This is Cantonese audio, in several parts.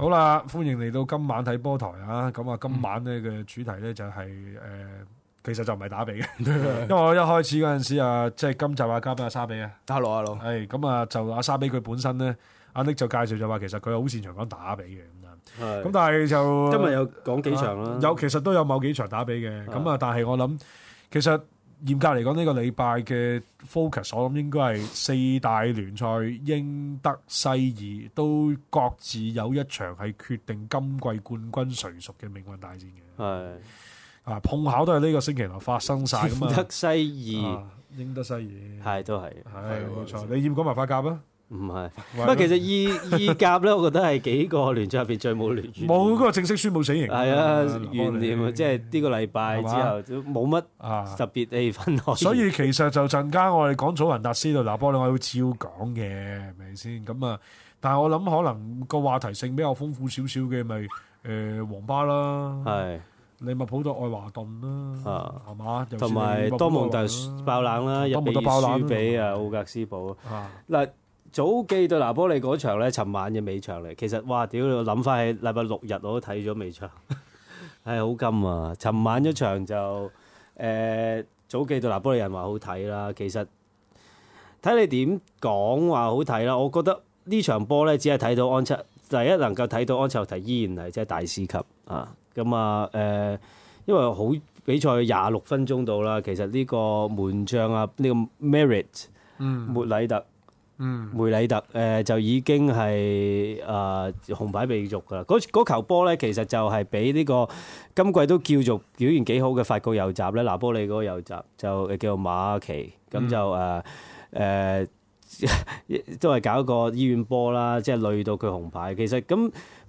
好啦，歡迎嚟到今晚睇波台啊！咁啊，今晚咧嘅主題咧就係、是、誒、呃，其實就唔係打比嘅，因為我一開始嗰陣時啊，即係今集啊交俾阿沙比啊，Hello hello，係咁啊，就阿沙比佢本身咧，阿力就介紹就話其實佢好擅長講打比嘅咁樣，咁的但係就今日有講幾場啦、啊，有其實都有某幾場打比嘅，咁啊的，但係我諗其實。嚴格嚟講，呢、這個禮拜嘅 focus，我諗應該係四大聯賽， 英德西意都各自有一場係決定今季冠軍誰屬嘅命運大戰嘅。係的啊，碰巧都係呢個星期六發生晒，嘅德西意、啊，英德西意，係都係，係冇錯。你要唔要講埋法甲啊？唔係，不過其實二二甲意咧，我覺得係幾個聯賽入邊最冇聯。冇嗰個正式宣佈，死刑係啊，懸念啊，即係呢個禮拜之後都冇乜特別氣氛。所以其實就陣間我哋講祖雲達斯同拿波里，我會照講嘅，明唔明先？咁啊，但係我諗可能個話題性比較豐富少少嘅，咪誒皇巴啦，利物浦對愛華頓啦，係嘛？同埋多蒙特爆冷啦，入邊輸俾啊奧格斯堡。嗱早記對拿波利嗰場咧，尋晚嘅尾場嚟。其實哇，屌！你諗翻起禮拜六日我都睇咗尾場，唉、 哎，好金啊！尋晚嗰場就誒、呃、早記對拿波利人話好睇啦，其實睇你點講話好睇啦，我覺得呢場波咧只係睇到安切第一能夠睇到安切洛蒂依然係即係大師級啊！咁啊誒，因為好比賽廿六分鐘到啦，其實呢個門將啊呢、呢個 Meret 嗯莫禮特。嗯，梅里特誒、呃、就已經係誒、呃、紅牌被逐噶啦。嗰球波咧，其實就係俾呢個今季都叫做表現幾好嘅法國右閘咧，拿波利嗰個右閘就誒叫做馬奇，咁就誒誒、呃呃、 都係搞一個醫院波啦，即係累到佢紅牌。其實咁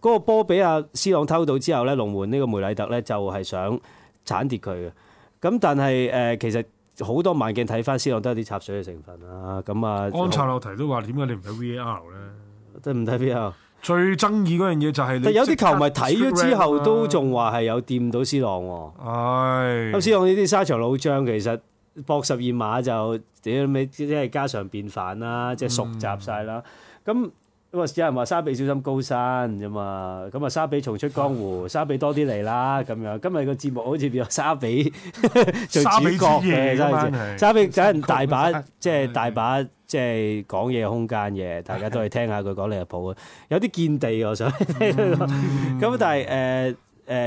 嗰個波俾阿斯朗偷到之後咧，龍門呢個梅里特咧就係想鏟跌佢嘅。咁但係誒、呃、其實。好多慢鏡睇翻，C 朗都有啲插水嘅成分啦。咁啊，安察洛提都話：點解你唔睇 V A R 咧？即係唔睇邊啊？最爭議嗰樣嘢就係，但有啲球迷睇咗之後都仲話係有掂到 C 朗喎。唉、哎，咁 C 朗呢啲沙場老將其實搏十二碼就點你即係家常便飯啦、啊，即、就、係、是、熟習晒啦。咁、嗯。咁啊！有人話沙比小心高山啫嘛，咁啊沙比重出江湖，沙比多啲嚟啦咁樣。今日個節目好似變咗沙比 做主角嘅，沙比是沙比就係大把，即、就、係、是、大把即係、就是、講嘢空間嘅，大家都去聽下佢講利物浦啊，是有啲見地我想。咁、嗯、 但係誒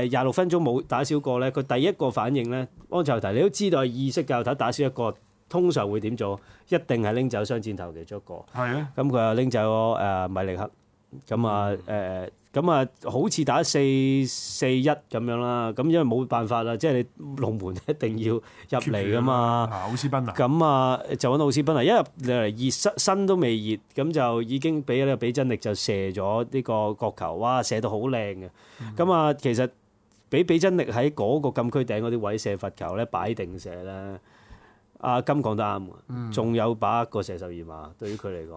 誒廿六分鐘冇打少過咧，佢第一個反應咧，安兆提，你都知道意識教頭打少一個。通常會點做？一定係拎走雙箭頭其中一個。係啊。咁佢又拎走誒、呃、米歷克。咁啊誒，咁啊、嗯呃、好似打四四一咁樣啦。咁因為冇辦法啦，即係你龍門一定要入嚟噶嘛。啊，奧斯賓咁啊就揾到奧斯賓啊，一入嚟熱身身都未熱，咁就已經俾咧比真力就射咗呢個角球。哇，射到好靚嘅。咁啊、嗯，其實俾比真力喺嗰個禁區頂嗰啲位射罰球咧，擺定射啦。阿金講得啱，仲、嗯、有把個十二碼，對於佢嚟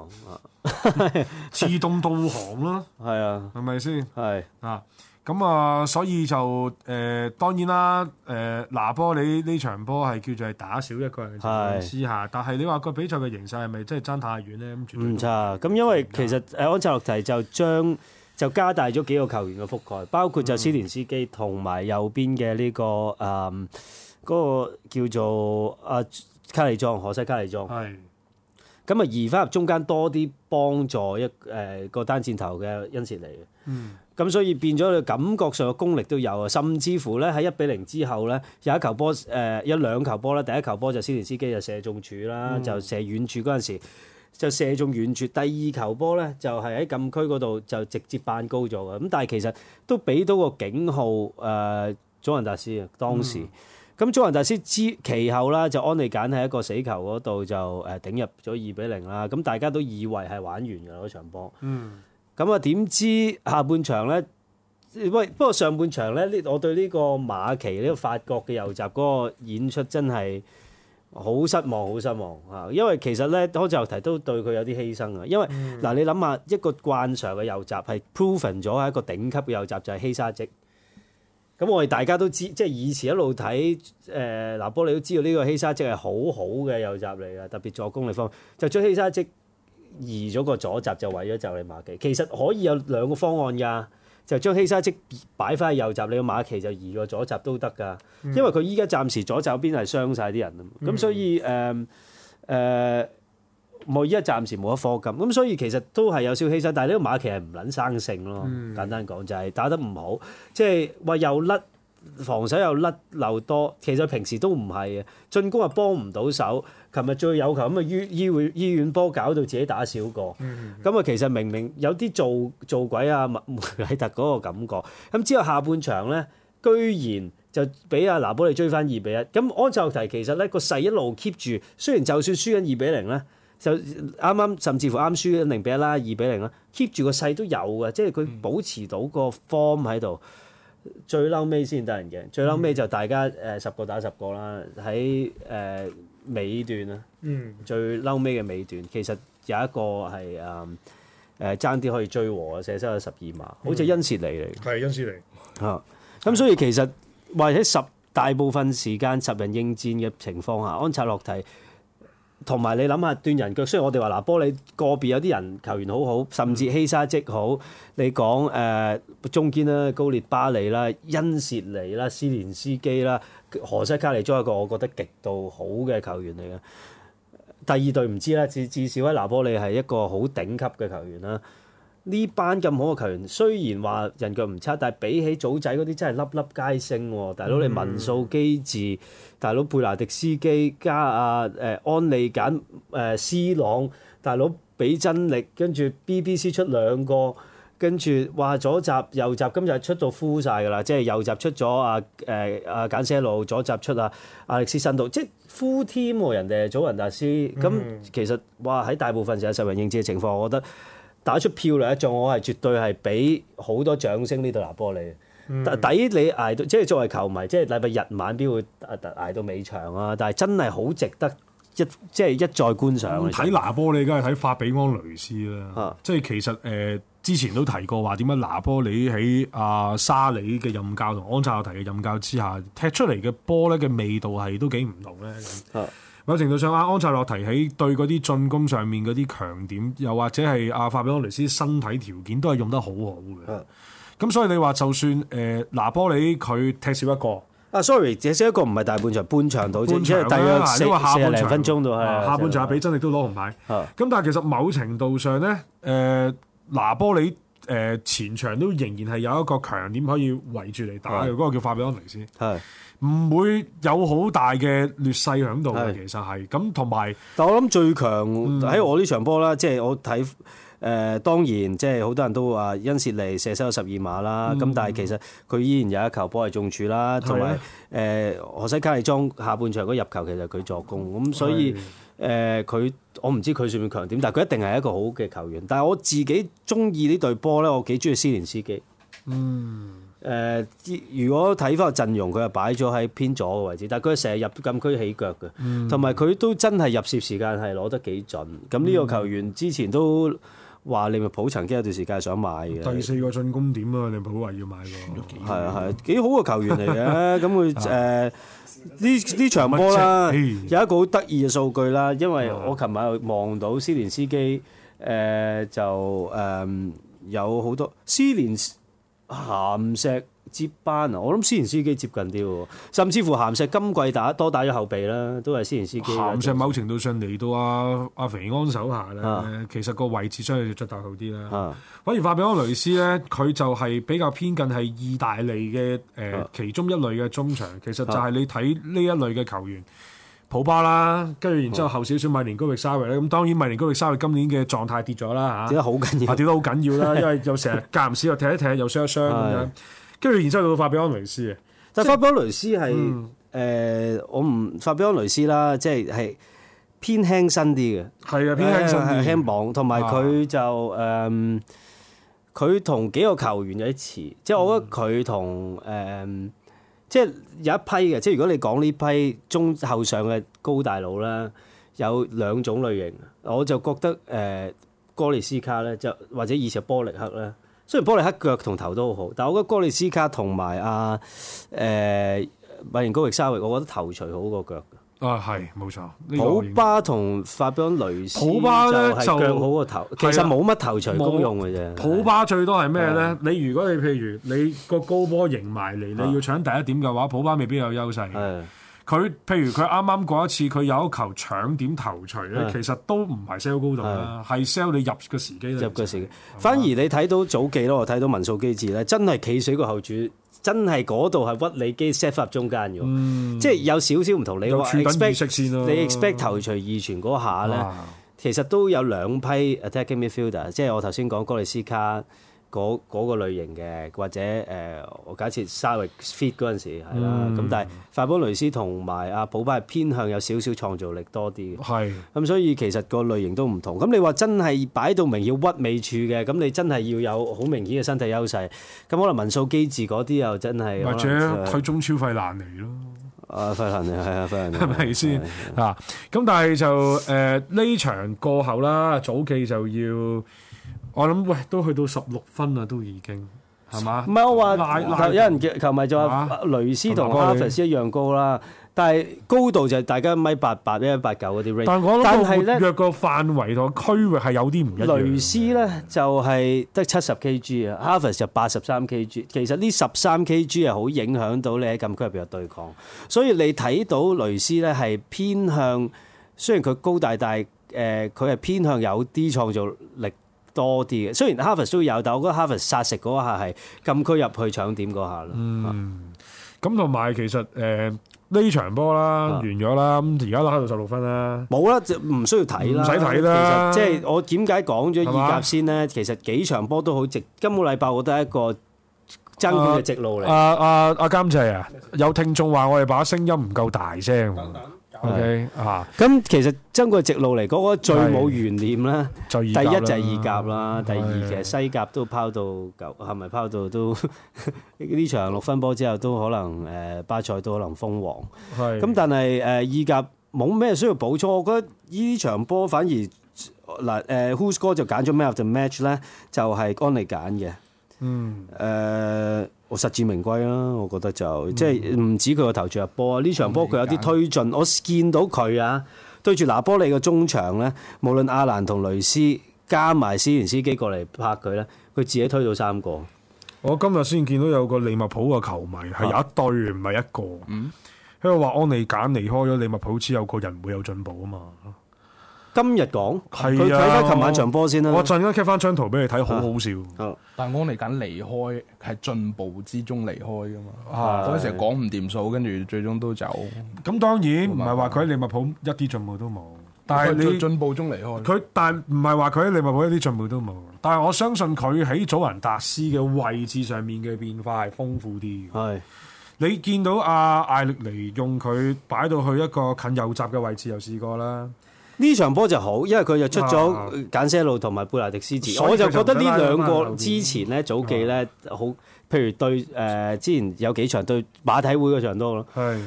講， 自動導航啦，係啊，係咪先？係啊，咁啊，啊，所以就誒、呃，當然啦，誒、呃，拿波你呢場波係叫做係打少一個人嘅試下，是但係你話個比賽嘅形勢係咪真係差太遠咧？咁唔差，咁因為其實安切洛蒂就將就加大咗幾個球員嘅覆蓋，包括就斯年斯基同埋右邊嘅呢、這個誒嗰個叫做阿。卡利莊、荷西卡利莊，係咁啊移翻入中間多啲幫助一誒個單箭頭嘅恩切嚟嘅，嗯，咁所以變咗佢感覺上嘅功力都有啊，甚至乎咧喺一比零之後咧有一球波誒、呃、一兩球波啦，第一球波就斯里斯基就射中柱啦，嗯、就射遠柱嗰陣時就射中遠柱，第二球波咧就係、是、喺禁區嗰度就直接扮高咗嘅，咁但係其實都俾到個警號誒、呃，祖雲達斯啊當時。嗯。咁中環大師知其後啦，就安利簡喺一個死球嗰度就誒頂入咗二比零啦。咁大家都以為係玩完㗎啦，嗰場波。嗯。咁啊，點知下半場咧？喂，不過上半場咧，呢我對呢個馬奇、呢、呢個法國嘅右閘嗰個演出真係好失望，好失望嚇。因為其實咧，多謝由提都對佢有啲犧牲啊。因為嗱，嗯、你諗下一個慣常嘅右閘係 proven 咗係一個頂級嘅右閘，就係、係、希沙積。咁我哋大家都知，即係以前一路睇，誒、呃、嗱，波你都知道呢個希沙積係好好嘅右閘嚟㗎，特別助攻嚟方，就將希沙積移咗個左閘就為咗就嚟馬奇。其實可以有兩個方案㗎，就將希沙積擺翻去右閘，你個馬奇就移咗左閘都得㗎，因為佢依家暫時左閘邊係傷晒啲人啊咁、嗯、所以誒誒。嗯呃呃冇，依家暫時冇得課金，咁所以其實都係有少犧牲，但係呢個馬其係唔撚生性咯。簡單講就係、是、打得唔好，即係話又甩防守又甩漏多。其實平時都唔係嘅，進攻又幫唔到手。琴日最有醫院醫院球咁啊，醫院醫院波搞到自己打少個，咁啊、嗯嗯嗯、其實明明有啲做做鬼啊麥梅特嗰個感覺，咁之後下半場咧居然就俾阿拿波利追翻二比一。咁安就提，其實咧個勢一路 keep 住，雖然就算輸緊二比零咧。就啱啱甚至乎啱輸零比一啦，二比零啦，keep 住個勢都有嘅，即係佢保持到個 form 喺度，嗯。最嬲尾先得人驚，最嬲尾就大家誒、呃、十個打十個啦，喺誒、呃、尾段啊，嗯、最嬲尾嘅尾段其實有一個係誒爭啲可以追和，射失咗十二碼，好似恩切尼嚟嘅。係恩切尼啊，咁所以其實或者十大部分時間十人應戰嘅情況下，安察洛提。同埋你諗下斷人腳，雖然我哋話拿波利個別有啲人球員好好，甚至希沙即好。嗯、你講誒、呃、中堅啦，高列巴尼啦、恩涉尼啦、斯連斯基啦、何西卡尼都係一個我覺得極度好嘅球員嚟嘅。第二隊唔知啦，至至少喺拿波利係一個好頂級嘅球員啦。呢班咁好嘅球員，雖然話人腳唔差，但係比起祖仔嗰啲真係粒粒皆星喎！大佬你民素機智，大佬貝拿迪斯基加阿、啊、誒安利簡誒、啊、C 朗，大佬俾真力，跟住 BBC 出兩個，跟住話左右閘右閘今日出到呼晒㗎啦！即係右閘出咗阿誒阿簡西路，左閘出阿阿力斯新道，即係呼添人哋祖雲達斯。咁、嗯、其實哇喺大部分成日受人認知嘅情況，我覺得。打出漂亮一仗，我係絕對係俾好多掌聲呢度。拿波利。嗯、抵你捱到，即係作為球迷，即係禮拜日晚邊會捱到尾場啊！但係真係好值得一即係一再觀賞嘅。睇、嗯、就拿波利梗係睇法比安雷斯啦。啊、即係其實誒、呃，之前都提過話點解拿波利喺阿沙里嘅任教同安扎提嘅任教之下，踢出嚟嘅波咧嘅味道係都幾唔同咧。嗯啊某程度上，阿安塞洛提起對嗰啲進攻上面嗰啲強點，又或者係阿法比安雷斯身體條件都係用得好好嘅。咁的所以你話就算誒拿、呃、波里佢踢少一個，啊，sorry，只少一個唔係大半場，半場到場即係大約四、啊、四、十分鐘到，啊、的下半場阿比真力都攞紅牌。咁的但係其實某程度上咧，誒、呃、拿、呃、波里誒、呃、前場都仍然係有一個強點可以圍住嚟打嘅，嗰個叫法比安雷斯。係。唔會有好大嘅劣勢喺度嘅，其實係咁，同埋。但我諗最強喺我呢場波啦，即係、嗯、我睇誒、呃、當然，即係好多人都話恩切尼射失咗十二碼啦。咁、嗯、但係其實佢依然有一球波係中柱啦，同埋誒何西卡係中下半場嗰入球，其實係佢助攻。咁所以誒佢、嗯呃，我唔知佢算唔算強點，但係佢一定係一個好嘅球員。但係我自己中意呢隊波呢，我幾中意斯連斯基。嗯。誒、呃，如果睇翻個陣容，佢係擺咗喺偏左嘅位置，但係佢成日入禁區起腳嘅，同埋佢都真係入攝時間係攞得幾準。咁呢、嗯、個球員之前都話：利物浦曾經有段時間想買嘅。第四個進攻點啊，你咪普話要買㗎。啊係啊，幾好嘅球員嚟嘅。咁佢誒呢呢場波啦，麼有一個好得意嘅數據啦，因為我琴日望到斯連斯基誒就誒、呃、有好多斯連司。咸石接班啊！我諗私人司機接近啲喎，甚至乎咸石今季打多打咗後備啦，都係私人司機。咸石某程度上嚟到阿、啊、阿、啊、肥安手下咧，啊、其實個位置相對要出頭好啲啦。啊、反而法比安雷斯咧，佢就係比較偏近係意大利嘅誒、呃、其中一類嘅中場，其實就係你睇呢一類嘅球員。啊啊啊普巴啦，跟住然之後後少少米連高域沙維咧，咁當然米連高域沙維今年嘅狀態跌咗啦嚇、啊，跌得好緊要，跌得好緊要啦，因為又成日隔唔時又踢一踢又傷一傷咁樣，跟住 然之後會法比安雷斯嘅，但係法比安雷斯係誒、嗯嗯、我唔法比安雷斯啦，即係係偏輕身啲嘅，係啊，偏輕身、偏輕磅、啊，同埋佢就誒佢同幾個球員有啲似，即、就、係、是、我覺得佢同誒。嗯即係有一批嘅，即係如果你講呢批中後上嘅高大佬啦，有兩種類型，我就覺得誒、呃、哥利斯卡咧，就或者以前波利克咧，雖然波利克腳同頭都好，好，但係我覺得哥利斯卡同埋阿誒米連高域沙微，我覺得頭鎚好過腳。啊，係冇、哦、錯。普巴同法兵雷斯，普巴咧就腳好過頭，啊、其實冇乜頭槌功用嘅啫。普巴最多係咩咧？是的 你如果你譬如你個高波迎埋嚟，你要搶第一點嘅話，普巴未必有優勢。佢是的 譬如佢啱啱過一次，佢有一球搶點頭槌咧，是的 其實都唔係 sell 高度啦，係是的 sell 你入嘅時機，入嘅時機。吧反而你睇到早記咯，我睇到文素基治咧，真係企死個後柱。真係嗰度係屈你機 set up 中間嘅。嗯、即係有少少唔同。你話你 expect 頭槌二傳嗰下咧，哇其實都有兩批 attacking midfielder，即係我頭先講哥利斯卡，嗰嗰個類型嘅，或者誒，我假設稍微 fit 嗰陣時係啦，咁、嗯、但係法波雷斯同埋阿普巴係偏向有少少創造力多啲嘅，係是。咁所以其實個類型都唔同。咁你話真係擺到明要屈尾處嘅，咁你真係要有好明顯嘅身體優勢。咁可能文素基治嗰啲又真係或者佢中超費蘭尼咯。 啊，費蘭尼，係啊，費蘭尼係咪先嗱？咁但係就誒呢場過後啦，早期就要。我諗喂，都去到十六分啦，都已經係嘛？唔係我話有人叫，球迷就話吧雷斯同哈弗斯一樣高啦，嗯、但係高度就係大家一米八八、一米八九嗰啲 range。但係咧，若個範圍同區域係有啲唔一樣。雷斯咧就係得七十 kg 啊吧，哈弗斯就八十三 kg。其實呢十三 kg 係好影響到你喺禁區入邊嘅對抗。所以你睇到雷斯咧係偏向，雖然佢高大，大，係誒佢係偏向有啲創造力。多啲嘅，雖然 Harvest 都有，但係我覺得 Harvest 殺食嗰下係禁區入去搶點嗰下咯。嗯，咁同埋其實誒呢場波啦完咗啦，咁而家拉到十六分啦，冇啦，就唔需要睇啦，唔使睇啦。其實即係我點解講咗二甲先呢？其實幾場波都好值，今個禮拜我覺得一個爭嘅直路嚟。啊啊啊監製啊，有聽眾話我哋把聲音唔夠大聲。O K 啊，咁 Okay ,、uh, 其實真個直路嚟講，我最冇懸念啦。第一就係、是、二甲啦，的第二其實西甲都拋到舊，係咪拋到都呢 場六分波之後都可能誒巴塞都可能封王。係的。咁但係誒意甲冇咩需要補錯，我覺得呢場波反而嗱誒 Whose 哥就揀咗咩 to Match 咧就係 on 你揀嘅。嗯。誒、呃。我實至名歸啦，我覺得就、嗯、即係唔止佢個頭槌入波啊！呢、嗯、場波佢有啲推進，我見到佢啊對住拿波利嘅中場咧，無論阿蘭同雷斯加埋司前司機過嚟拍佢咧，佢自己推咗三個。我今日先見到有個利物浦嘅球迷係有一對唔係一個，因為話安利簡離開咗利物浦，只有個人會有進步啊嘛。今日講，佢睇翻琴晚場波先啦。我陣間 cut 翻張圖俾你睇，好、啊、好笑。但係我嚟緊離開係進步之中離開嘅嘛。嗰陣、啊、時講唔掂數，跟住最終都走。咁、嗯、當然唔係話佢喺利物浦一啲進步都冇。嗯、但係你進步中離開佢，但唔係話佢喺利物浦一啲進步都冇。但係我相信佢喺祖雲達斯嘅位置上面嘅變化係豐富啲。係、啊、你見到阿、啊、艾力尼用佢擺到去一個近右閘嘅位置又試過啦。呢場波就好，因為佢就出咗簡西路同埋貝拿迪斯字，啊、我就覺得呢兩個之前咧面早季咧好，譬如對誒、呃、之前有幾場對馬體會嗰場都好。係是。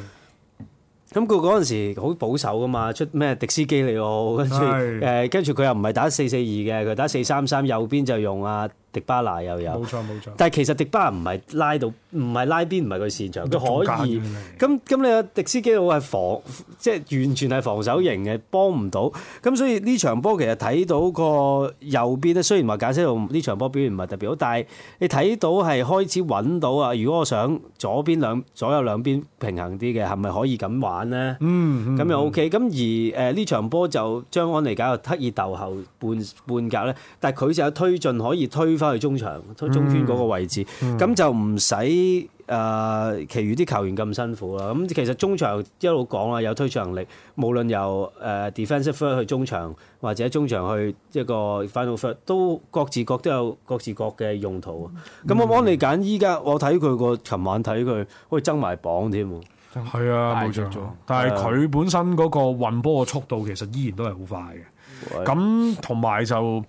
咁佢嗰陣時好保守噶嘛，出咩迪斯基利奧，跟住誒跟住佢又唔係打四四二嘅，佢打四三三，3, 右邊就用阿、啊。迪巴拿又有，冇錯冇錯，但係其實迪巴拿唔係拉到，唔係拉邊唔係佢擅長，佢可以。咁咁你阿迪斯基，我係防，即係完全係防守型嘅，幫唔到。咁所以呢場波其實睇到個右邊咧，雖然話解釋到呢場波表現唔係特別好，但係你睇到係開始揾到啊。如果我想左邊兩左右兩邊平衡啲嘅，係咪可以咁玩咧、嗯？嗯，咁又就 OK、嗯。咁而誒呢場波就張安妮搞到刻意逗後半半格咧，但係佢就有推進可以推。翻去中場，中中圈嗰個位置，咁、嗯嗯、就唔使誒，其餘啲球員咁辛苦啦。咁其實中場一路講啦，有推進力，無論由誒 defensive third 去中場，或者中場去一個 final third，都各自各都有各自各嘅用途。咁、嗯、我幫你揀，依家我睇佢個，琴晚睇佢可以爭埋榜添。係啊，冇錯。但係佢本身嗰個運波嘅速度，其實依然都係好快嘅。咁同埋就誒。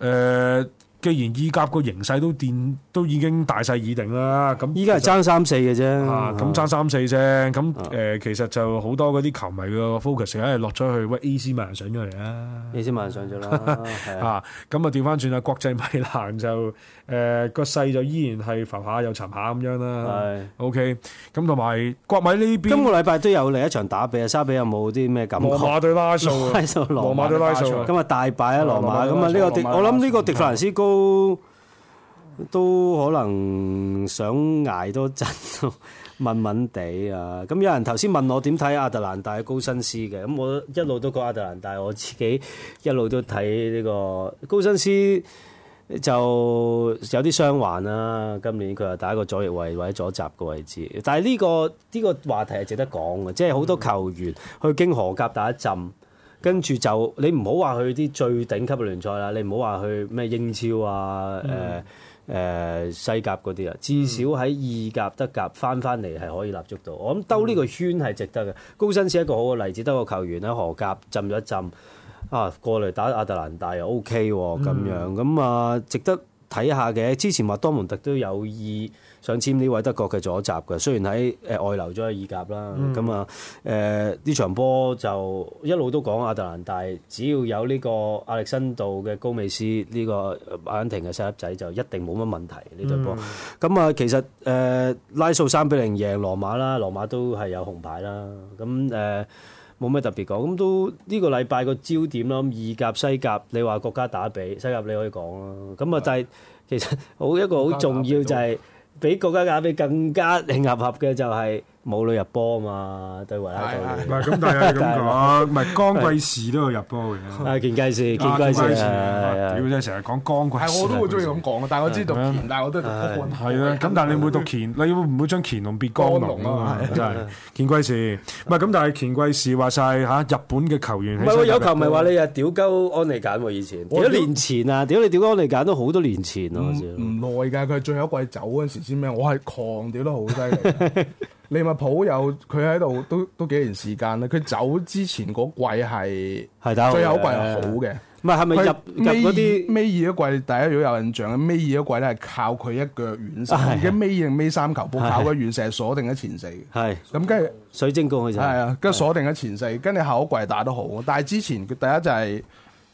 呃既然意甲個形勢都變，都已經大勢已定啦。咁依家係爭三四嘅啫。啊，咁爭三四啫。咁誒，其實就好多嗰啲球迷嘅 focus 成日落咗去，喂，A C 米蘭上咗嚟啦。A C 米蘭上咗啦。 啊，咁的啊調翻轉啊，國際米蘭就。誒個勢就依然係浮下又沉下咁樣啦。係是 OK，咁同埋國米呢邊，今個禮拜都有另一場打比啊。沙比有冇啲咩感覺？啊、 羅馬對拉索，啊，拉索，羅馬對拉索。今日大敗啊，羅馬。咁啊，呢、這個我諗呢個迪法蘭斯高都可能想捱多陣，都 悶悶地啊。咁有人頭先問我點睇亞特蘭大高薪斯嘅？咁我一路都講亞特蘭大，我自己一路都睇呢個高薪斯。就有啲傷患啦，今年佢話打一個左翼位或者左閘嘅位置，但係呢、呢個呢、呢個話題係值得講嘅，即係好多球員去經荷甲打一浸，跟住、嗯、就你唔好話去啲最頂級嘅聯賽啦，你唔好話去咩英超啊，誒、呃、誒、呃、西甲嗰啲啊，至少喺二甲德甲返返嚟係可以立足到，我諗兜呢個圈係值得嘅。嗯、高薪是一個好嘅例子，得個球員喺荷甲浸咗一浸，啊，過嚟打亞特蘭大又 OK 喎、啊，咁樣咁、嗯、啊，值得睇下嘅。之前話多蒙特都有意想簽呢位德國嘅左閘嘅，雖然喺誒外流咗去意甲啦，咁、嗯、啊誒呢、啊、場波就一路都講亞特蘭大，只要有呢個阿歷辛道嘅高美斯呢、這個阿根廷嘅細粒仔就一定冇乜問題呢、嗯、場波。咁啊，其實誒、啊、拉素三比零贏羅馬啦，羅馬都係有紅牌啦，咁誒。啊冇咩特別講，咁都呢個禮拜個焦點啦。咁意甲、西甲，你話國家打比，西甲你可以講啦。咁啊、就係，但係的其實好一個好重要，就係比國家打比更加慶合合嘅就係、是。冇女入波啊嘛，對維拉隊唔係咁，但係咁講，唔係江貴士都有入波嘅。啊，健貴士，健貴士啊！屌成日講江貴，我都好中意咁講，但係我知道，但係我都係讀半半。係啊，咁但係你唔會讀健，你會唔會將乾隆變江龍啊？真係健貴士，唔係咁，但係健貴士話晒吓日本嘅球員。唔係有球，唔係話你啊屌鳩安利簡喎，以前幾多年前啊，屌你屌安利簡都好多年前啊，唔唔耐噶，佢係最後一季走嗰陣時先咩？我係狂屌得好犀利。利物浦有佢喺度都都幾年時間啦，佢走之前嗰季係係打，的最後一季係好嘅。唔係係咪入入嗰啲尾二嗰季，大家如果有印象嘅尾二嗰季咧，係靠佢一腳遠射，而家尾二定尾三球波靠佢遠射鎖定喺前四。係咁，跟住水晶宮佢就係啊，跟鎖定喺前四，跟住後一季打得好，但係之前佢第一就係、是。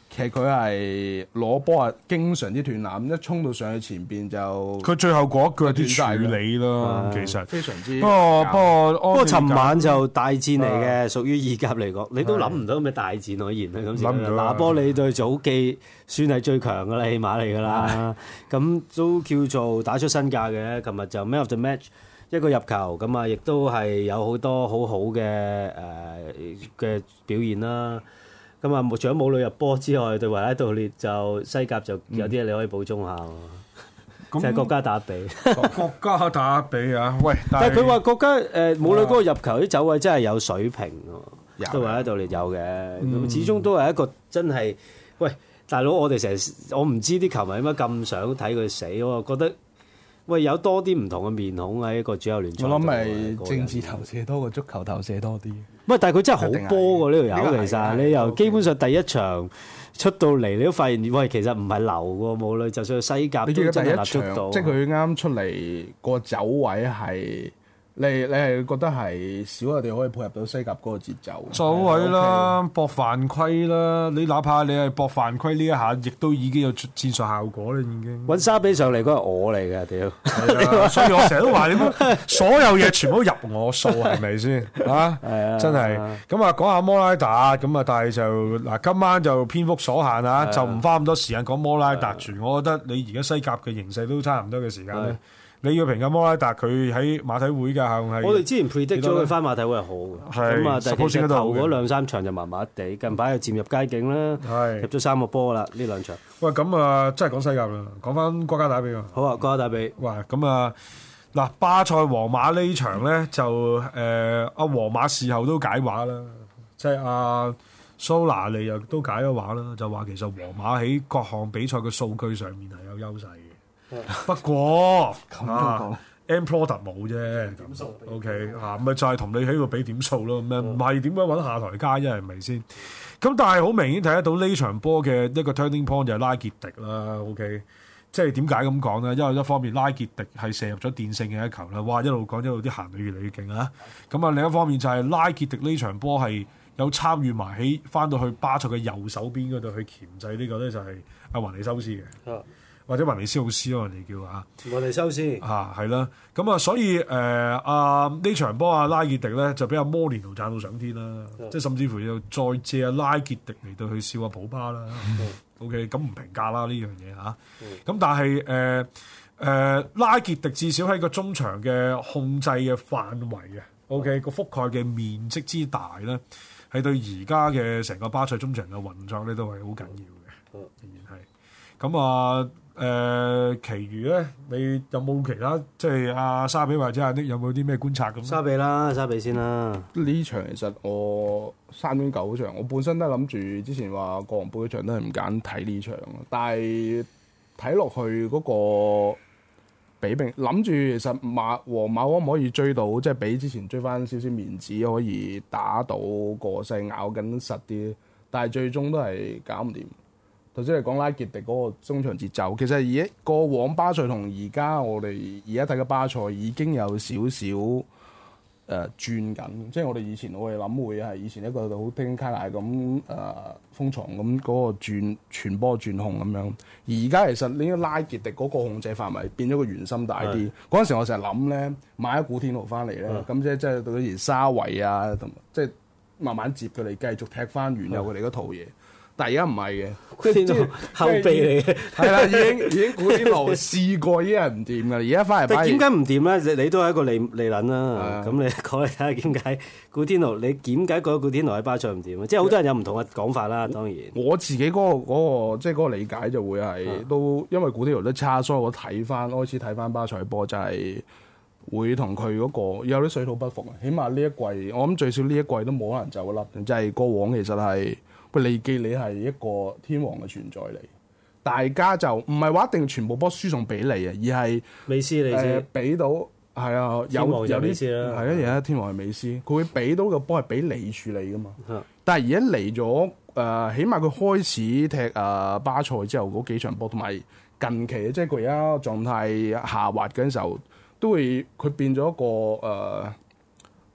其實佢係攞波啊，經常啲斷纜，一衝到上去前邊就佢最後嗰句係斷晒。你啦的，其實非常之不過不過不過，不過尋晚就大戰嚟嘅，的屬於意甲嚟講，你都諗唔到咩大戰的可以現啦咁。諗唔到嗱，波你對早記算係最強噶啦，起碼嚟噶啦，咁的 都叫做打出身價嘅。琴日就 man of the match，一個入球，咁啊，亦都係有好多好好嘅誒嘅表現啦。咁啊，除咗母女入波之外，對維拉杜列就西甲就有啲嘢你可以補充下喎，就、嗯、國家打比，國家打比啊！喂，但係佢話國家誒冇、呃、女嗰個入球啲走位真係有水平喎，嗯、都維拉杜列有嘅，始終都係一個真係，嗯、喂大佬，我哋成日我唔知啲球迷點解咁想睇佢死，我覺得。喂，有多啲唔同嘅面孔喺一個主流聯賽度。我諗係政治投射多過足球投射多啲。喂、嗯，但係佢真係好波㗎呢條友，這個、其實你又基本上第一場出到嚟，你都發現喂，其實唔係流喎，無論就算西甲都真係立足到。即係佢啱啱出嚟個走位係。你你係覺得係少人哋可以配合到西甲嗰個節奏？所謂啦，博犯規啦！你哪怕你係博犯規呢一下，亦都已經有戰術效果啦！已經揾沙比上嚟嗰個我嚟嘅，屌！所以我成日都話你，所有嘢全部都入我數，係咪先？啊，真係咁啊！講下莫拉塔咁啊，但係就嗱，今晚就篇幅所限啊，就唔花咁多時間講莫拉塔住。我覺得你而家西甲嘅形勢都差唔多嘅時間咧。你要評價摩拉達佢喺馬體會嘅效應係，我哋之前 predict 咗佢翻馬體會係好嘅，咁啊是，頭嗰兩三場就麻麻地，的近排又漸入佳境啦，入咗的三個波啦呢兩場。喂，咁啊，真係講西甲啦，講翻國家打吡啊。好啊，國家打吡。喂，咁啊，嗱，巴塞、皇馬呢場咧就誒，阿、呃、皇馬、啊、事後都解話啦，即係阿蘇拿利又都解咗話啦，就話其實皇馬喺各項比賽嘅數據上面係有優勢。不過啊，employer 冇啫，OK 咁啊，咪就係同你喺度畀點數咯，咁樣唔係點樣揾下台加台階啫，係咪先？咁但係好明顯睇得到呢場波嘅一個 turning point 就係拉傑迪啦，OK，即係點解咁講呢？因為一方面拉傑迪係射入咗奠勝嘅一球啦，哇！一路講一路啲行到越嚟越勁啊！咁、嗯、啊，另一方面就係拉傑迪呢場波係有參與埋起翻到去巴塞嘅右手邊嗰度去鉗制呢個呢，就係阿雲尼修斯嘅。或者雲尼斯奧斯咯，人哋叫啊，我哋修斯，啊，係啦，咁啊，所以誒啊呢場波啊拉傑迪咧就俾阿摩連奴讚到上天啦，嗯、即係甚至乎要再借阿拉傑迪嚟對佢笑阿普巴啦，OK 咁唔評價啦呢樣嘢嚇，咁、嗯啊、但係誒誒拉傑迪至少喺個中場嘅控制嘅範圍啊。OK 個覆蓋嘅面積之大咧，係對而家嘅成個巴塞中場嘅運作咧都係好緊要嘅，仍然係咁啊。嗯嗯嗯嗯嗯嗯嗯誒、呃，其餘咧，你有冇其他即係阿沙比或者阿啲有冇啲咩觀察咁？沙比啦，沙比先啦。呢場其實我三點九場，我本身都係諗住之前話國王杯嘅場都係唔揀睇呢場，但係睇落去嗰個比拼，諗住其實馬皇馬可唔可以追到，即、就、係、是、比之前追翻少少面子，可以打到個勢咬緊實啲，但係最終都係搞唔掂。頭先嚟講拉傑迪嗰個中場節奏，其實而家過往巴塞同而家我哋而家睇嘅巴塞已經有少少誒、呃、轉緊，即係我哋以前我哋諗會係以前一個好聽卡乃咁誒瘋狂咁嗰個轉傳波轉控咁樣，而家其實呢個拉傑迪嗰個控制範圍變咗個圓心大啲。嗰陣、嗯、時我成日諗咧買一古天奴翻嚟咧，咁、嗯、即係即係對住沙維啊，同即係慢慢接佢嚟繼續踢翻原、嗯、有佢哋嗰套嘢。但而家唔係嘅，古天奴是後備嚟嘅是，係啦是，已經， 已經已經古天奴試過已經係唔掂嘅，而家翻嚟。但係點解唔掂咧？你都係一個理理論啦，咁、啊嗯、你講嚟睇下點解古天奴？你點解覺得古天奴喺巴塞唔掂，即係好多人有唔同嘅講法啦，實當然我。我自己嗰、那個即係嗰理解就會係、啊、都，因為古天奴都差，所以我睇翻開始睇翻巴塞波就係會同佢嗰個有啲水土不服，起碼呢一季我諗最少呢一季都冇可能走甩，即係過往其實係。佢理記你係一個天王嘅存在嚟，大家就唔係話一定全部波輸送俾你、呃、啊，而係美斯嚟啫，俾到係啊，有有啲事啦，係啊，而家天王係美斯，佢會俾到個波係俾你處理噶嘛。的但係而家嚟咗誒，起碼佢開始踢誒、呃、巴塞之後嗰幾場波，同埋近期即係佢而家狀態下滑嗰陣時候，都會佢變咗一個誒。呃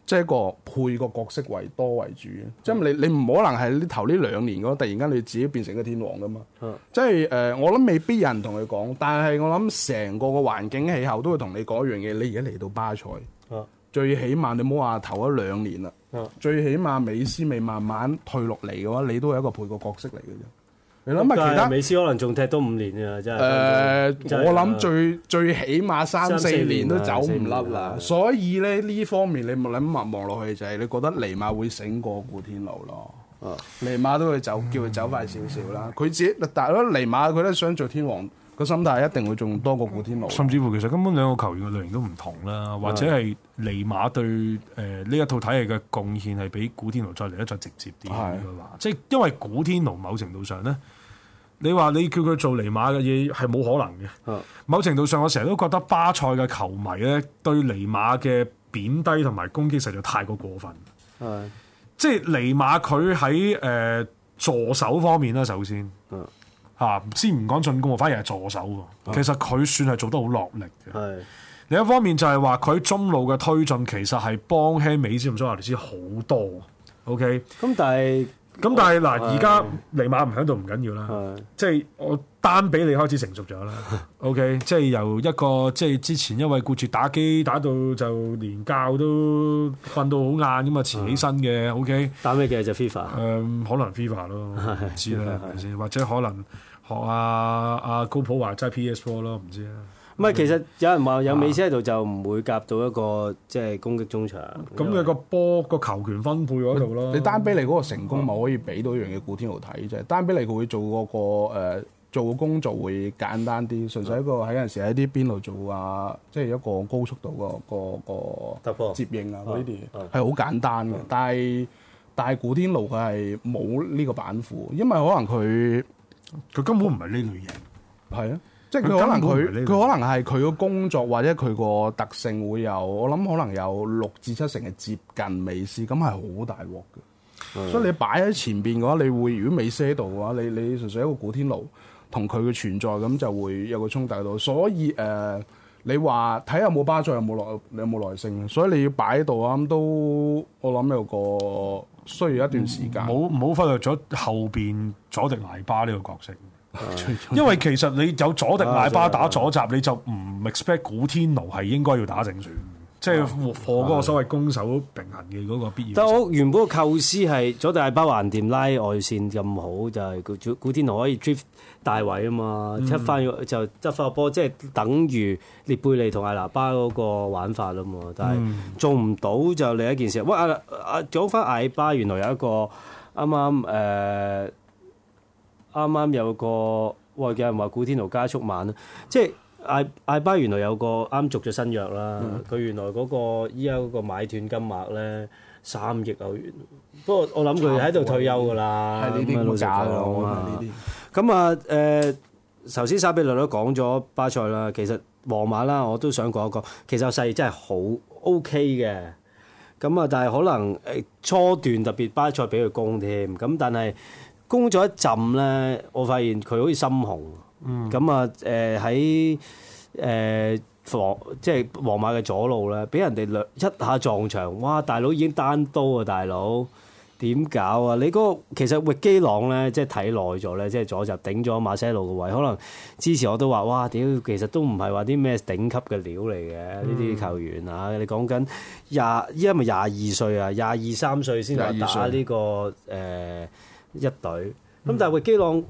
即係個配角角色為多為主、嗯、即係你你唔可能係呢頭呢兩年嘅，突然間你自己變成個天王㗎嘛。嗯、即係誒、呃，我諗未必有人同佢講，但係我諗成個個環境氣候都會同你講一樣嘢。你而家嚟到巴塞，嗯、最起碼你冇話頭一兩年啦，嗯、最起碼美斯未慢慢退落嚟嘅話，你都係一個配角角色嚟嘅啫。你諗下，其他，美斯可能仲踢多五年啊！真係，誒，我諗最最起碼三四年都走唔甩啦。所以咧呢方面，你冇諗埋望落去就係，你覺得尼馬會醒過古天奴咯？尼馬都會走，叫佢走快少少啦。佢自己，但係咧尼馬，佢都想做天王個心態，一定會仲多過古天奴。甚至乎其實根本兩個球員嘅類型都唔同啦，或者係尼馬對誒呢一套體系嘅貢獻係比古天奴再嚟得再直接啲嘅話，即係因為古天奴某程度上咧。你話你叫佢做尼馬嘅嘢係冇可能嘅。某程度上，我成日都覺得巴塞嘅球迷咧對尼馬嘅貶低同埋攻擊實在太過過分。係，即係尼馬佢喺誒助手方面咧，首先吓先唔講進攻，反而係助手。嗯、其實佢算係做得好落力嘅。係，另一方面就係話佢中路嘅推進，其實係幫輕美斯同蘇亞雷斯好多。OK，咁、嗯、但係。咁、嗯、但係嗱，而家尼馬唔喺度唔緊要啦，的即係我單俾你開始成熟咗啦。 o、okay, K，即係由一個即係之前因為顧住打機打到就連覺都瞓到好晏咁啊，遲起身嘅。的 o Okay ? K，打咩嘅就 FIFA 誒、嗯，可能 FIFA 咯，唔知咧的，或者可能學阿、啊、阿、啊、高普華齋 P S Four 咯，唔知啊。唔係，其實有人話有美斯喺度就唔會夾到一個即係攻擊中場。咁佢個波個球權分配嗰度咯。你丹比利嗰個成功咪可以俾到一樣嘢古天奴睇啫。丹比利，佢會做個個做工作會簡單啲，純粹一個喺嗰陣時喺啲邊路做啊，即係一個高速度個個個接應啊呢啲嘢係好簡單嘅。但係但係古天奴佢係冇呢個板斧，因為可能佢佢根本唔係呢類型。係啊。即係佢可能佢佢可能係佢個工作或者佢個特性會有，我諗可能有六至七成係接近美斯，咁係好大鑊嘅。嗯、所以你擺喺前邊嘅話，你會如果美斯喺度嘅話，你你純粹一個古天奴同佢嘅存在咁就會有個衝突喺度。所以誒、呃，你話睇下冇巴塞，有冇耐，你有冇耐性？所以你要擺喺度啊！咁都我諗有個需要一段時間。冇冇忽略咗後邊佐迪尼巴呢個角色？ 因為其實你有佐迪艾巴打左閘，啊就是、你就唔 expect 古天奴係應該要打正選，啊、即係和嗰個所謂攻守平衡嘅嗰個必要。但我原本嘅構思係佐迪艾巴橫掂拉外線咁好，就係、是、古天奴可以 drift 大位啊嘛，出翻、嗯、就執翻個波，即、就、係、是、等於列貝利同艾拿巴嗰個玩法啦嘛。但係做唔到就另一件事。喂，阿阿早翻艾巴，原來有一個啱啱誒。呃啱啱有個外國、哎、人話古天奴加速慢啦，即係艾艾巴原來有個啱續咗新約啦，佢、嗯、原來嗰、嗰個依家嗰個買斷金額咧三億歐元，不過我諗佢喺度退休噶啦，咁啊誒，頭先沙比略都講咗巴塞啦，其實皇馬啦我都想講一講，其實我細真係好 OK 嘅，咁啊但係可能誒初段特別巴塞俾佢攻添，咁但係。攻咗一陣咧，我發現佢好似心紅，咁、嗯、啊誒喺誒皇即係皇馬嘅左路咧，俾人哋兩一下撞牆，哇大佬已經單刀啊，大佬點搞啊？你嗰、嗰個其實域基朗咧，即係睇耐咗咧，即係左集頂咗馬西路嘅位，可能之前我都話哇屌，其實都唔係話啲咩頂級嘅料嚟嘅呢啲球員啊！你講緊廿依家咪廿二歲啊，廿二三歲先打呢、呢個誒。呃一隊，咁但係胡基朗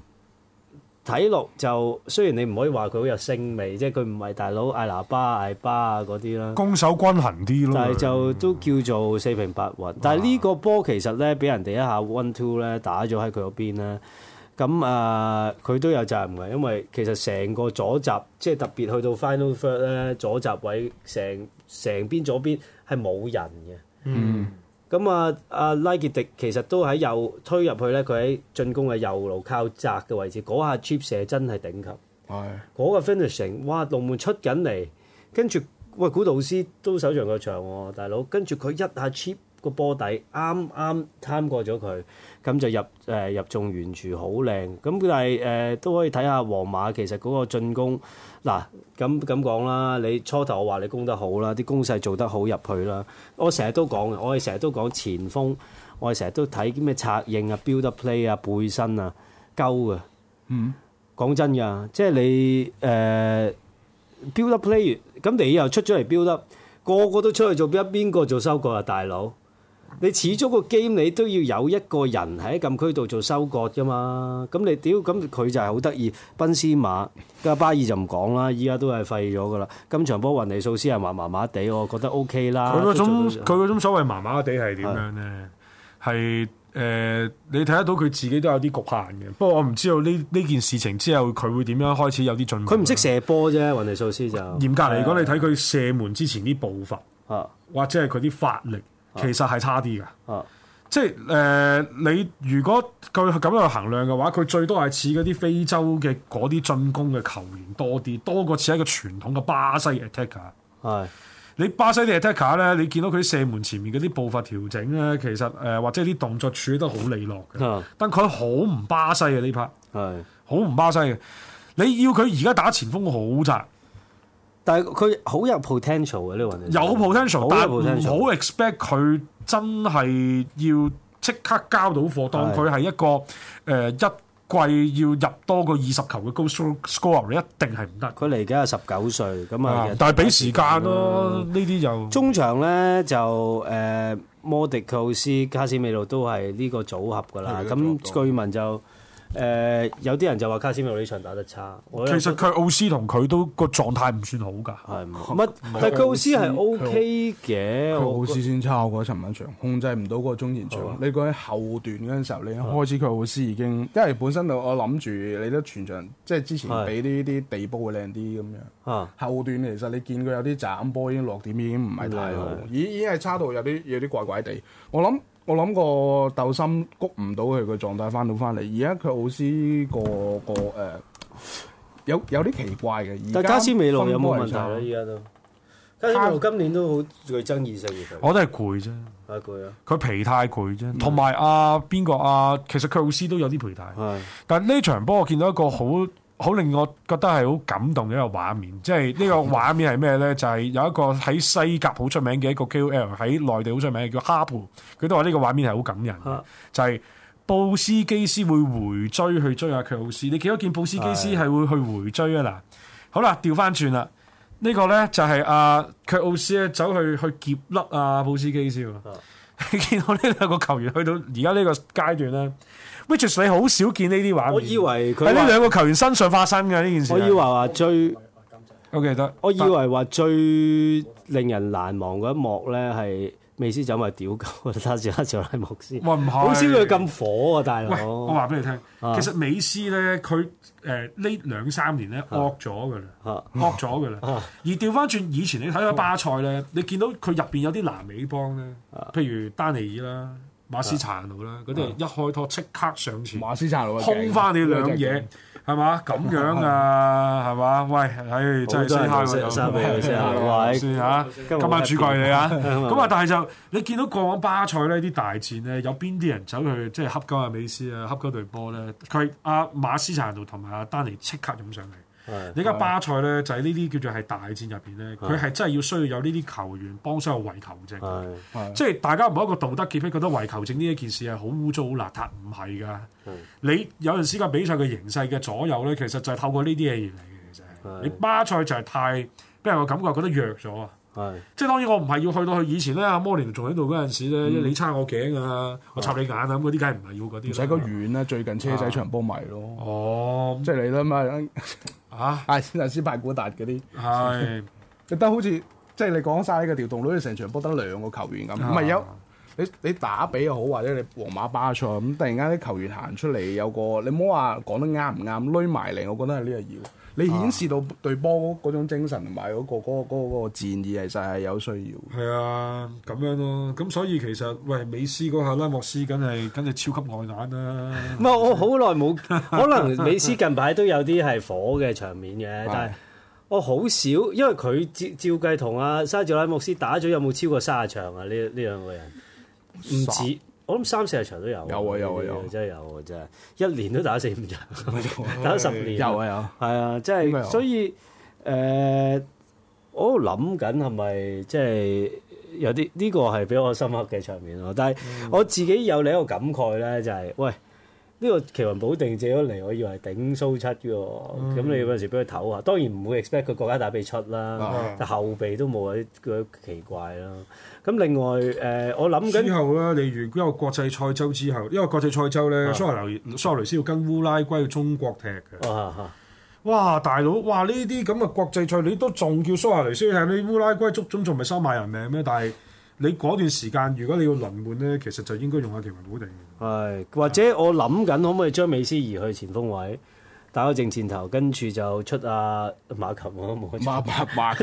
睇落就，雖然你唔可以話佢好有性味，即係佢唔係大佬嗌喇叭嗌巴啊嗰啲啦，攻守均衡啲咯。但係就都叫做四平八穩。但係呢個波其實咧，俾人哋一下 one two 咧打咗喺佢嗰邊咧，咁啊佢都有責任嘅，因為其實成個左閘即係特別去到 final third 咧，左閘位成成邊左邊係冇人嘅。嗯。咁啊，阿拉杰迪其實都喺右推入去咧，佢喺進攻嘅右路靠窄嘅位置，嗰下 chip 射真係頂級，嗰個 finishing，哇！龍門出緊嚟，跟住喂古道師都手上個場喎，大佬，跟住佢一下 chip。個波底啱啱參過咗佢，咁就入誒、呃、入中圓柱好靚。咁但係誒、呃、都可以睇下皇馬其實嗰個進攻嗱咁咁講啦。你初頭我話你攻得好啦，啲攻勢做得好入去啦。我成日都講，我係成日都講前鋒，我係成日都睇啲咩策應啊、build-up play 啊、背身啊、勾啊。嗯，講真㗎，即係你誒、呃、build-up play 完，咁你又出咗嚟 build-up，個個都出去做邊邊個做收割啊，大佬？你始終個 game 你都要有一個人喺禁區度做收割噶嘛？咁你屌咁佢就係好得意。賓斯馬加巴爾就唔講啦，依家都係廢咗噶啦。今場波雲尼素斯係麻麻地，我覺得 OK 啦。佢嗰種佢嗰種所謂麻麻地係點樣呢？係誒是、呃，你睇得到佢自己都有啲局限嘅。不過我唔知道呢呢件事情之後佢會點樣開始有啲進步。佢唔識射波啫，雲尼素斯就嚴格嚟講，是啊、你睇佢射門之前啲步伐是啊，或者係佢啲發力。其實係差啲㗎，啊、即係誒、呃、你如果佢咁樣衡量嘅話，佢最多係似嗰啲非洲嘅嗰啲進攻嘅球員多啲，多過似一個傳統嘅巴西嘅 attacker。係是你巴西嘅 attacker 咧，你見到佢射門前面嗰啲步伐調整咧，其實誒、呃、或者啲動作處理得好利落嘅，啊、但佢好唔巴西嘅呢 part 係好唔巴西嘅。你要佢而家打前鋒好雜。但係佢好有 potential 嘅呢個運動，有 potential，但係唔好 expect 佢真係要即刻交到貨。當佢係一個誒一季要入多個二十球嘅 goal scorer，你一定係唔得。佢嚟緊係十九歲，咁啊，但係俾時間咯，呢啲就中場咧就誒摩迪科斯卡斯美路都係呢個組合㗎啦。咁據聞就。誒、呃、有啲人就話卡斯米奧呢場打得差，其實佢奧斯同佢都個狀態唔算好㗎，係咪？乜、啊？但係佢奧斯係 OK 嘅，佢他奧斯先差過陳文祥，控制唔到個中前場。啊、你講喺後段嗰陣時候，你開始佢奧斯已經，的因為本身就我諗住你都全場即係之前俾呢啲地波會靚啲咁樣，後段其實你見佢有啲斬波已經落點已經唔係太好，已的已經係差到有啲有啲怪怪地，我諗。我諗個鬥心谷唔到佢個狀態翻到翻嚟，而家佢奧斯個個誒有有啲奇怪嘅。而家加斯美路有冇問題咧？而家都加斯美路今年都好具、啊、爭議性。我都係攰啫，係攰、嗯、啊！佢疲態攰啫，同埋阿邊個阿，其實佢奧斯都有啲疲態。係的，但呢場波我見到一個好。嗯好令我覺得係好感動嘅一個畫面，即係呢個畫面係咩呢？就係、是、有一個喺西甲好出名嘅一個 KOL 喺內地好出名，嘅叫哈盤，佢都話呢個畫面係好感人，就係、是、布斯基斯會回追去追阿、啊、喬奧斯，你見到件布斯基斯係會去回追的、這個就是、啊？嗱，好啦，調翻轉啦，呢個呢，就係阿喬奧斯咧走去去劫粒啊布斯基斯你的 見到呢兩個球員去到而家呢個階段呢。w h 你好少見呢啲畫面，我以為佢喺呢兩個球員身上發生嘅呢件事。我以為話最，我記得。Okay, 行我以為話最令人難忘嗰一幕咧，係美斯走埋屌鳩，打住克喬拉莫斯。哇唔好，好少佢咁火啊，大佬。我話俾你聽，啊、其實美斯咧，佢誒呢兩三年咧惡咗噶啦，惡咗噶啦。而調翻轉，以前你睇下巴塞咧，你見到佢入邊有啲南美幫咧，譬如丹尼爾啦。馬斯查奴啦，嗰啲人一開拖即刻上前，馬斯查奴，兇翻你兩嘢，係嘛？咁樣啊，係嘛？喂，係、哎、真係先閪喎，有請，有請，有請，先嚇，今晚主貴你啊。咁啊，嗯、但係就你見到過往巴塞呢啲大戰呢，有邊啲人走去、嗯、即係恰鳩阿美斯啊，恰鳩隊波咧？佢阿、啊、馬斯查奴同埋阿丹尼即刻湧上嚟。你而家巴塞咧就喺呢啲叫做係大戰入邊咧，佢係真係要需要有呢啲球員幫手圍球證。即係大家唔好一個道德潔癖，覺得圍球證呢一件事係好污糟、好邋遢，唔係噶。你有陣時個比賽嘅形勢嘅左右咧，其實就係透過呢啲嘢嚟嘅。其實你巴塞就係太俾人個感覺覺得弱咗啊。即係當然我唔係要去到去以前咧，阿摩連做喺度嗰陣時咧，你插我頸㗎啦，我插你眼啊，咁嗰啲梗係唔係要嗰啲。唔使咁遠啦，最近車仔場波迷咯。哦，即係你啦嘛。嚇係，啊、 斯內斯、派古達嗰啲、哎，係得 好似即係你講晒呢個條道路，你成場波得兩個球員咁，唔係、啊、有你你打比又好，或者你皇馬巴賽咁，突然間啲球員行出嚟有個你唔好話講得啱唔啱，攆埋嚟，我覺得係呢個要。你顯示到對波嗰種精神同埋嗰個嗰、嗰個嗰、嗰個嗰個、戰意，其實係有需要。係啊，咁樣咯。咁所以其實喂，美斯嗰下拉莫斯，梗係梗係超級外蛋啦。唔係，我好耐冇，可能美斯近排都有啲係火嘅場面嘅， 但係我好少，因為佢照照計同阿、啊、沙治拉莫斯打咗有冇超過卅場啊？呢呢兩個人唔止。三我諗三四日場都有，有啊些有啊有，真係有啊，有啊真係、啊，一年都打四五場， 打十年有啊有，係啊，即係、啊、所以，誒、呃，我諗緊係咪即係有啲呢、這個係比較深刻嘅場面咯。但係我自己有另一個感慨咧，就係、是、喂，呢、這個奇雲保定借咗嚟，我以為頂蘇七嘅，咁、嗯、你有陣時俾佢唞下，當然唔會 expect 佢國家打被出啦，嗯、但後備都冇啊，覺得奇怪啦。咁另外誒、呃，我諗緊之後咧，例如一個國際賽周之後，因為國際賽周咧，蘇亞雷斯、蘇亞雷斯要跟烏拉圭中國踢嘅、啊啊。哇！大佬，哇！呢啲咁嘅國際賽，你都仲叫蘇亞雷斯係你烏拉圭足總仲咪收埋人命咩？但係你嗰段時間，如果你要輪換咧，嗯、其實就應該用阿喬文保定。係、啊，或者我諗緊可唔可以將美斯移去前鋒位？打到正前頭，跟住就出阿馬琴咯。馬馬馬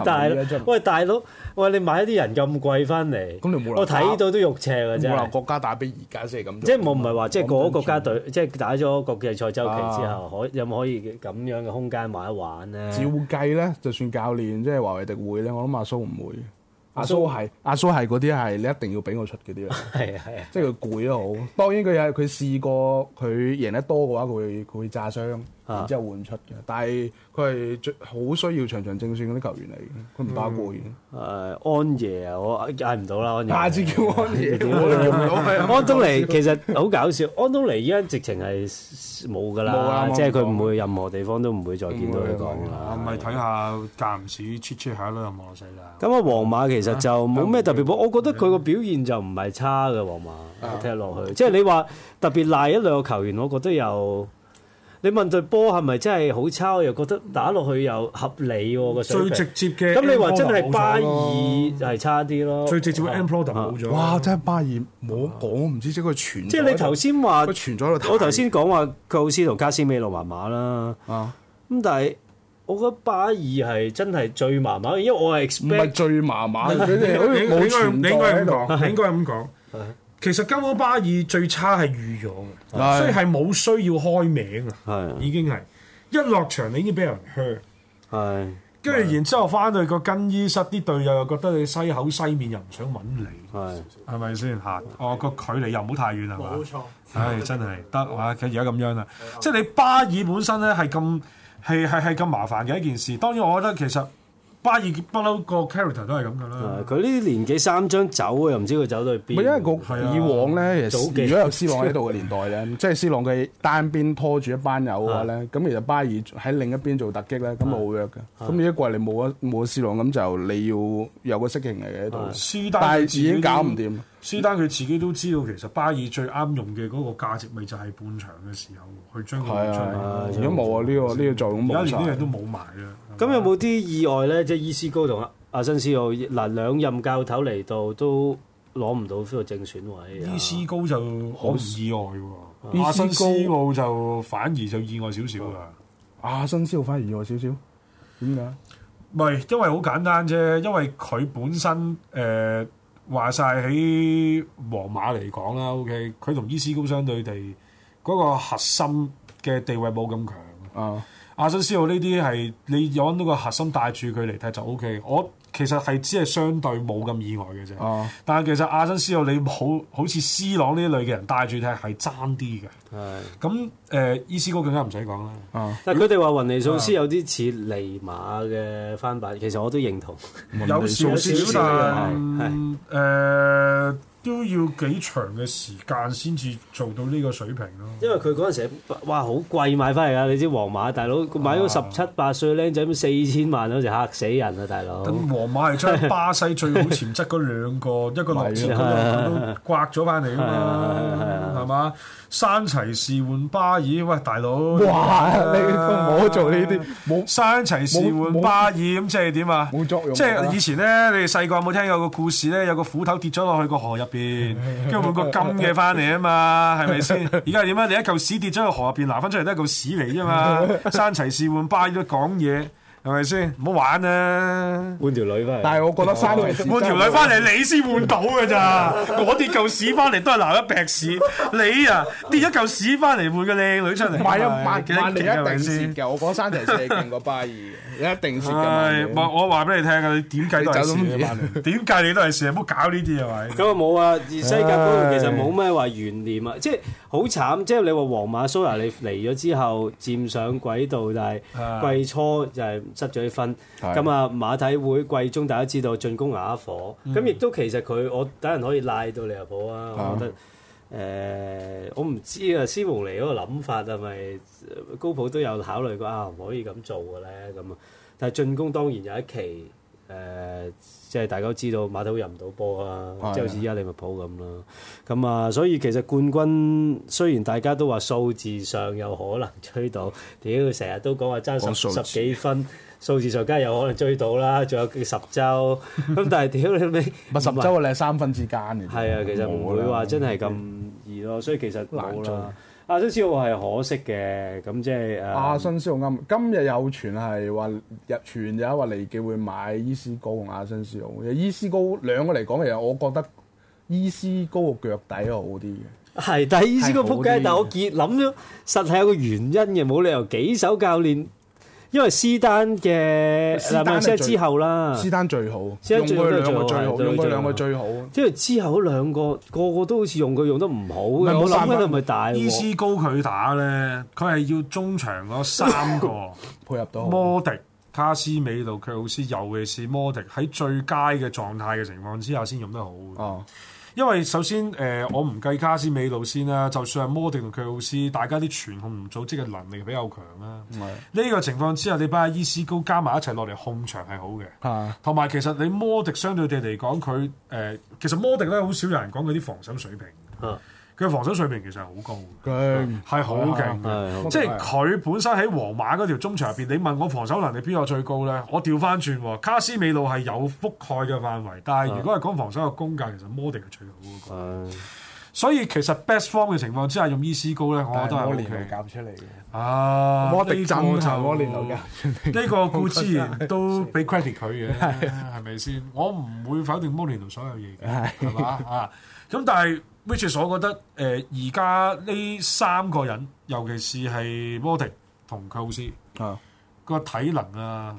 琴，喂大佬，喂，你買啲人咁貴翻嚟，咁你冇諗？我睇到都肉赤嘅真係。冇國家打俾而家先係咁。即係我唔係話即係個國家隊，即係打咗國際賽周期之後，可有冇可以咁樣嘅空間玩一玩咧？照計咧，就算教練即係華為迪會咧，我諗阿蘇唔會。阿蘇係，阿蘇係嗰啲係，你一定要俾我出嗰啲。係啊係啊，即係佢攰都好。當然佢有佢試過，佢贏得多嘅話，佢佢會炸傷。然之後換出嘅，但係佢係最好需要場場正選嗰啲球員嚟嘅，佢唔包過誒，安爺我嗌唔到啦，下次叫安爺。安東尼其實好搞笑，安東尼依家直情係冇噶啦，即係佢唔會任何地方都唔會再見到佢講啦。咪睇下間唔時出出下兩粒冇晒啦。咁啊，皇馬其實就冇咩特別，我覺得佢個表現就唔係差嘅。皇馬踢落去，即係你話特別賴一兩個球員，我覺得又。你問對波係咪真係好差？我又覺得打落去又合理個水平。最直接嘅咁，你話真係巴爾就係差啲咯。最直接嘅 m p r o d a 冇咗。哇！真係巴爾冇講，唔知即係佢傳即係你頭先話，我頭先講話，佢好似同加斯美路麻麻啦。咁但係我覺得巴爾係真係最麻麻，因為我係 expect 唔係最麻麻。你你應該應該咁講。其實根本巴爾最差係預咗嘅，所以係冇需要開名啊，已經係一落場你已經俾人 hurt，い跟住然之後翻到個更衣室啲隊友又覺得你西口西面又唔想搵你，係咪先？嚇哦個距離又唔好太遠係嘛？冇錯，唉、哎、真係得啊！佢而家咁樣啦，即係你巴爾本身咧係咁係係係咁麻煩嘅一件事。當然我覺得其實。巴爾不嬲個 character 都係咁噶啦，佢呢年紀三張走，又唔知佢走到去邊。因為以往咧，如果有 C 朗喺度嘅年代咧，即係 C 朗嘅單邊拖住一班友嘅話咧，咁其實巴爾喺另一邊做突擊咧，咁冇弱嘅。咁如果過嚟冇啊冇啊 C 朗咁，就你要有個適應嚟嘅喺度，但係自己搞唔掂。斯丹佢自己都知道，其實巴爾最啱用嘅嗰個價值咪就係半場嘅時候，去將佢攤出嚟。如果冇啊，呢、嗯啊呢個呢、呢個就冇曬。而家連呢樣都冇埋啦。咁有冇啲、嗯、吧意外咧？即係伊斯高同阿阿新斯奧嗱，兩任教頭嚟到都攞唔到呢個正選位、啊。伊斯高就好意外喎，阿新斯奧就反而就意外少少噶。阿新斯奧反而意外少少？嗯、點解？唔係因為好簡單啫，因為佢本身誒。呃話晒喺皇馬嚟講啦，OK，佢同伊斯高相對地嗰、那個核心嘅地位冇咁強。啊、uh，huh. 阿新斯奧呢啲係你有揾到個核心帶住佢嚟踢就 OK，我。其實係只係相對冇咁意外嘅啫，但係其實亞新斯奧你好好似 C 朗呢類嘅人帶住睇係爭啲嘅，咁、呃、誒伊斯哥更加唔使講啦。啊、但係佢哋話雲尼素斯有啲似尼馬嘅翻版，其實我都認同，有少少但係誒。都要幾長嘅時間先至做到呢個水平咯。因為佢嗰陣時哇好貴買翻嚟㗎，你知皇馬大佬買咗十七八歲靚仔四千萬嗰時嚇死人啊，大佬！咁，皇馬係將巴西最好潛質嗰兩個， 一個落籤，啊、一個個刮咗翻嚟啦，係嘛、啊？山齊士換巴爾，喂大佬，哇！啊、你都冇做呢啲，山齊士換巴爾，咁即係點啊？冇作用，即係以前咧，沒你哋細個有冇聽過個故事咧？有個斧頭跌咗落去個河入邊，跟住換個金嘅翻嚟啊嘛，係咪先？而家點啊？你一嚿屎跌咗去河入邊，拿翻出嚟都係嚿屎嚟啫嘛！山齊士換巴爾都講嘢。係咪先？唔好玩啊！換條女翻嚟。但係我覺得三條、哦，換條女翻嚟你先換到嘅咋？我跌嚿屎翻嚟都係留一撇屎，你啊跌咗嚿屎翻嚟換個靚女出嚟，買咗萬幾萬件嘅明星嘅， 我講三條四勁過巴爾一定説嘅，我我話俾你聽啊！你點計都係事，點計你， 你都係事啊！唔好搞呢啲嘢，係咪？咁啊冇啊，而西甲嗰度其實冇咩話懸念啊，唉 即係好慘。即係你話皇馬蘇拿，你嚟咗之後佔上軌道，但係季初就係失咗啲分。咁啊唉 馬體會季中大家知道進攻啞火，咁亦、嗯、都其實佢我等人可以拉到利物浦啊，我覺得。嗯誒、呃，我唔知啊，施蒙尼嗰個諗法係咪高普都有考慮過啊？唔可以咁做嘅咧，咁啊，但係進攻當然有一期，誒、呃，即、就、係、是、大家都知道馬兇入唔到波啊，即係、哎、呀 好似依家利物浦咁咯，咁啊，所以其實冠軍雖然大家都話數字上有可能追到，屌佢成日都講話爭十字十幾分。 數字梗係有可能追到啦，仲有十周。咁 但係屌你咪十週啊，兩三分之間嘅。係啊，其實唔會話真係咁易咯，所以其實難追。亞新斯奧係可惜嘅，咁即係亞新斯奧啱。今日有傳係話入傳有話嚟機會買伊斯高同亞新斯奧，伊斯高兩個嚟講，其實我覺得伊斯高個腳底好啲嘅。係的，但係伊斯高仆街，但我結諗咗，實係有個原因嘅，冇理由幾手教練。因為斯丹嘅嗱，斯丹之後啦，斯丹最好，斯丹最好用佢兩個最好，對用佢兩個最好。即係之後嗰兩個個個都好似用佢用得唔好嘅，依家佢唔係大。伊斯高佢打咧，佢係要中場嗰三個 配合到。摩迪卡斯美路克魯斯，尤其是摩迪喺最佳嘅狀態嘅情況之下先用得好。嗯因為首先誒、呃，我唔計卡斯美路先啦、啊，就算係摩迪同佢魯斯，大家啲傳控同組織嘅能力比較強啦、啊。係呢是的 個情況之下，你把阿伊斯高加埋一齊落嚟控場係好嘅。係。同埋其實你摩迪相對地嚟講，佢誒、呃、其實摩迪咧好少有人講佢啲防守水平。嘅防守水平其實係好高，係好勁，即係佢本身喺皇馬嗰條中場入邊。你問我防守能力邊個最高咧？我調翻轉，卡斯美路係有覆蓋嘅範圍，但係如果係講防守嘅功架，其實摩迪係最好嗰個。所以其實 best form 嘅情況之下，用伊斯高咧，我都係摩連奴教出嚟嘅。啊，摩迪真係摩連奴，呢個固之然都俾 credit 佢嘅，係咪先？我唔會否定摩連奴所有嘢嘅，係嘛啊？咁但係。which 我覺得誒而家呢三個人，尤其是係摩迪同古斯個體能啊、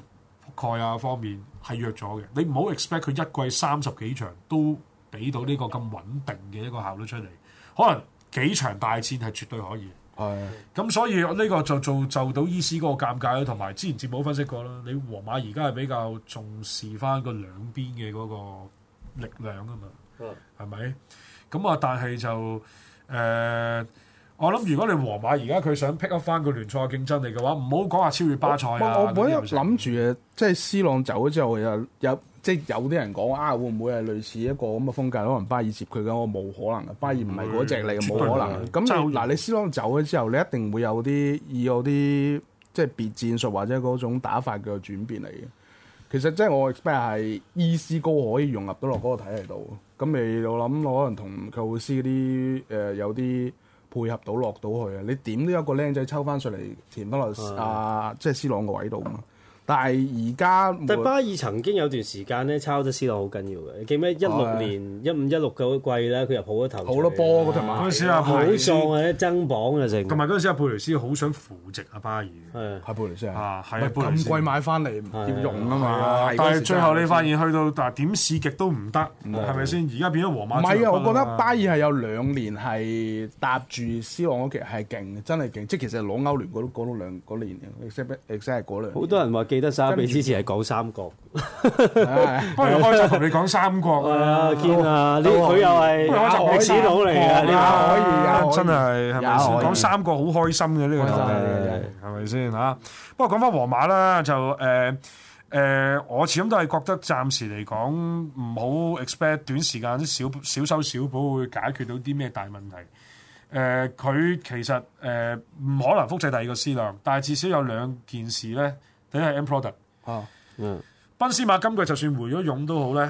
覆蓋啊方面係弱咗嘅。你唔好 expect 佢一季三十幾場都俾到呢個咁穩定嘅一個效率出嚟。可能幾場大戰係絕對可以。係咁，所以呢個就做就到伊斯高尷尬啦。同埋之前節目分析過啦，你皇馬而家係比較重視返佢兩邊嘅嗰個力量㗎嘛。嗯、uh.，係咪？咁啊，但係就誒，我諗如果你皇馬而家佢想 pick up 翻個聯賽嘅競爭力嘅話，唔好講話超越巴塞啊！我本諗住嘅即係 C 朗走咗之後，有即係有啲人講啊，會唔會係類似一個咁嘅風格？可能巴爾接佢嘅，我冇可能嘅。巴爾唔係嗰隻嚟嘅，冇可能。咁就，嗱，你 C 朗走咗之後，你一定會有啲要有啲即係別戰術或者嗰種打法嘅轉變嚟嘅。其實即係我 expect 係伊斯高可以融入到落嗰個體系度。咁未我諗，我可能同教會師嗰啲誒有啲配合到落到去到，嗯、啊，你點都有個靚仔抽翻上嚟填翻落啊，即係斯朗個位度啊嘛～但係而家，但係巴爾曾經有段時間咧，抄咗 C 朗好緊要嘅。記唔記得一六年一五一六嘅季咧，佢又好咗頭，好咯波嗰陣時啊，好壯嘅增磅嘅，同埋嗰陣時阿佩雷斯好想扶植阿巴爾，係阿佩雷斯啊，係咁貴買翻嚟要用啊嘛。但係最後你發現去到，但係點試極都唔得，係咪先？而家變咗皇馬。唔係啊，我覺得巴爾係有兩年係搭住 C 朗其實係勁，真係勁。即係其實攞歐聯嗰都嗰兩年 exactly 好多人話。記得三比之前係講三個，不如我就同你講三個啊，堅啊，佢又係歷史佬嚟嘅，又可以，啊，真係係咪先？講三個好開心嘅呢個題，係咪先嚇？不過講返皇馬啦，就誒誒，我始終都係覺得暫時嚟講唔好 expect 短時間啲小修小補會解決到啲咩大問題。誒，佢其實誒唔可能複製第二個思量，但係至少有兩件事咧。你係 importer，嗯，賓斯馬今季就算回咗勇都好咧，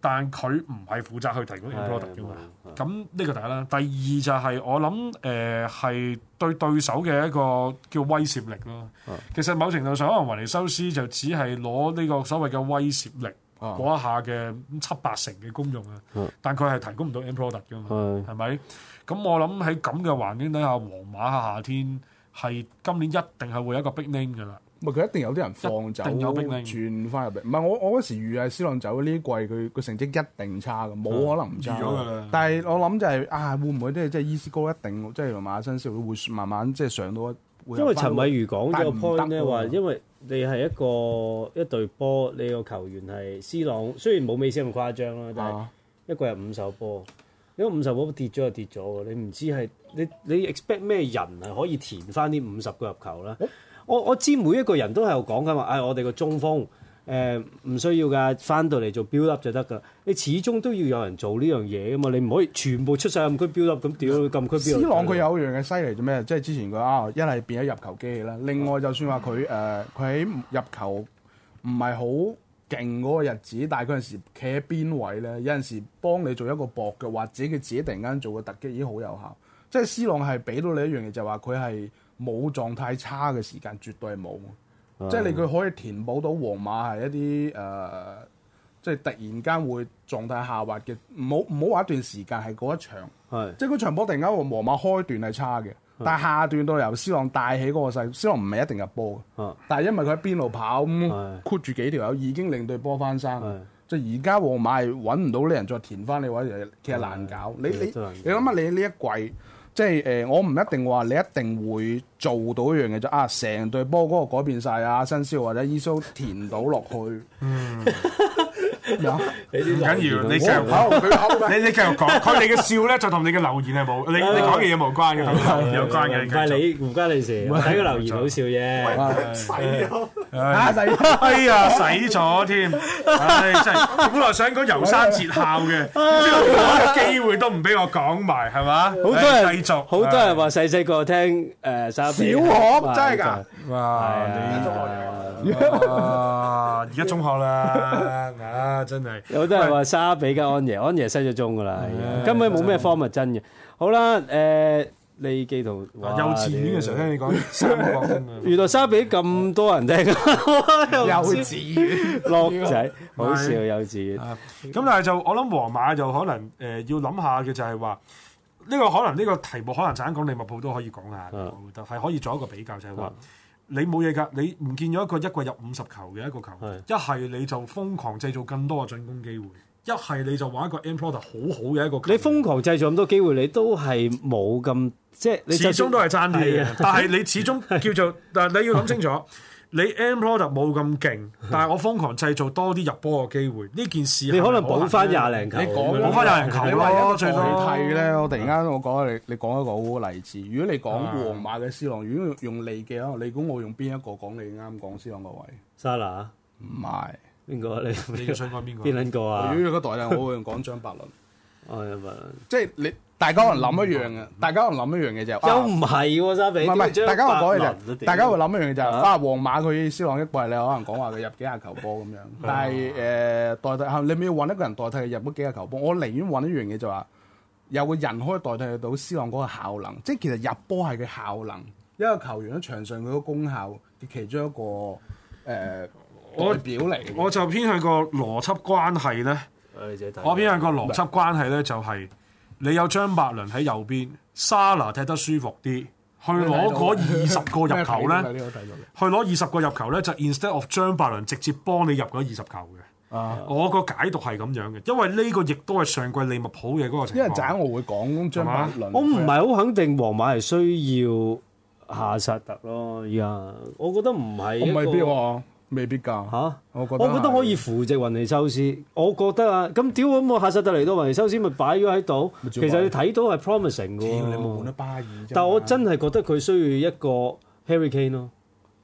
但佢唔係負責去提供 importer 嘅嘛，咁呢、啊嗯、個第一啦。第二就係、是、我諗誒係對對手嘅一個叫威懾力咯。啊、其實某程度上可能雲尼修斯就只係攞呢個所謂嘅威懾力嗰一下嘅七八成嘅功用啊，嗯、但佢係提供唔到 importer 嘅嘛，係咪、啊？咁我諗喺咁嘅環境底下，皇馬夏，夏天係今年一定係會有一個 Big Name 嘅啦。佢一定有啲人放走兵兵轉翻入嚟。唔係我我嗰時預啊，C 朗走呢季佢個成績一定差嘅，冇、嗯、可能唔差。嗯、但係我諗就係、是、啊，會唔會即係即係伊斯哥一定即係馬新斯會慢慢即係上到？因為陳偉如講呢個 point 咧話，因為你係一個一隊波，你個球員係 C 朗，雖然冇美斯咁誇張啦，但係一季有五十波，如果五十波跌咗就跌咗喎，你唔知係你你 expect 咩人係可以填翻啲五十個入球啦？欸我我知每一個人都係講緊話，誒、哎、我哋個中鋒誒唔需要㗎，翻到嚟做 build up 就得㗎。你始終都要有人做呢樣嘢啊嘛，你唔可以全部出曬禁區 build up 咁屌禁區 build up，斯朗佢有一樣嘢犀利做咩？即係之前佢啊，一係變咗入球機器啦。另外就算話佢誒佢喺入球唔係好勁嗰個日子，但係嗰陣時企喺邊位咧，有陣時幫你做一個博嘅，或者佢自己突然間做個突擊已經好有效。即係斯朗係俾到你一樣嘢，就係話佢係。冇狀態差嘅時間絕對冇，即係你佢可以填補到皇馬係一啲誒，即係突然間會狀態下滑嘅，唔好話一段時間係嗰一場，即係嗰場波突然間話皇馬開段係差嘅，但係下段到由 C 朗帶起嗰個勢，C 朗唔係一定入波，但係因為佢喺邊度跑咁，箍住幾條友已經令隊波翻生，即係而家皇馬係揾唔到呢人再填翻，你位，其實難搞，你你你諗下你呢一季？即係誒、呃，我唔一定話你一定會做到一樣嘢就啊，成隊波個改變晒啊，新招或者 e 依招填到落去。 有，唔緊要，你成日口唔對口，你你繼續講，佢哋嘅笑咧就同你嘅留言係冇，你你講嘅嘢冇關嘅，有有關嘅。但係你唔關你事，睇佢留言好笑啫。使咗，啊！使，哎呀！使咗添，唉！真係，本來想講遊山節孝嘅，之後個機會都唔俾我講埋，係嘛？好多人繼續，好多人話細細個聽誒沙小可，真係。哇！你哇！而家中學啦，啊，真係有啲人話沙比加安爺，安爺失咗蹤噶啦，根本冇咩科咪真嘅。好啦，誒，你記到幼稚園嘅時候聽你講，原來沙比咁多人聽幼稚園，樂仔好笑幼稚園。咁但係就我諗皇馬就可能誒要諗下嘅就係話，呢個可能呢個題目可能陣間講利物浦都可以講下，我係可以做一個比較就係話。你冇嘢噶，你唔見咗一個一季入五十球嘅一個球，一係是的 你就瘋狂製造更多嘅進攻機會，一係你就玩一個 end product 好好嘅一個。你瘋狂製造咁多機會，你都係冇咁即係、你，始終都係爭氣嘅。的但係你始終叫做，但係 你要諗清楚。 你 e m p r o 就冇咁勁，但係我瘋狂製造多啲入波嘅機會，呢件事你可能補翻廿零球，你講說麼補翻廿零球咯，係咧 說！我突然間我講啊，嗯、你你講一個好例子，如果你講皇馬嘅 C 朗，如果用利嘅話，你估我用邊一個講你啱講 C 朗個位？沙拿唔係邊個？你你想講邊個？邊撚個啊？如果嗰代咧，我會講張伯倫。哦、 嗯，張伯倫，即係你。大家可能諗一樣嘅，大家可能諗一樣嘅就又唔係，沙比唔係。大家會講嘅大家會諗一樣嘅就，啊，皇馬佢 C 朗一季你可能講話佢入幾下球波咁樣，但係誒代替你咪要揾一個人代替入咗幾下球波。我寧願揾一樣嘢就話，有個人可以代替到 C 朗嗰個效能，即係其實入波係佢效能，一個球員喺場上佢嘅功效嘅其中一個誒，表嚟。我就偏向個邏輯關係咧，我偏向個邏輯關係咧就係。你有張伯倫喺右邊，沙拿踢得舒服啲，去攞嗰二十個入球咧，去攞二十個入球咧，就 instead of 張伯倫直接幫你入嗰二十球嘅。啊，我個解讀係咁樣嘅，因為呢個亦都係上季利物浦嘅嗰個情況。因為第一我會講張伯倫，吧我唔係好肯定皇馬係需要夏薩特咯。而家我覺得唔係。我唔未必㗎嚇，我覺得可以扶植雲尼修斯。我覺得啊，咁屌咁，我夏薩特嚟到雲尼修斯咪擺咗喺度。其實你睇到係 promising 㗎。屌你冇得巴爾。但我真係覺得佢需要一個 Harry Kane 咯。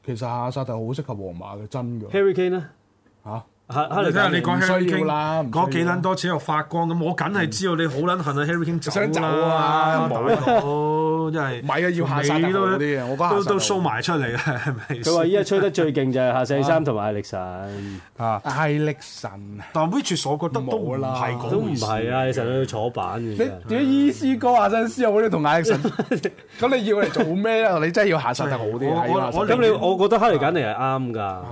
其實夏薩特好適合皇馬嘅真嘅。Harry Kane 咧嚇，你聽下你講 Harry Kane 啦，嗰幾撚多錢又發光咁，我梗係知道你好撚恨啊 Harry Kane 走啊，冇。真係，米啊要下殺頭嗰啲啊，都都 show 埋出嚟嘅。佢話依家吹得最勁就係下世三同埋艾力神啊！艾力神，但係 which 我覺得都冇啦，都唔係啊！其實佢坐板嘅。點解 E C 下亞新斯我都要同艾力神？咁你要我嚟做咩啊？你真係要下殺得好啲咁你我覺得哈利簡定係啱㗎。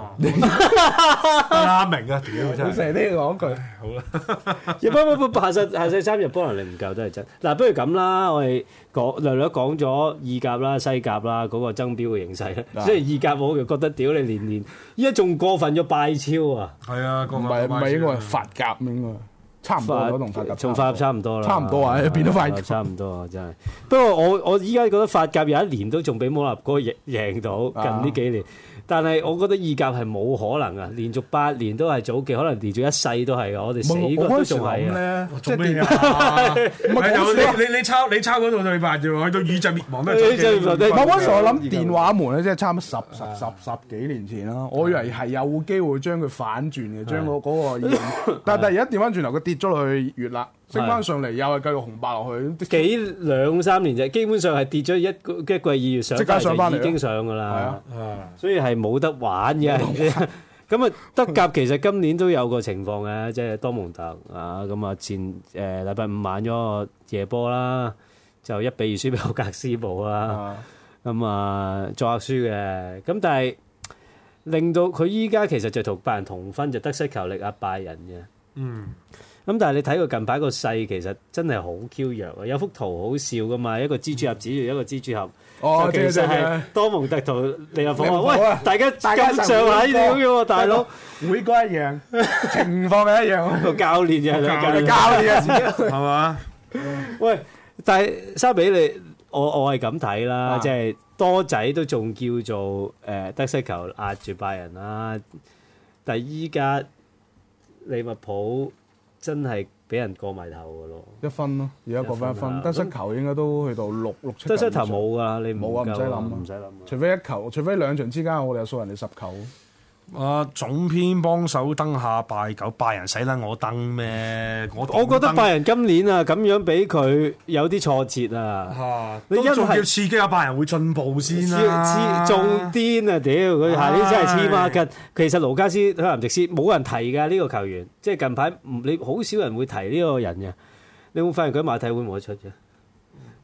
啱明啊，屌！真成日都要講句，好啦。唔好唔好下殺下殺三入波能力唔夠都係真。嗱，不如咁啦，我哋。講略略講咗意甲啦、西甲啦，嗰個爭標嘅形勢咧，即係意甲我就覺得屌你年年，依家仲過分咗拜超啊！係啊，唔係唔係應該係法甲咩應該？差唔多咯，同法甲從法甲差唔多啦，差唔多啊，變咗法甲差唔多啊，真係。不過我我依家覺得法甲有一年都仲畀摩納哥贏贏到，近呢幾年。但係我覺得意甲係冇可能啊，連續八年都係早期，可能連續一世都係㗎。我哋死過仲係啊！即係點啊你？你抄你抄你抄嗰度就係煩啫喎，去到宇宙滅亡都係早期，冇嗰時我諗電話門咧，即係差唔多十十十十幾年前啦。我以為係有機會將佢反轉嘅，的將嗰個，的但係但係而家調翻轉頭，佢跌咗落去越啦。升翻上嚟又係繼續紅白落去，幾兩三年啫，基本上係跌咗一一個季二月上，即刻上翻嚟已經上噶啦。所以係冇得玩嘅。咁啊，德甲其實今年都有個情況嘅，即係多蒙特啊。咁啊，前誒禮拜五晚咗個夜波啦，就一比二輸俾奧格斯堡啦。咁啊，啊，作客輸嘅。咁但係令到佢依家其實就同拜仁同分，就得失球力啊拜仁嘅。嗯。咁但係你睇佢近排個勢，其實真係好 Q 弱。有幅圖好笑噶嘛，一個蜘蛛俠指住一個蜘蛛俠。哦，其實係多蒙特同利物浦，喂，大家咁上體料嘅喎，大佬會嗰一樣情況係一樣。 一個教練又係教練，係嘛、啊？ 喂，但係相比你，我我係咁睇啦，即係、啊、 多仔都仲叫做誒德式球壓住拜仁啦。但係依家利物浦。真係俾人過埋頭嘅咯，一分咯、啊，而家過翻一分，得失那球應該都去到六六七。得失球冇㗎，你冇啊，唔使諗。唔使諗。除非一球，除非兩場之間，我哋有數人哋十球。啊！總編幫手登下拜九拜仁使得我登咩？我我覺得拜仁今年啊咁樣俾佢有啲挫折啊！吓，都仲要刺激阿拜仁會進步先啦，啊！仲癲啊！屌佢，吓呢真係黐孖筋！其實盧卡斯、林迪斯冇人提噶呢個球員，即係近排你好少人會提呢個人嘅。你有冇發現佢馬體會冇出啫？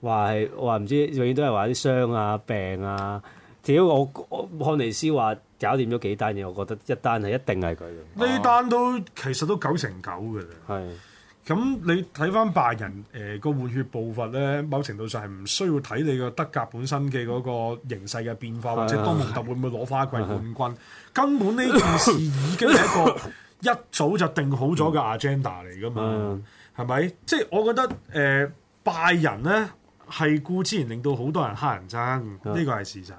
話係我話唔知，永遠都係話啲傷啊、病啊。屌，我我漢尼斯話搞掂咗幾單嘢，我覺得一單係一定係佢。呢單都、哦、其實都九成九嘅啦。係咁是，你睇翻拜仁誒個換血步伐咧，某程度上係唔需要睇你個德甲本身嘅嗰個形勢嘅變化，是是或者多蒙特會唔會攞翻一季冠軍。是是根本呢件事已經係一個一早就定好咗嘅 agenda 嚟㗎嘛，係咪、嗯？即係我覺得誒、呃、拜仁咧係固之然令到好多人蝦人憎，呢個係事實。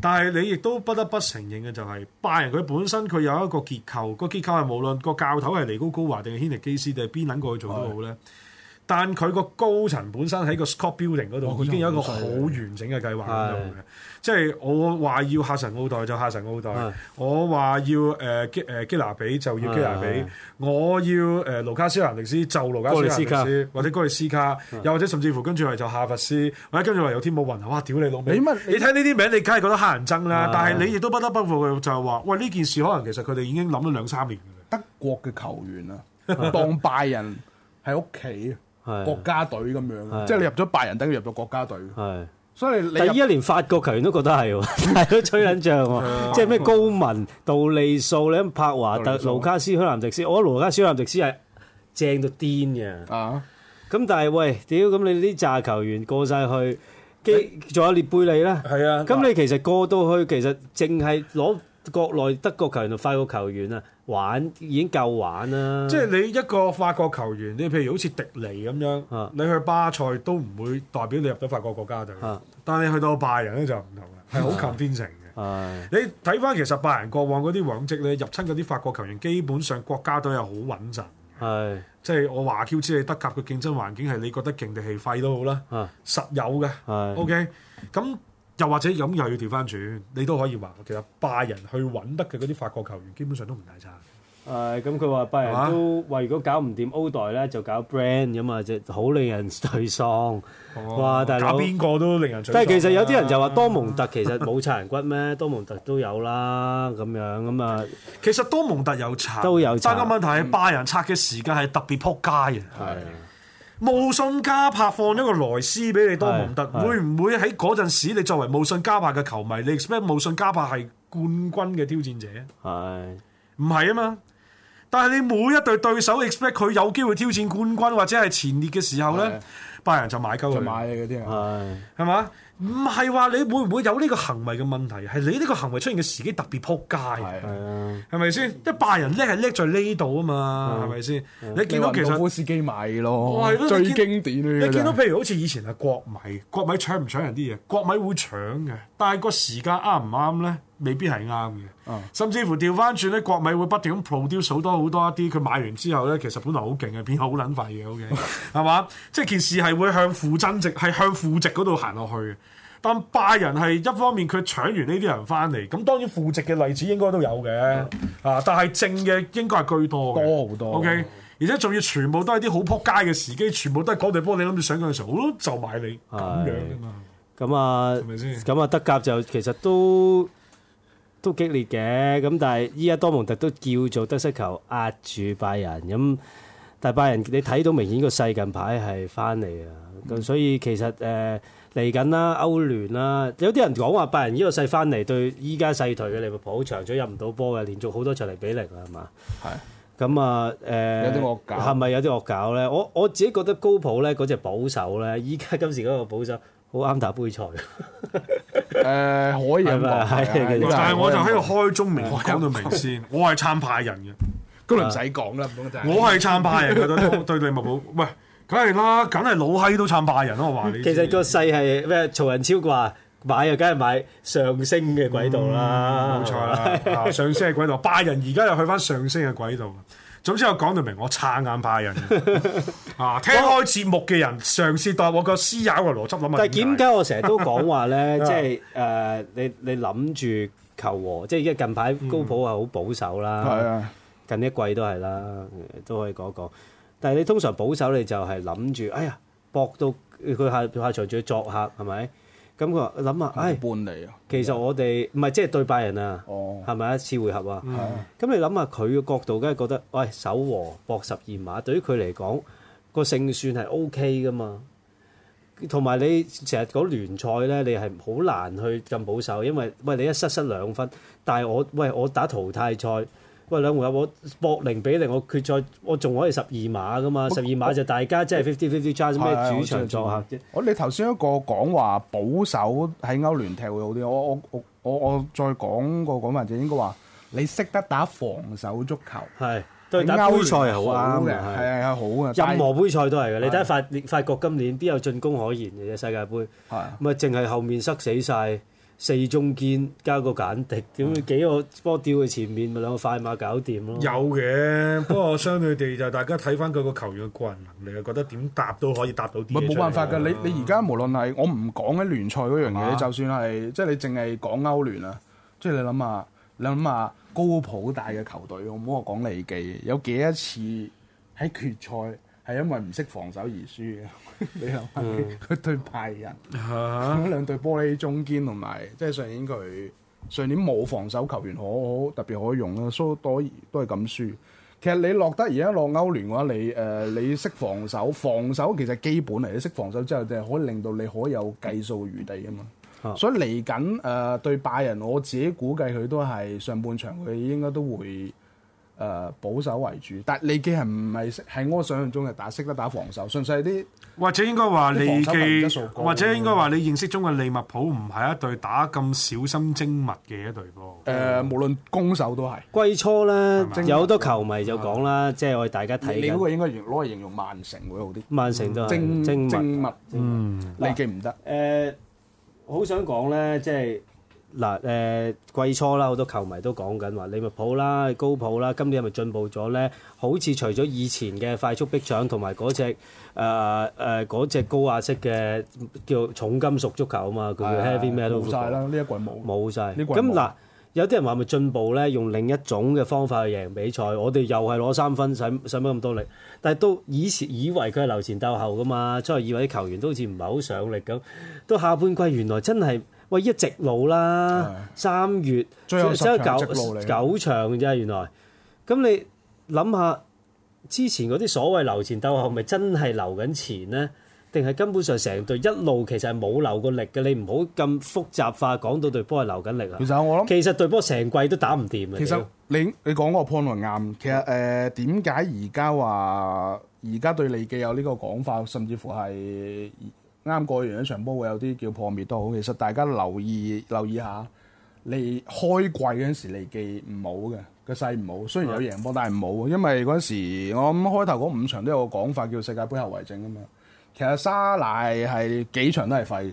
但係你亦都不得不承認嘅就係，拜仁佢本身佢有一個結構，個結構係無論個教頭係尼高高華定係軒尼基斯定係邊撚過去做都好咧？哎但佢個高層本身喺個 scope building 嗰度已經有一個好完整嘅計劃喺度，哦、的即係我話要哈神奧代就哈神奧代，的我話要誒誒基拿比就要基拿比，的我要誒、呃、盧卡斯蘭迪斯就盧卡斯蘭迪斯，或者高利斯卡，又或者甚至乎跟住係就夏佛斯，或者跟住話有天冇雲，哇！屌你老味，你聽呢啲名你梗係覺得黑人憎啦，的但係你亦都不得不服佢，就係話，喂！呢件事可能其實佢哋已經諗咗兩三年德國嘅球員啊，當拜仁喺屋企。係國家隊咁樣，即係是的 你入咗拜仁，等於入咗國家隊。係，是的 所以你依一年法國球員都覺得係喎，係都吹緊仗，即係咩高文、杜利素、咧柏華特、盧卡斯、軒南迪斯，我覺得盧卡斯、軒南迪斯係正到癲嘅。的啊，咁但係喂，屌，咁你啲炸球員過晒去，基仲有列貝利啦。係啊的，咁你其實過到去，其實淨係攞國內德國球員同法國球員啊。玩已經夠玩啦，啊！即係你一個法國球員，你譬如好似迪尼咁樣，是啊，你去巴塞都唔會代表你入咗法國國家隊。是啊，但係你去到拜仁咧就唔同啦，係好近邊城嘅。你睇翻其實拜仁國王嗰啲往績咧，入侵嗰啲法國球員基本上國家隊又好穩陣。係即係我話 q 知你德甲嘅競爭環境係你覺得勁定係廢都好啦。實有嘅。係 OK 咁。又或者咁又要調翻轉，你都可以話其實拜仁去揾得嘅嗰啲法國球員基本上都唔大差。誒，咁佢話拜仁都話、啊、如果搞唔掂歐代咧就搞 Brand 咁啊，就好令人沮喪。哇、哦，大佬，搞邊個都令人沮喪。但係其實有啲人就話多蒙特其實冇拆人骨咩？ 多蒙特都有啦，咁樣咁啊。其實多蒙特有拆，都有，但係問題係拜仁拆嘅時間係特別仆街啊。係的。慕信加柏放咗個萊斯俾你多蒙特，會唔會喺嗰陣時你作為慕信加柏嘅球迷，你 expect 慕信加柏係冠軍嘅挑戰者？係的，唔係啊嘛？但係你每一對對手 expect 佢有機會挑戰冠軍或者係前列嘅時候呢，拜仁的就買鳩佢，就買啊嗰啲啊，係，係嘛？唔係話你會唔會有呢個行為嘅問題，係你呢個行為出現嘅時機特別撲街，係咪先？一拜仁叻係叻在呢度啊嘛，係咪先？吧你見到其實司機買咯，哦、最經典嘅。你見到譬如好似以前係國米，國米搶唔搶人啲嘢？國米會搶嘅，但係個時間啱唔啱咧？未必係啱嘅。嗯、甚至乎調翻轉咧，國米會不斷咁 produce 好多好多一啲，佢買完之後咧，其實本來好勁嘅，變好撚廢嘅，OK，係嘛？ 即係件事係會向負增值，係向負值嗰度行落去嘅。但拜仁係一方面，佢搶完呢啲人翻嚟，咁當然負值嘅例子應該都有嘅，嗯、啊！但係正嘅應該係居多，多，多，多好多。OK，而且仲要全部都係啲好撲街嘅時機，全部都係嗰度幫你諗住上嗰陣時候，好、哦、就買你咁是樣咁啊，咪先、嗯？咁啊、嗯嗯，德甲就其實都都激烈嘅，咁但係依家多蒙特都叫做得失球壓住拜仁，咁但係拜仁你睇到明顯個勢近排係翻嚟啊，咁所以其實誒。呃呃呃呃呃嚟緊啦，歐聯啦，有啲人講話拜仁呢個勢翻嚟對依家勢退嘅利物浦長咗入唔到波嘅，連續好多場零比零啦，係嘛？係。咁啊，誒，有啲惡搞係咪有啲惡搞咧？我我自己覺得高普咧嗰隻保守咧，依家今時嗰個保守好啱打杯賽。誒，可以咁講，但係我就喺度開中明，我講到明先，我係撐拜仁嘅，咁你唔使講啦，我係撐拜仁嘅，對對利物浦，喂。梗係啦，梗係老閪都撐拜仁咯，我話你。其實個勢係咩？曹仁超話買就梗係買上升嘅軌道啦。冇、嗯嗯、錯啦， 上升嘅軌道，拜仁而家又去翻上升嘅軌道。總之我講到明我，我撐硬拜仁。啊，聽開節目嘅人 嘗試代我個私雅嘅邏輯諗問。但係點解我成日都講話咧？ 即係誒、呃，你你諗住求和？即係而家近排高普好保守啦，嗯、近一季都係啦，都可以講一講，一講。但係你通常保守你就係諗住，哎呀，搏到佢下下場仲要作客係咪？咁佢話諗下，哎，其實我哋唔係即係對拜仁啊，係咪、哦、一次回合啊，咁、嗯嗯、你諗下佢個角度，梗係覺得，喂、哎，守和搏十二碼，對於佢嚟講個勝算係 O.K. 噶嘛？同埋你成日講聯賽咧，你係好難去咁保守，因為喂你一失失兩分，但係我喂我打淘汰賽。喂，兩回合我搏零比零，我決賽我仲可以十二碼㗎嘛？十二碼就大家即係 fifty-fifty chance 咩？主場作客啫。我你頭先一個講話保守喺歐聯踢會好啲，我我我我我再講過講埋，就應該話你識得打防守足球係對打杯賽又好啱嘅，係係好嘅。任何杯賽都係嘅。你睇法法國今年邊有進攻可言嘅？啫？世界盃係咪淨係後面塞死晒。四中堅加個簡迪，咁幾個波、嗯、丟去前面，咪兩個快馬搞掂咯。有嘅，不過相對地就 大家睇翻佢個球員嘅個人能力，覺得點搭都可以搭到啲嘢，冇辦法㗎， 你你而家無論係我唔講緊聯賽嗰樣嘢，就算係即係你淨係講歐聯啊，即係你諗下，你諗下高普大嘅球隊，我唔好話講利記，有幾多次喺決賽係因為唔識防守而輸嘅？ 你諗下佢對拜仁，啊、 兩對玻璃中堅同埋，即係上年佢上年冇防守球員，好好特別可以用啦，所以都都係咁輸。其實你落得而家落歐聯嘅話，你誒、呃、你識防守，防守其實基本嚟，你識防守之後，即係可以令到你可以有計數餘地啊嘛。啊所以嚟緊誒對拜仁，我自己估計佢都係上半場佢應該都會。誒保守為主，但係利記係唔係係我想象中嘅打，識得打防守，詳細啲或者應該話利記，或者應該話你認識中嘅利物浦唔係一隊打咁小心精密嘅一隊波。誒，無論攻守都係。季初咧，有好多球迷就講啦，即係我哋大家睇。你嗰個應該用攞嚟形容曼城會好啲。曼城都係精精精密，嗯，利記唔得。誒，好想講咧，即係。嗱誒，呃、季初啦，好多球迷都講緊話利物浦啦，高普啦，今年係咪進步咗咧？好似除咗以前嘅快速逼搶同埋嗰隻誒誒隻高壓式嘅叫重金屬足球啊嘛，佢 heavy metal football 冇曬啦！呢一季冇冇晒。咁嗱，有啲人話咪進步咧，用另一種嘅方法去贏比賽。我哋又係攞三分，使使乜咁多力？但係都以前以為佢係留前鬥後噶嘛，再以為啲球員都好似唔係好上力咁。到下半季原來真係～喂，一直路啦，的三月有只有九九場啫，原來。咁你諗下，之前嗰啲所謂留前鬥後，咪真係留緊前呢？定係根本上成隊一路其實係冇留過力嘅？你唔好咁複雜化講到隊波係留緊力啊。其實我諗，其實隊波成季都打唔掂嘅。其實你你講個 point 啱。其實誒點解而家話而家對利記有呢個講法，甚至乎係。啱過完一場波，會有啲叫破滅都好。其實大家留意留意下，你開季嗰陣時，利記唔好嘅，個勢唔好。雖然有贏波，但係唔好。因為嗰陣時，我諗開頭嗰五場都有個講法，叫世界盃後遺症啊嘛。其實沙賴係幾場都係廢嘅，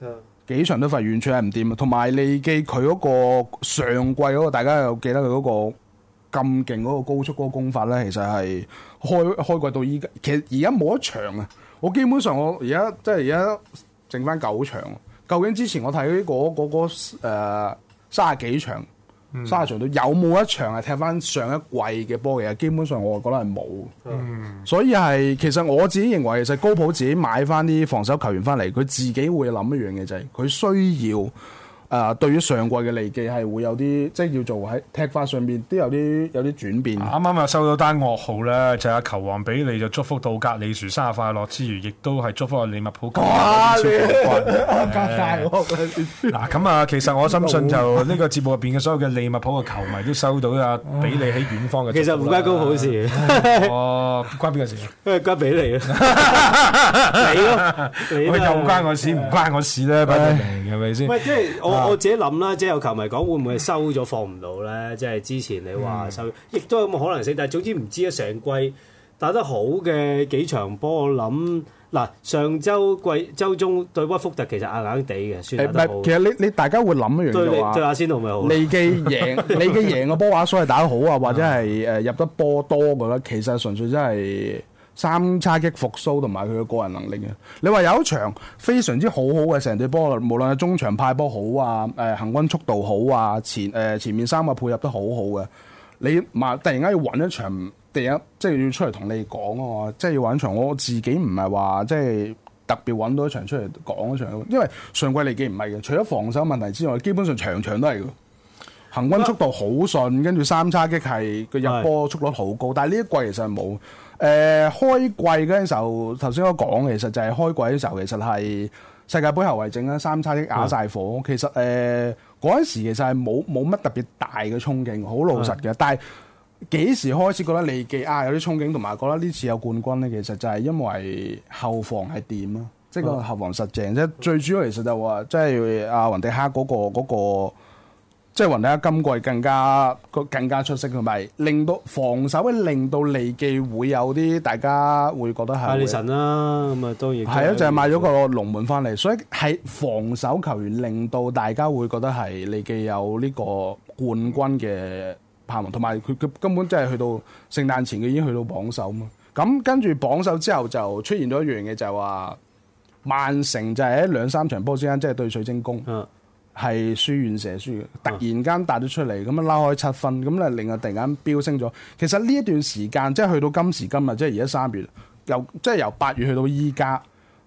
的幾場都廢，完全係唔掂啊。同埋利記佢嗰個上季嗰個，大家有記得佢嗰個咁勁嗰個高速嗰個攻法咧，其實係開開季到依家，其實而家冇一場啊。我基本上我而家即係而家剩翻九場，究竟之前我睇過嗰嗰嗰誒三十幾場，三十場都有冇一場係踢翻上一季嘅波嘅？基本上我覺得係冇，嗯、所以係其實我自己認為，其實高普自己買翻啲防守球員翻嚟，佢自己會諗一樣嘢就係、是、佢需要。誒對於上季嘅利記係會有啲，即係要做喺踢法上面都有啲有啲轉變。啱啱又收到單噩耗啦，就阿球王比利就祝福道格利殊生日快樂之餘，亦都係祝福阿利物浦。嗱，咁啊，其實我深信就呢個節目入邊嘅所有嘅利物浦嘅球迷都收到啊，比利喺遠方嘅。其實唔關高普事。哦，關邊個事？因為關比利。啊。你咯，佢又關我事唔關我事咧，擺明係咪先？即係我自己諗啦，即係有球迷講會唔會收咗放唔到咧？即係之前你話收 Yeah.，亦都有咁嘅可能性。但係總之唔知啊。成季打得好嘅幾場波，我諗嗱，上週季週中對屈福特其實硬硬地嘅，算係打得好。其實你你大家會諗一樣對你，對阿仙奴咪好你。你嘅贏你嘅贏嘅波話， 所以打得好啊，或者係誒入得波多嘅咧，其實純粹真係。三叉戟復甦同埋佢嘅個人能力嘅，你話有一場非常之好好嘅成隊波，無論係中場派波好啊，誒行軍速度好啊，前誒前面三個配合都好好嘅。你突然間要揾一場，第一即係要出嚟同你講啊，即係要揾一場。我自己唔係話即係特別揾到一場出嚟講一場，因為上季嚟記唔係嘅，除咗防守問題之外，基本上場場都係行軍速度好順，跟住三叉戟係個入波速度好高，的但係呢一季其實係冇。誒、呃，開季嗰陣時候，頭先我講，其實就係開季嗰時候，其實係世界杯後遺症啦，三叉戟啞晒火。的其實誒，嗰、呃、陣時其實係冇冇乜特別大嘅憧憬，好老實嘅。的但係幾時開始覺得利記啊有啲憧憬，同埋覺得呢次有冠軍呢，其實就係因為後防係點啊，的即係個後防實淨，即係最主要其實就話，即係阿雲迪克嗰個個。那個即係話，睇下今季更加更加出色，係咪令到防守咧？令到利記會有啲大家會覺得係拜利神啦，咁啊都亦係。啊，就係、是、買咗個龍門翻嚟，所以係防守球員令到大家會覺得係利記有呢個冠軍嘅盼望，同埋佢佢根本真係去到聖誕前，佢已經去到榜首嘛。咁跟住榜首之後就出現咗一樣嘢，就話曼城就係喺兩三場波之間，即、就、係、是、對水晶宮。啊係輸完蛇輸，突然間帶咗出嚟，咁啊拉開七分，咁咧另外突然間飆升咗。其實呢一段時間，即係去到今時今日，即係而家三月，由即係由八月去到依家，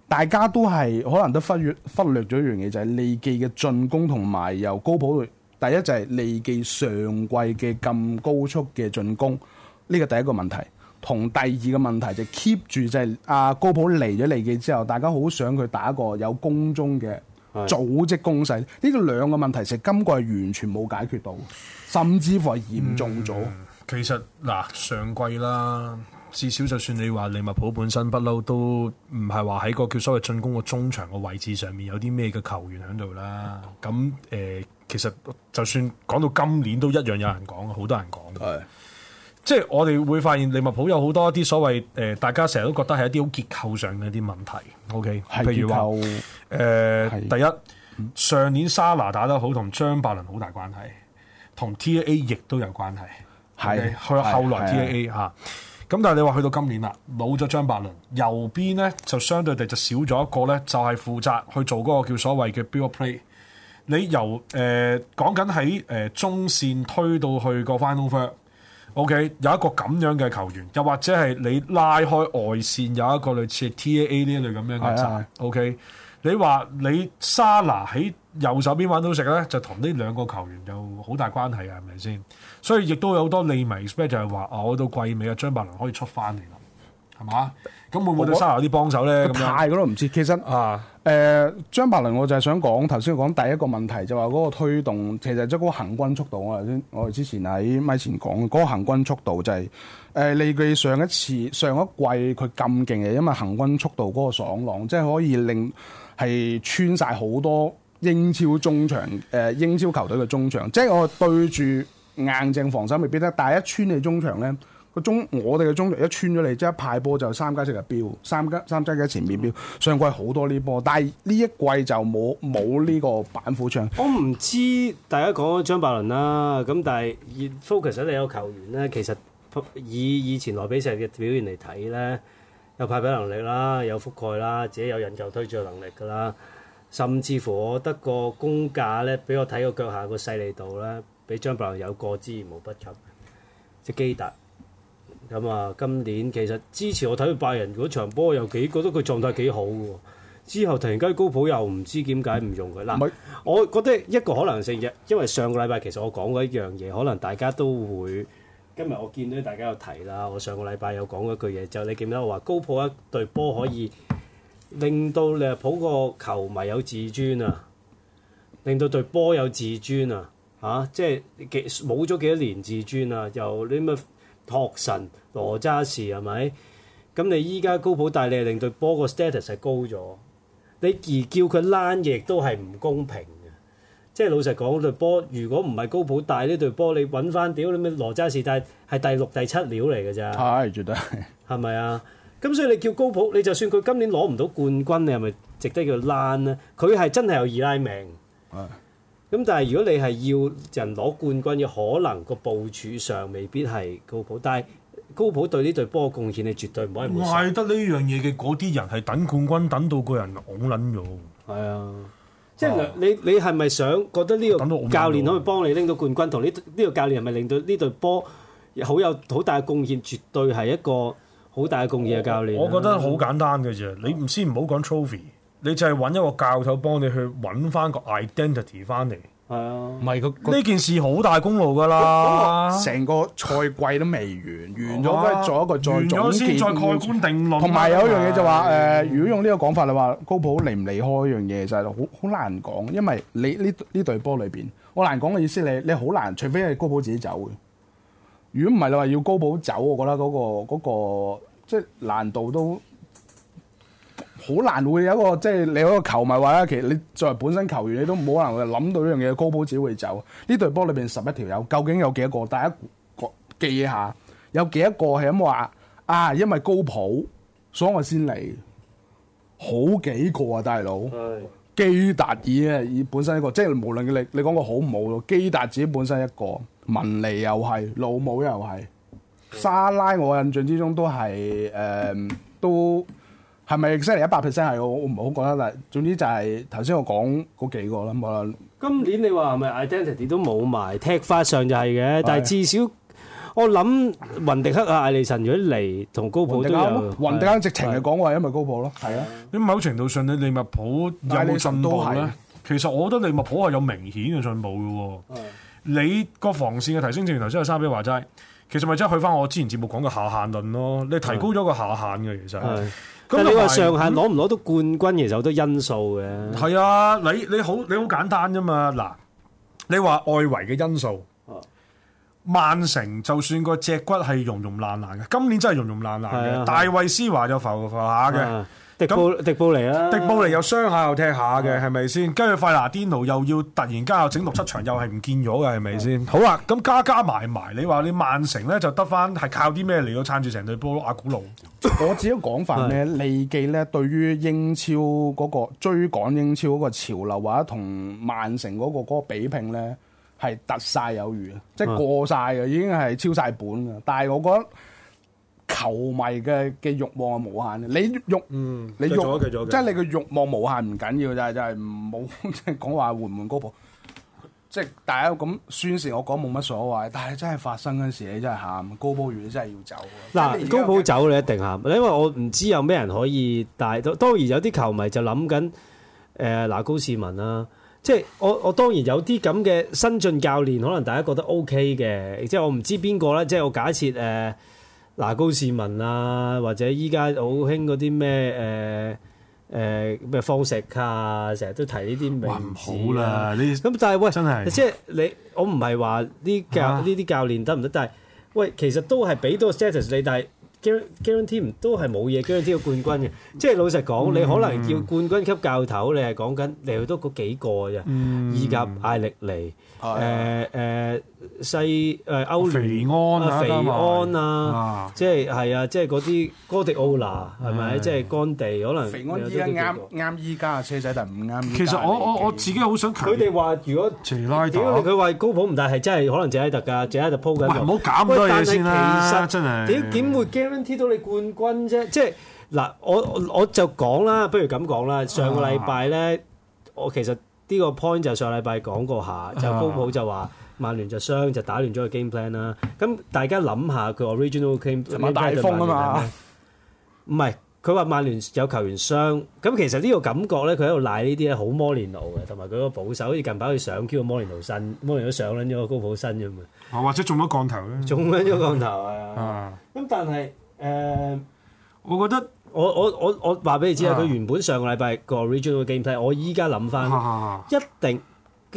大家都係可能都忽越忽略咗一樣嘢，就係、是、利記嘅進攻同埋由高普。第一就係利記上季嘅咁高速嘅進攻，呢個第一個問題。同第二個問題就係 keep 住就係、是、阿、啊、高普嚟咗利記之後，大家好想佢打一個有攻中嘅。是組織攻勢呢個兩個問題，成今季係完全冇解決到，甚至乎係嚴重咗、嗯。其實嗱，上季啦，至少就算你話利物浦本身不嬲都唔係話喺個叫所謂進攻個中場個位置上面有啲咩嘅球員喺度啦。咁誒、嗯呃，其實就算講到今年都一樣有人講，好、嗯、多人講。即係我哋會發現利物浦有好多一啲所謂誒、呃，大家成日都覺得係一啲好結構上嘅一啲問題。O.K.，譬是如話誒，第一上年沙拿打得好，同張伯倫好大關係，同 T.A.A. 亦都有關係。係、okay? 是去後來 T.A.A. 吓，咁、啊、但係你話去到今年啦，冇咗張伯倫，右邊呢就相對地就少咗一個呢，就係、是、負責去做嗰個叫所謂嘅 build play。你由誒、呃、講緊喺誒、呃、中線推到去個 final fur。Over, OK，有一個咁樣嘅球員，又或者係你拉開外線有一個類似 TAA 呢類咁樣嘅站，OK。你話你沙拿喺右手邊玩到食咧，就同呢兩個球員有好大關係啊，係咪先？所以亦都有好多利迷 expect 就係話，啊，我到季尾啊，張伯倫可以出翻嚟啦，係嘛？咁會唔會對沙拿啲幫手咧咁我樣？派嘅都唔知，其實啊。誒、呃、張伯倫，我就係想講頭先講第一個問題，就話、是、嗰個推動其實即係嗰個行軍速度。我頭先我哋之前喺咪前講，嗰、那個行軍速度就係誒例如上一次上一季佢咁勁嘅，因為行軍速度嗰個爽朗，即、就、係、是、可以令係穿晒好多英超中場誒、呃、英超球隊嘅中場。即、就、係、是、我對住硬淨防守未必得，但係一穿你中場咧。中我哋嘅中鋒一穿咗嚟，即係一派波就三加即係飚，三加三加幾前面飚？嗯、上季好多呢波，但係呢一季就冇冇呢個板斧槍。嗯、我唔知大家講緊張伯倫啦，咁但係 focus 喺你個球員呢。其實以以前萊比錫嘅表現嚟睇呢，有派比能力啦，有覆蓋啦，自己有引就推進能力㗎啦，甚至乎我覺得個功架呢，俾我睇個腳下個細膩度呢，俾張伯倫有過之而無不及。即基達。咁啊，今年其實之前我睇佢拜仁嗰場波又幾覺得佢狀態幾好嘅，之後突然間高普又唔知點解唔用佢。嗱，唔係，我覺得一個可能性嘅，因為上個禮拜其實我講過一樣嘢，可能大家都會今日我見到大家有提啦。我上個禮拜有講過一句嘢，就你記唔記得我話高普一隊波可以令到利物浦個球迷有自尊啊，令到隊波有自尊啊，嚇、啊！即係幾冇咗幾多年自尊啊，又。呢托神羅渣士係咪？咁你依家高普帶，你係令對波個 status 係高咗。你而叫佢攔，亦都係唔公平嘅。即係老實講，對波如果唔係高普帶呢對波，你揾翻屌你咩羅渣士，但係第六、第七料嚟㗎咋？係絕對係。係咪啊？咁所以你叫高普，你就算佢今年攞唔到冠軍，你係咪值得叫攔咧？佢係真係有二奶命。 咁但係如果你係要人攞冠軍，有可能個部署上未必係高普，但係高普對呢隊波嘅貢獻，你絕對唔可以唔怪得，呢樣嘢嘅嗰啲人係等冠軍等到個人戇撚咗。係啊，啊即係你你係咪想覺得呢個教練可以幫你拎到冠軍？同呢呢個教練係咪令到呢隊波好有好大嘅貢獻？絕對係一個好大嘅貢獻嘅教練。我，我覺得好簡單嘅啫，啊、你唔先唔好講 Trophy。你就係揾一個教頭幫你去揾翻個 identity 翻嚟，係啊，唔係個呢件事好大功勞噶啦，成個賽季都未完，完咗都係做一個再做先了再蓋棺定論。同埋有一樣嘢就話、是、誒、啊呃，如果用呢個講法你話，高普離唔離開一樣嘢，就係好好難講，因為你呢呢隊波裏邊，我難講嘅意思，你你好難，除非係高普自己走嘅。如果唔係你話要高普走，我覺得嗰、那個、那個那個、即係難度都。好難會有一個即係你一個球迷話啦，其實你作為本身球員，你都冇可能會諗到呢樣嘢，高普自己會走。呢隊波裏邊十一條友，究竟有幾多個？大家記一下，有幾多個係咁話啊？因為高普，所以我先嚟。好幾個啊，大佬。基達爾啊，以本身一個，即係無論你你講個好唔好咯，基達爾本身一個，文尼又係，老母又係，沙拉我印象之中都係誒、嗯、都。係咪犀利一百 percent？係我唔好覺得，但係總之就係頭先我講嗰幾個啦，冇啦。今年你話係咪 identity 都冇埋，踢法上就係嘅，但係至少我諗雲迪克啊艾利臣如果嚟同高普都有雲迪克直情係講話，因為高普咯。係啊，你某程度上你利物浦有冇進步咧？其實我覺得利物浦係有明顯嘅進步嘅。你個防線嘅提升，正如頭先阿沙比話齋，其實咪真係去翻我之前節目講嘅下限論咯。你提高咗個下限嘅，其實係。咁你話上限攞唔攞到冠軍，其實好多因素嘅、啊。係啊，你你好你好簡單啫嘛。嗱，你話外圍嘅因素，曼城就算個脊骨係融融爛爛嘅，今年真係融融爛爛嘅，啊、大衛斯華就浮浮下嘅。迪布那迪布尼啊！迪布尼又傷下又踢下嘅，係咪先？跟住快拿甸奴又要突然間又整六七場又，又係唔見咗嘅，係咪先？好啊！咁加加埋埋，你話你曼城咧就得翻係靠啲咩嚟到撐住成隊波阿古魯？我只要講返咧， 的利記咧對於英超嗰、嗰個追趕英超嗰個潮流或者同曼城嗰個嗰、嗰個嗰個比拼咧，係突晒有餘，即係過晒嘅，已經係超晒本嘅。但係我覺得。球迷嘅嘅慾望係無限嘅，你慾，嗯，繼續，繼續，即係你嘅欲望無限唔緊要，就係就係唔冇即係講話換唔換高普，即係大家咁宣泄，我講冇乜所謂。但係真係發生嗰時，你真係喊，高普如果真係要走，嗱、嗯、高普走、啊、你一定喊，因為我唔知有咩人可以帶到。當然有啲球迷就諗緊，誒、呃、嗱高士文啦，即係我我當然有啲咁嘅新進教練，可能大家覺得 OK 嘅，即係我唔知邊個咧，即係我假設誒。呃嗱高士文啊，或者依家好興嗰啲咩誒誒咩方石卡啊，成日都提呢啲名詞啦。咁但係喂，真係，即係你我唔係話呢教呢啲教練得唔得，但係喂，其實都係俾到個 status 你，但係 guarantee 唔到都係冇嘢，guarantee 個冠軍嘅。即係老實講，你可能叫冠軍級教頭，你係講緊嚟到都嗰幾個啫，以及艾力尼誒誒。西誒歐聯啊，肥安啊，即係係啊，即係嗰啲哥迪奧拿係咪？即係干地可能肥安啲啱啱依家嘅車仔，但係唔啱。其實我我我自己好想佢哋話，如果謝拉特，因為佢話高普唔大，係真係可能謝拉特噶，謝拉特鋪緊。唔好搞咁多嘢先啦。真係點點會 guarantee 到你冠軍啫？即係嗱，我我就講啦，不如咁講啦。上個禮拜咧，我其實呢個 point 就上禮拜講過下，就高普就話。曼聯就傷就打亂咗個 game plan 啦。咁大家諗下佢 original game 點解打亂 game plan 咧？唔係佢話曼聯有球員傷，咁其實呢個感覺咧，佢喺度賴呢啲咧，好摩連奴嘅，同埋佢嗰個保守，好似近排佢上 Q 摩連奴身摩連都上緊咗高普身啫嘛。啊，或者中咗降頭咧？中緊咗降頭啊！咁但係誒，我覺得我我我我話俾你知啊，佢原本上個禮拜個 original game plan，我依家諗翻一定。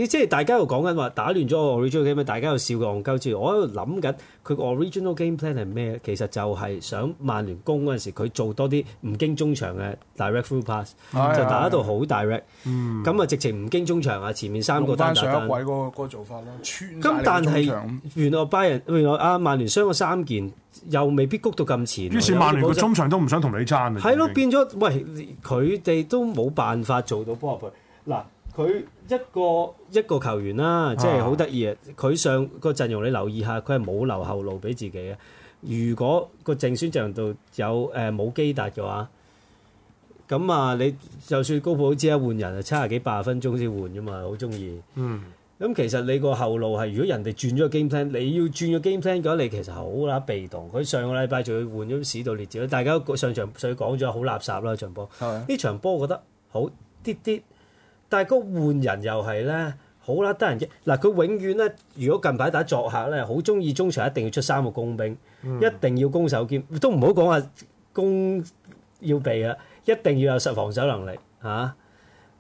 即係大家又講緊話打亂咗個 original game，大家又笑過戇鳩住。我喺度諗緊佢個 original game plan 係咩？其實就係想曼聯攻嗰時，佢做多啲唔經中場嘅 direct full pass、哎、呀 就打到好 direct。嗯，咁啊直情唔經中場啊，前面三個單打單。單嗰個做法咯，穿。咁但係原來拜仁，原來啊曼聯傷咗三件，又未必谷到咁前。於是曼聯個中場都唔想同你爭啊。係咯了，變咗成喂，佢哋都冇辦法做到波入去。嗱。佢一個一個球員啦，即係好得意啊！佢上、個陣容你留意下，佢係冇留後路俾自己嘅。如果個正選陣度有誒冇、呃、基達嘅話，咁啊你就算高普好知一換人啊，七十幾八十分鐘先換啫嘛，好中意。嗯，咁其實你個後路係如果人哋轉咗 game plan，你要轉咗 game plan 嘅話，你其實好啦，被動。佢上個禮拜仲要換咗史道列治，大家上場所以講咗好垃圾啦！場波呢是的 場波我覺得好啲啲。點點點但係嗰換人又係咧，好啦、啊、得人驚，嗱佢永遠咧，如果近排打作客咧，好中意中場一定要出三個工兵，嗯、一定要攻守兼，都唔好講話攻要備啊，一定要有實防守能力嚇。啊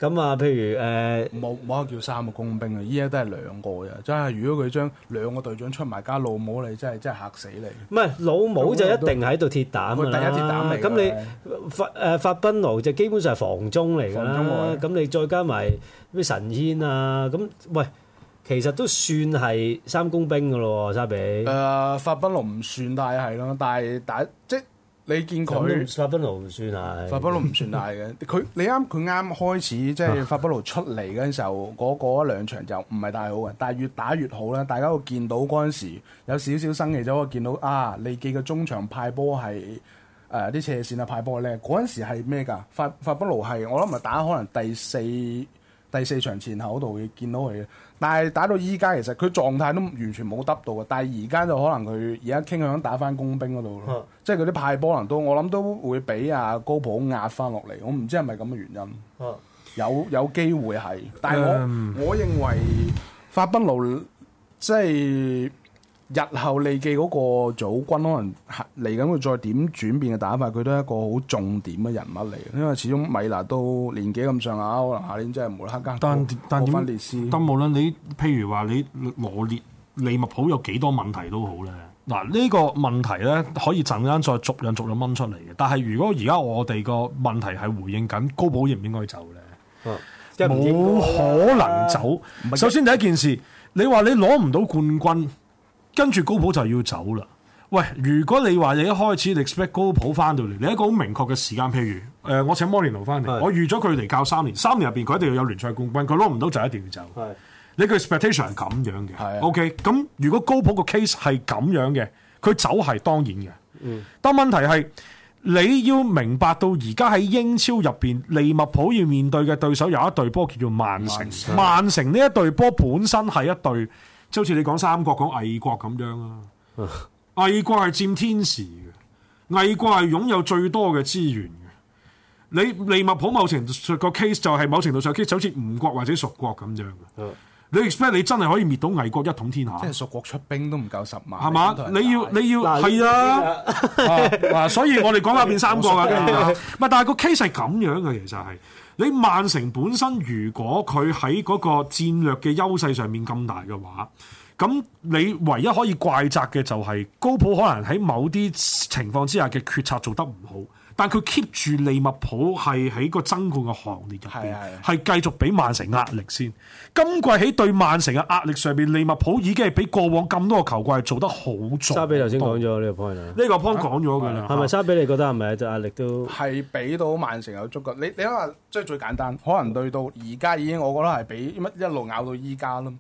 咁啊，譬如誒冇冇叫三個工兵啊，依家都係兩個嘅，真係如果佢將兩個隊長出埋加老母，你真係真係嚇死你。唔係老母就一定喺度鐵膽啊！第一鐵膽。咁你發誒法賓奴就基本上係防中嚟㗎啦。咁你再加埋咩神仙啊？咁喂，其實都算係三工兵㗎咯，沙比。誒法賓奴唔算，但係係咯，但係但即。你見佢，樣法比魯唔算大。法比魯唔算大嘅，佢你啱佢啱開始即係、就是、法比魯出嚟嗰陣時候，我一 兩場就唔係大好嘅，但係越打越好啦。大家會見到嗰陣時有少少生氣，就我見到啊，李記嘅中場派波係誒啲斜線啊派波叻。嗰陣時係咩㗎？法法比魯係我諗咪打可能第四。第四場前後度會見到佢，但係打到依家其實佢狀態都完全冇得到啊！但係而家就可能佢而家傾向打翻工兵嗰度，啊、即係嗰啲派波可能都我諗都會俾阿高普壓翻落嚟，我唔知係咪咁嘅原因。啊、有有機會係，但係我、嗯、我認為法賓奴即係。.日後利記嗰個組軍可能嚟緊會再點轉變嘅打法，佢都係一個好重點嘅人物嚟嘅，因為始終米娜都年紀咁上下，可能下年真係無啦啦加多翻劣勢。但，但無論你譬如話你羅列利物浦有幾多問題都好咧，嗱呢、這個問題咧可以陣間再逐樣逐樣掹出嚟嘅。但係如果而家我哋個問題係回應緊高普應唔應該走咧？嗯，冇可能走。啊、首先第一件事，你話你攞唔到冠軍。跟住高普就要走啦。喂，如果你話你一開始 expect 高普翻到嚟，你一個好明確嘅時間，譬如誒，我請摩連奴翻嚟，是的 我預咗佢嚟教三年，三年入邊佢一定要有聯賽冠軍，佢攞唔到就一定要走。係你個 expectation 係咁樣嘅。OK，咁如果高普個 case 係咁樣嘅，佢走係當然嘅。嗯，但問題係你要明白到而家喺英超入邊，利物浦要面對嘅對手有一隊波叫做曼城。曼城呢一隊波本身係一隊。就好似你講三國講魏國咁樣啊。 魏國係佔天時嘅，魏國係擁有最多嘅資源嘅。你利物浦某程度上個 case 就係某程度上 case 好似吳國或者蜀國咁樣嘅。你 expect 你真係可以滅到魏國一統天下？即係蜀國出兵都唔夠十萬，係嘛吧？你要你要係啊！嗱 是、啊， 所以我哋講下邊三國啊，跟住嚇。但係個 case 係咁樣嘅、啊，其實係。你曼城本身如果佢喺嗰個戰略嘅優勢上面咁大嘅話，咁你唯一可以怪責嘅就係高普可能喺某啲情況之下嘅決策做得唔好。但佢 keep 住利物浦係喺個爭冠嘅行列入邊，係繼是續俾曼城壓力先。今季喺對曼城嘅壓力上邊，利物浦已經係比過往咁多個球季做得好足。沙比頭先講咗呢個 point 呢、啊、個 point 講咗噶啦。係咪沙比？你覺得係咪就對壓力都係俾到曼城有足夠。你你諗下，即、就、係、是、最簡單，可能對到而家已經，我覺得係比乜一路咬到依家咯。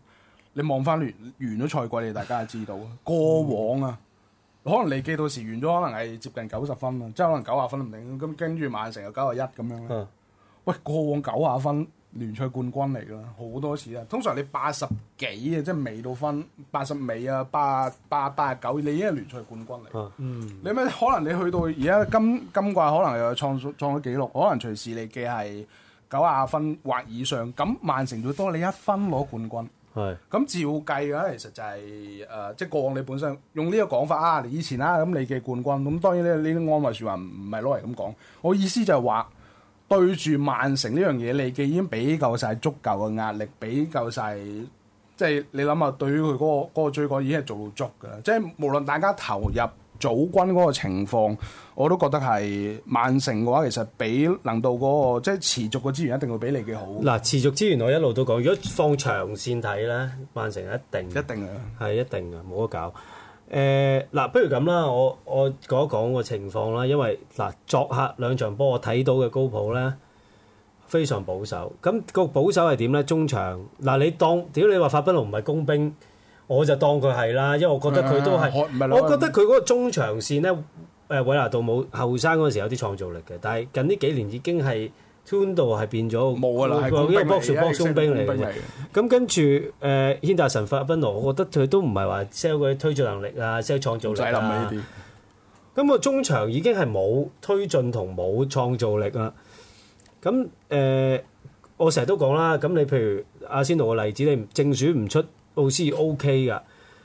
你望翻完完咗賽季，你大家係知道啊。嗯、過往啊。可能你記到時完咗，可能係接近九十分啦，即係可能九廿分唔定咁，跟住曼城又九廿一咁樣咧。嗯、喂，過往九廿分聯賽冠軍嚟噶啦，好多次啦。通常你八十幾啊，即係未到分，八十尾啊，八八八九，你已經係聯賽冠軍嚟。嗯。你咩？可能你去到而家今今季可能又創創咗紀錄，可能隨時你記係九廿分或以上。咁曼城就多你一分攞冠軍。係，咁、嗯、照計嘅，其實就係、是、誒、呃，即係過往你本身用呢個講法啊，以前啦，咁、啊、你嘅冠軍，咁、嗯、當然呢，呢啲安慰説話唔係攞嚟咁講。我意思就係話，對住曼城呢樣嘢，你嘅已經俾夠曬足夠嘅壓力，俾夠晒，即係你諗下對於佢嗰、嗰個嗰個追趕已經係做到足㗎，即係無論大家投入。組軍嗰個情況，我都覺得係曼城嘅話，其實比能到嗰、那個即係持續嘅資源一定會比你嘅好。嗱，持續資源我一路都講，如果放長線睇咧，曼城一定，一定，一定係，係一定嘅，冇得搞。誒、呃，嗱，不如咁啦，我我講一講個情況啦，因為嗱，作客兩場波我睇到嘅高普咧，非常保守。咁、那個保守係點咧？中場嗱，你當屌你話法比奴唔係工兵。我就當佢係啦，因為我覺得佢都係，啊、我覺得佢嗰個中場線咧，誒韋拿杜姆後生嗰陣時有啲創造力嘅，但係近呢幾年已經係 tune 到係變咗，冇啊啦，係嗰啲 box、er、box、er、中兵嚟嘅。咁跟住誒，軒、呃、達臣法、啊、賓奴，奴，我覺得佢都唔係話 sell 佢啲推進能力啊，sell 創造力啊。唔使諗啊呢啲。咁、啊嗰個中場已經係冇推進同冇創造力啦。咁誒、呃，我成日都講啦，咁你，你，如你，如你如如譬如阿仙奴嘅例子，你正選唔出。老師 O K 噶，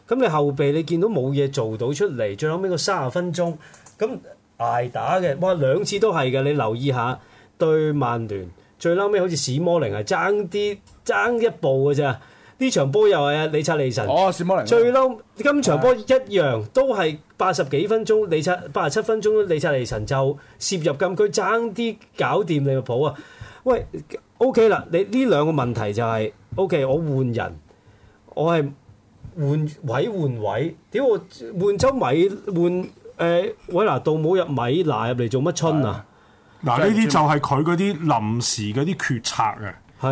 咁你後備你見到冇嘢做到出嚟，最後屘個三十分鐘咁挨打嘅，哇兩次都係嘅，你留意下對曼聯，最嬲尾好似史摩靈係爭啲爭一步嘅啫，呢場波又係啊李察李臣，哦史摩靈，最嬲今場波一樣的都係八十幾分鐘，李察八十七分鐘，李察李臣就涉入禁區爭啲搞掂利物浦啊，喂 O K 啦，你呢兩個問題就係 O K，我換人。我係換位換位，屌！我換咗米換誒韋拿杜姆入米拿入嚟做乜春啊？嗱呢啲就係佢嗰啲臨時嗰啲決策嘅，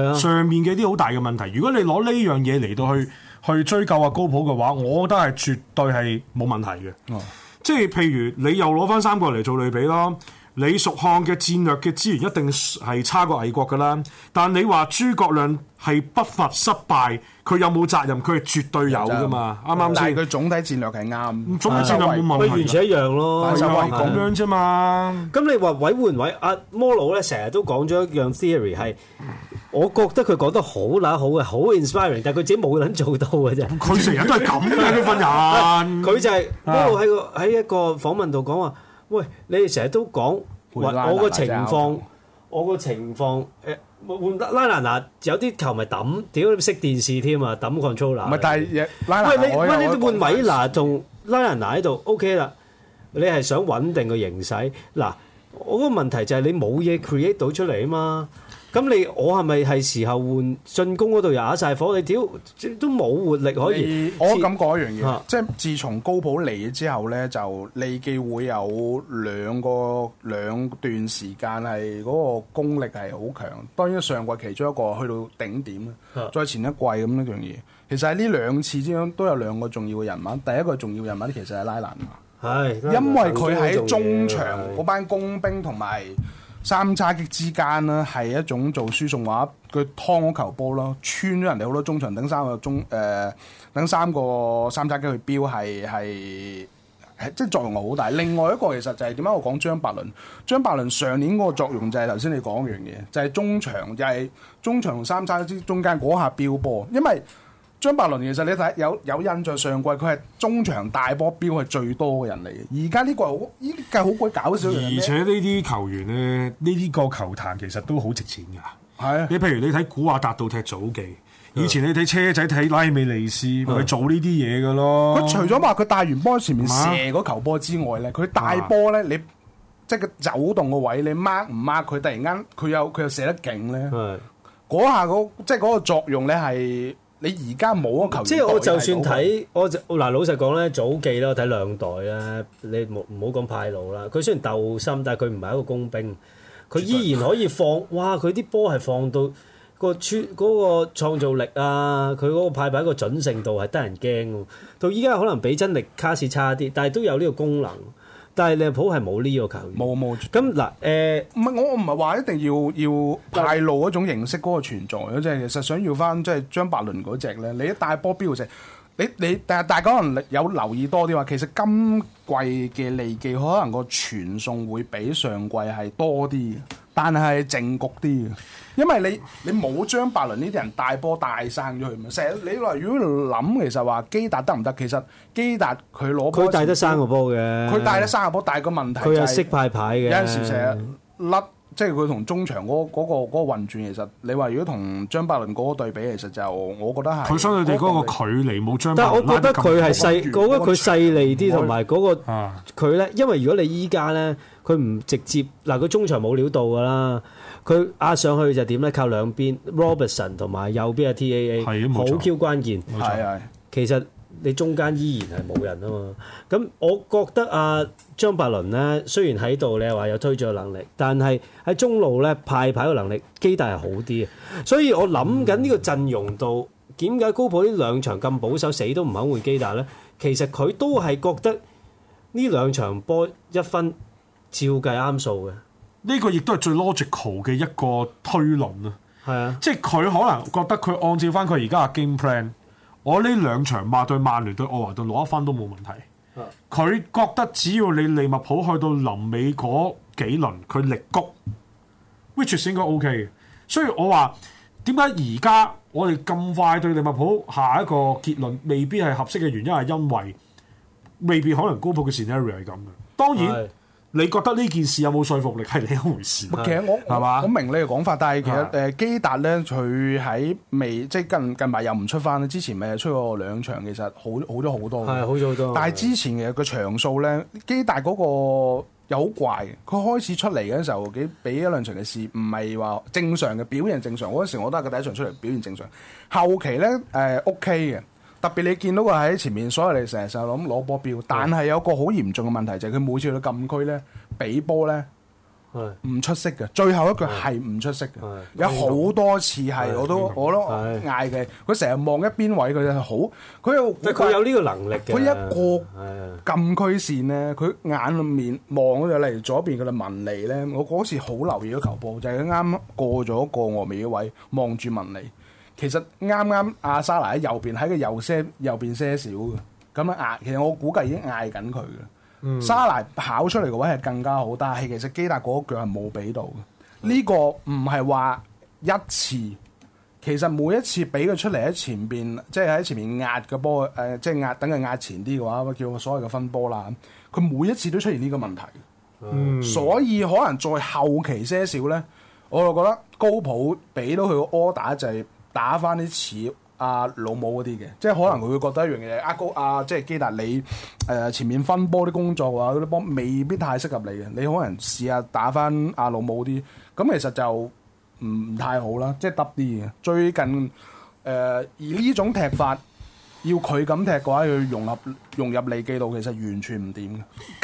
啊、上面嘅啲好大嘅問題。如果你攞呢樣嘢嚟到去去追究阿高普嘅話，我覺得係絕對係冇問題嘅。嗯、即係譬如你又攞翻三個嚟做類比咯。李蜀漢嘅戰略嘅資源一定係差過魏國噶啦，但你話諸葛亮係不乏失敗，佢有冇責任？佢係絕對有噶嘛？啱唔啱先？但佢總體戰略係啱，總體戰略冇問題。唔係完全一樣咯，就話咁樣啫嘛。咁你話委換委啊？摩魯咧成日都講咗一樣 theory，係我覺得佢講得、呃、好叻好嘅，好 inspiring，但係佢自己冇諗做到嘅啫。佢成日都係咁嘅，佢份人。佢就係摩魯喺個喺一個訪問度講話。喂，你哋成日都講，我個情況，我個情況，誒換拉拿拿，有啲球迷抌，屌你熄電視添啊，抌 control 啦。唔係，但係嘢，喂你喂你換米拿同拉拿拿喺度，OK 啦。你係想穩定個形勢，嗱，我個問題就係你冇嘢 create 到出嚟啊嘛。咁你我係咪係時候換進攻嗰度也晒火？你屌，即都冇活力可以。我感覺一樣嘢，啊、即係自從高普嚟之後咧，就利記會有兩個兩段時間係嗰、嗰個功力係好強。當然上季其中一個去到頂點、啊、再前一季咁樣一樣嘢。其實喺呢兩次之中都有兩個重要嘅人物，第一個重要人物其實係拉蘭，係因為佢喺中場嗰班工兵同埋。三叉戟之間咧係一種做輸送話，話佢劏嗰球波咯，穿咗人哋好多中場，等三個中誒、呃，等三個三叉戟去飆係係，即係作用好大。另外一個其實就係點解我講張伯倫？張伯倫上年嗰個作用就係頭先你講完嘅，就係、是、中場，就係、是、中場同三叉戟中間嗰下飆波，因為。張伯倫其實，你睇有有印象上，上季佢係中場大波標係最多嘅人嚟嘅。而家呢個好、這個、呢，計好鬼搞笑。而且呢啲球員咧，呢、這、啲個球壇其實都好值錢㗎。係啊，你譬如你睇古華達到踢祖記，以前你睇車仔睇拉美利斯，咪、啊，佢做呢啲嘢㗎咯。佢除咗話佢帶完波前面射嗰球波之外咧，佢、啊、帶波咧，你即係佢走動個位，你掹唔掹佢，突然間佢有佢又射得勁咧。嗰、啊、下個即係嗰個作用咧係。你而家冇啊？球員代，即係我就算睇，我就嗱老實講咧，早記啦，睇兩代咧，你冇唔好講派魯啦，佢雖然鬥心，但係佢唔係一個工兵，佢依然可以放，絕對 哇！佢啲波係放到個出嗰個創造力啊，佢嗰個派擺個準性度係得人驚。到依家可能比真力卡士差啲，但係都有呢個功能。但係利物浦係冇呢個球員，冇冇。咁嗱，誒那，唔係、呃、我我唔係話一定要要派路嗰種形式嗰個存在，即係其實想要翻即係張伯倫嗰隻咧。你一大波標啫，你你但係大家可能有留意多啲話，其實今季嘅利記可能個傳送會比上季係多啲。但係正局啲嘅，因為你你冇張伯倫呢啲人帶波帶生咗佢嘛？成日你話如果諗其實話基達得唔得？其實基達佢攞佢帶得三個波嘅，佢帶得三個波，但係個問題佢係識派牌嘅，有陣時成日甩，即係佢同中場嗰、嗰、嗰個嗰、嗰個嗰個、運轉。其實你話如果同張伯倫嗰個對比，其實就我覺得係佢相對哋嗰個距離冇張伯。但係我覺得佢係細，我覺得佢細膩啲，同埋嗰個佢咧，因為如果你依家咧。佢唔直接嗱，佢、啊、中場冇料到㗎啦。佢壓、啊、上去就點咧？靠兩邊、mm hmm. Robertson 同埋右邊嘅 T A A，好 Q 關鍵。係啊，冇錯，其實你中間依然係冇人啊嘛。咁我覺得阿、啊、張伯倫呢，雖然喺度，你話有推進嘅能力，但係喺中路咧派牌嘅能力基達係好啲嘅。所以我諗緊呢個陣容度，點解高普呢兩場咁保守死都唔肯換基達呢？其實佢都係覺得呢兩場波一分。照計啱數嘅，呢個亦都係最 logical 嘅一個推論啦。係啊，是啊、即係佢可能覺得佢按照返佢而家嘅 game plan，我呢兩場馬對曼聯對愛華頓攞一分都冇問題。佢是、啊、覺得只要你利物浦去到臨尾嗰幾輪，佢力谷，which 應該 OK。所以我話點解而家我哋咁快對利物浦下一個結論未必係合適嘅原因係因為未必可能高普嘅 scenario 係咁嘅。當然。你覺得呢件事有冇說服力係另一回事？其實我吧我明你嘅講法，但係其實誒的基達咧，佢喺未即係近近排又唔出翻。之前咪出過兩場，其實好好咗好多。係好咗好多。但係之前其實個場數咧，基達嗰個又好怪。佢開始出嚟嘅時候幾俾一兩場嘅試，唔係話正常嘅表現正常。嗰陣時我都係佢第一場出嚟表現正常，後期咧誒、呃、OK 嘅。特別你見到佢喺前面，所以你成日就諗攞波標，但係有個好嚴重嘅問題就係佢每次去到禁區咧，俾波咧，唔出色嘅，最後一句係唔出色嘅，有好多次係我都我都嗌佢，佢成日望一邊位佢啫，好佢有佢有呢個能力嘅，佢一過禁區線咧，佢眼裏面望咗就例如左邊嗰度文尼咧，我嗰時好留意咗球波就係佢啱啱過咗過外邊嘅位望住文尼。其實啱啱阿莎拿喺右邊，喺個右些右邊些少嘅咁樣壓。其實我估計已經壓緊佢嘅。嗯、莎拿跑出嚟嘅話係更加好，但係其實基達嗰腳係冇俾到嘅。呢、嗯、個唔係話一次，其實每一次俾佢出嚟喺前邊，即係喺前面壓嘅波誒，即係壓等佢壓前啲嘅話，叫所謂嘅分波啦。佢每一次都出現呢個問題，嗯、所以可能在後期些少咧，我就覺得高普俾到佢個 order 就係、是。打返啲似阿老母嗰啲嘅，即係可能佢會覺得一樣嘢，阿高阿即係基達你誒、呃、前面分波啲工作啊，啲波未必太適合你嘅，你可能試下打返阿老母啲。咁其實就唔太好啦，即係得啲嘅。最近誒、呃、而呢種踢法要佢咁踢嘅話，要融合融入利記度，其實完全唔掂。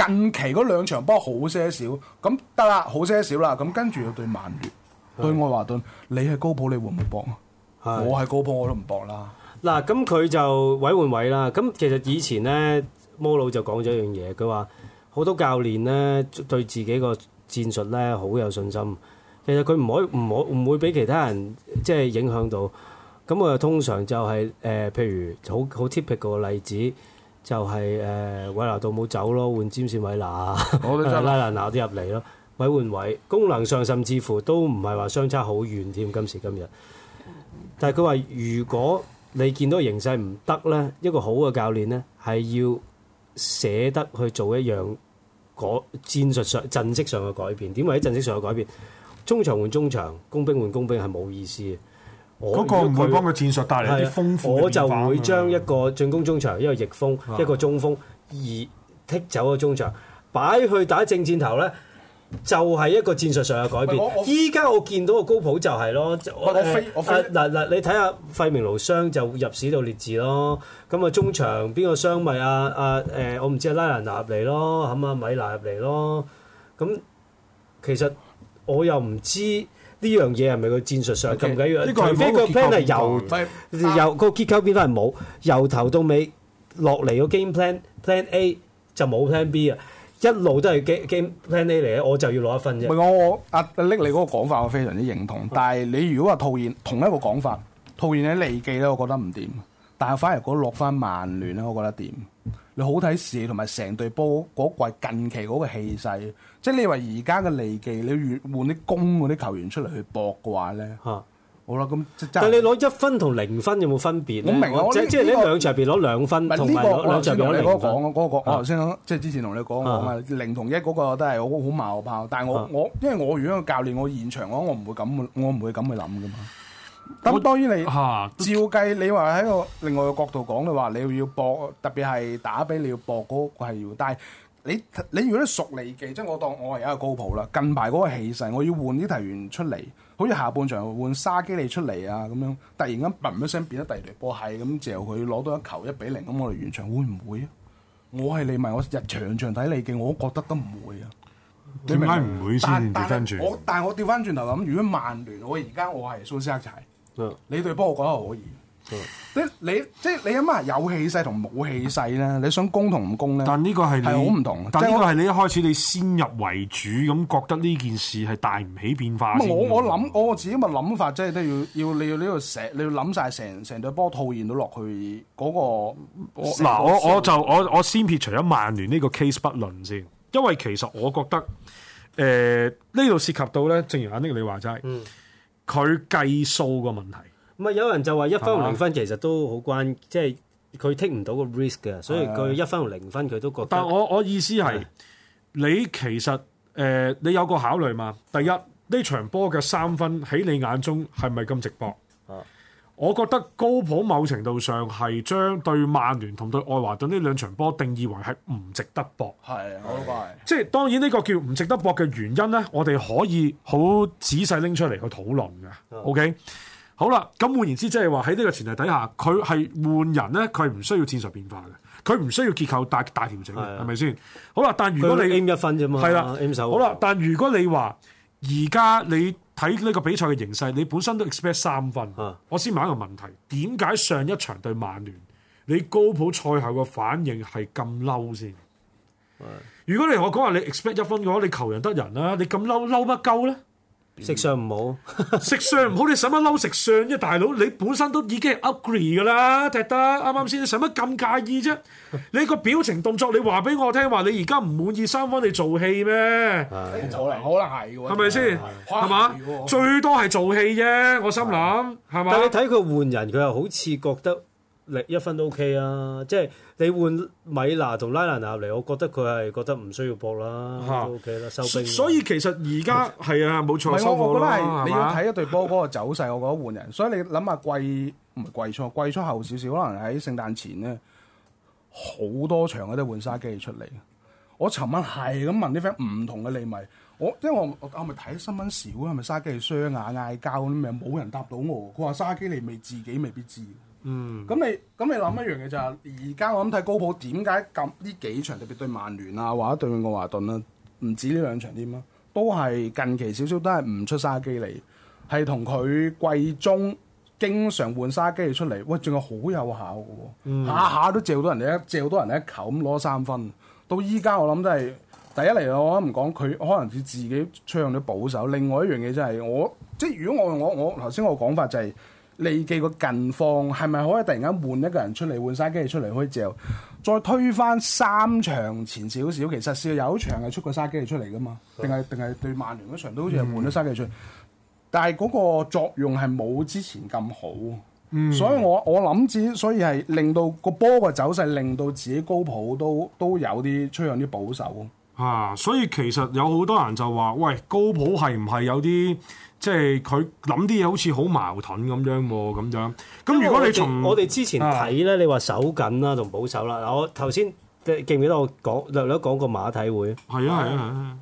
近期嗰兩場波好些少，咁得啦，好些少啦。咁跟住對曼聯、嗯、對愛華頓，你係高普，你會唔會幫啊？我喺高波我都唔搏啦。嗱、啊，咁佢就委換位啦。咁其實以前咧，摩魯就講咗一樣嘢，佢話好多教練咧對自己個戰術咧好有信心。其實佢唔可唔可唔會俾其他人即係影響到。咁我就通常就係、是、誒、呃，譬如好好 typical 個例子，就係誒委拿杜冇走咯，換尖線委拿 拉拿啲入嚟咯，委換位功能上甚至乎都唔係話相差好遠添。今時今日。但係佢話：如果你見到形勢唔得呢，一個好嘅教練呢，係要捨得去做一樣改戰術上陣式上嘅改變。點為喺陣式上嘅改變？中場換中場，工兵換工兵係冇意思嘅。我那個佢幫佢戰術帶嚟啲豐富嘅。我就會將一個進攻中場，是的 一個翼鋒，一個中鋒，而剔走個中場，擺去打正箭頭呢。就係一個戰術上嘅改變，依家我見到個高普就係、是、咯，嗱嗱，你睇下費明奴傷就入市到列治咯，咁啊中場邊個傷咪啊啊誒、呃，我唔知係拉蘭納入嚟咯，咁啊米納入嚟咯，咁其實我又唔知呢樣嘢係咪個是是戰術上咁緊 Okay, 要，除非個 plan 係由由個結構變翻係冇，由頭到尾落嚟個 game plan plan A 就冇 plan B 啊。一路都係 game, game plan A 嚟咧，我就要攞一分啫。唔係我我阿阿 Nick 你嗰個講法，我非常之認同。但係你如果話套現同一個講法，套現喺利記咧，我覺得唔掂。但係反而嗰落翻曼聯咧，我覺得掂。你好睇射同埋成隊波嗰季近期嗰個氣勢，即係你以為而家嘅利記，你越換啲攻嗰啲球員出嚟去搏嘅話咧嚇。啊。好啦，咁就你攞一分同零分有冇分別咧？即係呢兩場入邊攞兩分同埋、這個、兩場入邊攞零分。呢個我頭先同你講嘅嗰個，先即係之前同你講講啊，零同一嗰個都係好好冒泡。但係我我、啊、因為我如果教練，我現場嘅話，我唔會咁，我唔會咁去諗嘅嘛。咁當然你、啊、照計，你話喺個另外嘅角度講嘅話，你要搏，特別係打俾你要搏嗰、那個係要。但係你你如果你熟利技，即係我當我係一個高普啦。近排嗰個氣勢，我要換啲題員出嚟。好似下半場換沙基利出嚟啊，咁樣突然間嘭一聲變咗第二隊波，係咁之後佢攞到一球一比零，咁我哋完場會唔會啊？我係你咪，我日場場睇你嘅，我都覺得都唔會啊。點解唔會先？我但係我調翻轉頭諗，如果曼聯，我而家我係蘇斯克查，的你對波我覺得可以。嗯、你、就是、你即係你咁啊，有氣勢同冇氣勢咧，你想攻同唔攻咧？但呢個係係好唔同。但呢個係我你一開始你先入為主咁，覺得呢件事係大唔起變化我。我我諗我自己嘅諗法，即係都要要你要呢度成你要諗晒成成對波套現到落去嗰、那個。嗱，我我就我我先撇除咗曼聯呢個 case 不論先，因為其實我覺得誒呢度涉及到咧，正如阿呢 i c k 你話齋，佢計數個問題。唔係有人就話一分或零分其實都好關，吧即係佢 take 唔到個 risk 嘅，所以佢一分或零分佢都覺得。但我我意思係，吧你其實誒、呃，你有個考慮嘛？第一呢場波嘅三分喺你眼中係咪咁值博？吧我覺得高普某程度上係將對曼聯同對愛華頓呢兩場波定義為係唔值得搏。係吧，好即係當然呢個叫唔值得搏嘅原因呢，我哋可以好仔細拎出嚟去討論嘅。吧 OK。好啦，咁換言之，即係話喺呢個前提底下，佢係換人咧，佢唔需要戰術變化嘅，佢唔需要結構大大調整嘅，係咪先？好啦，但如果你 M 一分啫嘛，係啦的好啦，但如果你話而家你睇呢個比賽嘅形勢，你本身都 expect 三分，的我先問一個問題：點解上一場對曼聯，你高普賽後嘅反應係咁嬲先？的如果你同我講話你 expect 一分嘅話，你求人得人啦、啊，你咁嬲嬲乜鳩咧？食相唔好， 食相唔好，你使乜嬲食相啫，大佬？你本身都已經 agree 噶啦，踢得啱啱先？你使乜咁介意啫？你個表情動作，你話俾我聽話，你而家唔滿意三分你做戲咩？的可能可能係，係咪先？係嘛吧？吧最多係做戲啫，我心諗，係嘛的？吧但你睇佢換人，佢又好似覺得。一分都 OK 啊！即係你換米拿同拉蘭拿入嚟，我覺得佢係覺得唔需要搏啦，都 OK 啦，收兵。所以其實而家係啊，冇錯。唔係不我，我覺得係吧你要睇一隊波嗰個走勢，我覺得換人。所以你諗下季唔係季初，季初後少少，可能喺聖誕前咧，好多場嗰啲換沙基利出嚟。我尋晚係咁問啲 friend 唔同嘅利迷，我因為我我咪睇新聞少啊，係咪沙基利傷眼嗌交咁樣？冇人答到我。佢話沙基利未自己未必知。嗯，咁你咁你諗一樣嘢就係、是，而家我諗睇高普點解咁呢幾場特別對曼聯啊，或者對愛華頓啦，唔止呢兩場添啊，都係近期少少都係唔出沙基嚟，係同佢季中經常換沙基利出嚟，喂，仲有好有效嘅、啊，下下、嗯、都借到人哋一借好多人一球咁攞三分。到依家我諗都係第一嚟，我諗唔講佢可能佢自己趨向咗保守。另外一樣嘢就係、是、我，即係如果我我我頭先我講法就係、是。利記個近況係咪可以突然間換一個人出嚟，換沙基爾出嚟可開戰？再推翻三場前少少，其實試過有一場係出過沙基爾出嚟噶嘛？定係定係對曼聯嗰場都好似係換咗沙基爾出嚟，嗯、但係嗰個作用係冇之前咁好，嗯所。所以我我諗住，所以係令到個波嘅走勢，令到自己高普都都有啲出向啲保守。啊！所以其實有好多人就話：喂，高普係唔係有啲即係佢諗啲嘢好似好矛盾咁樣、啊、樣？咁樣咁如果你從我哋之前睇咧，啊、你話守緊啦，同保守啦。嗱，我頭先記唔記得我講略略講過馬體會？係啊係啊！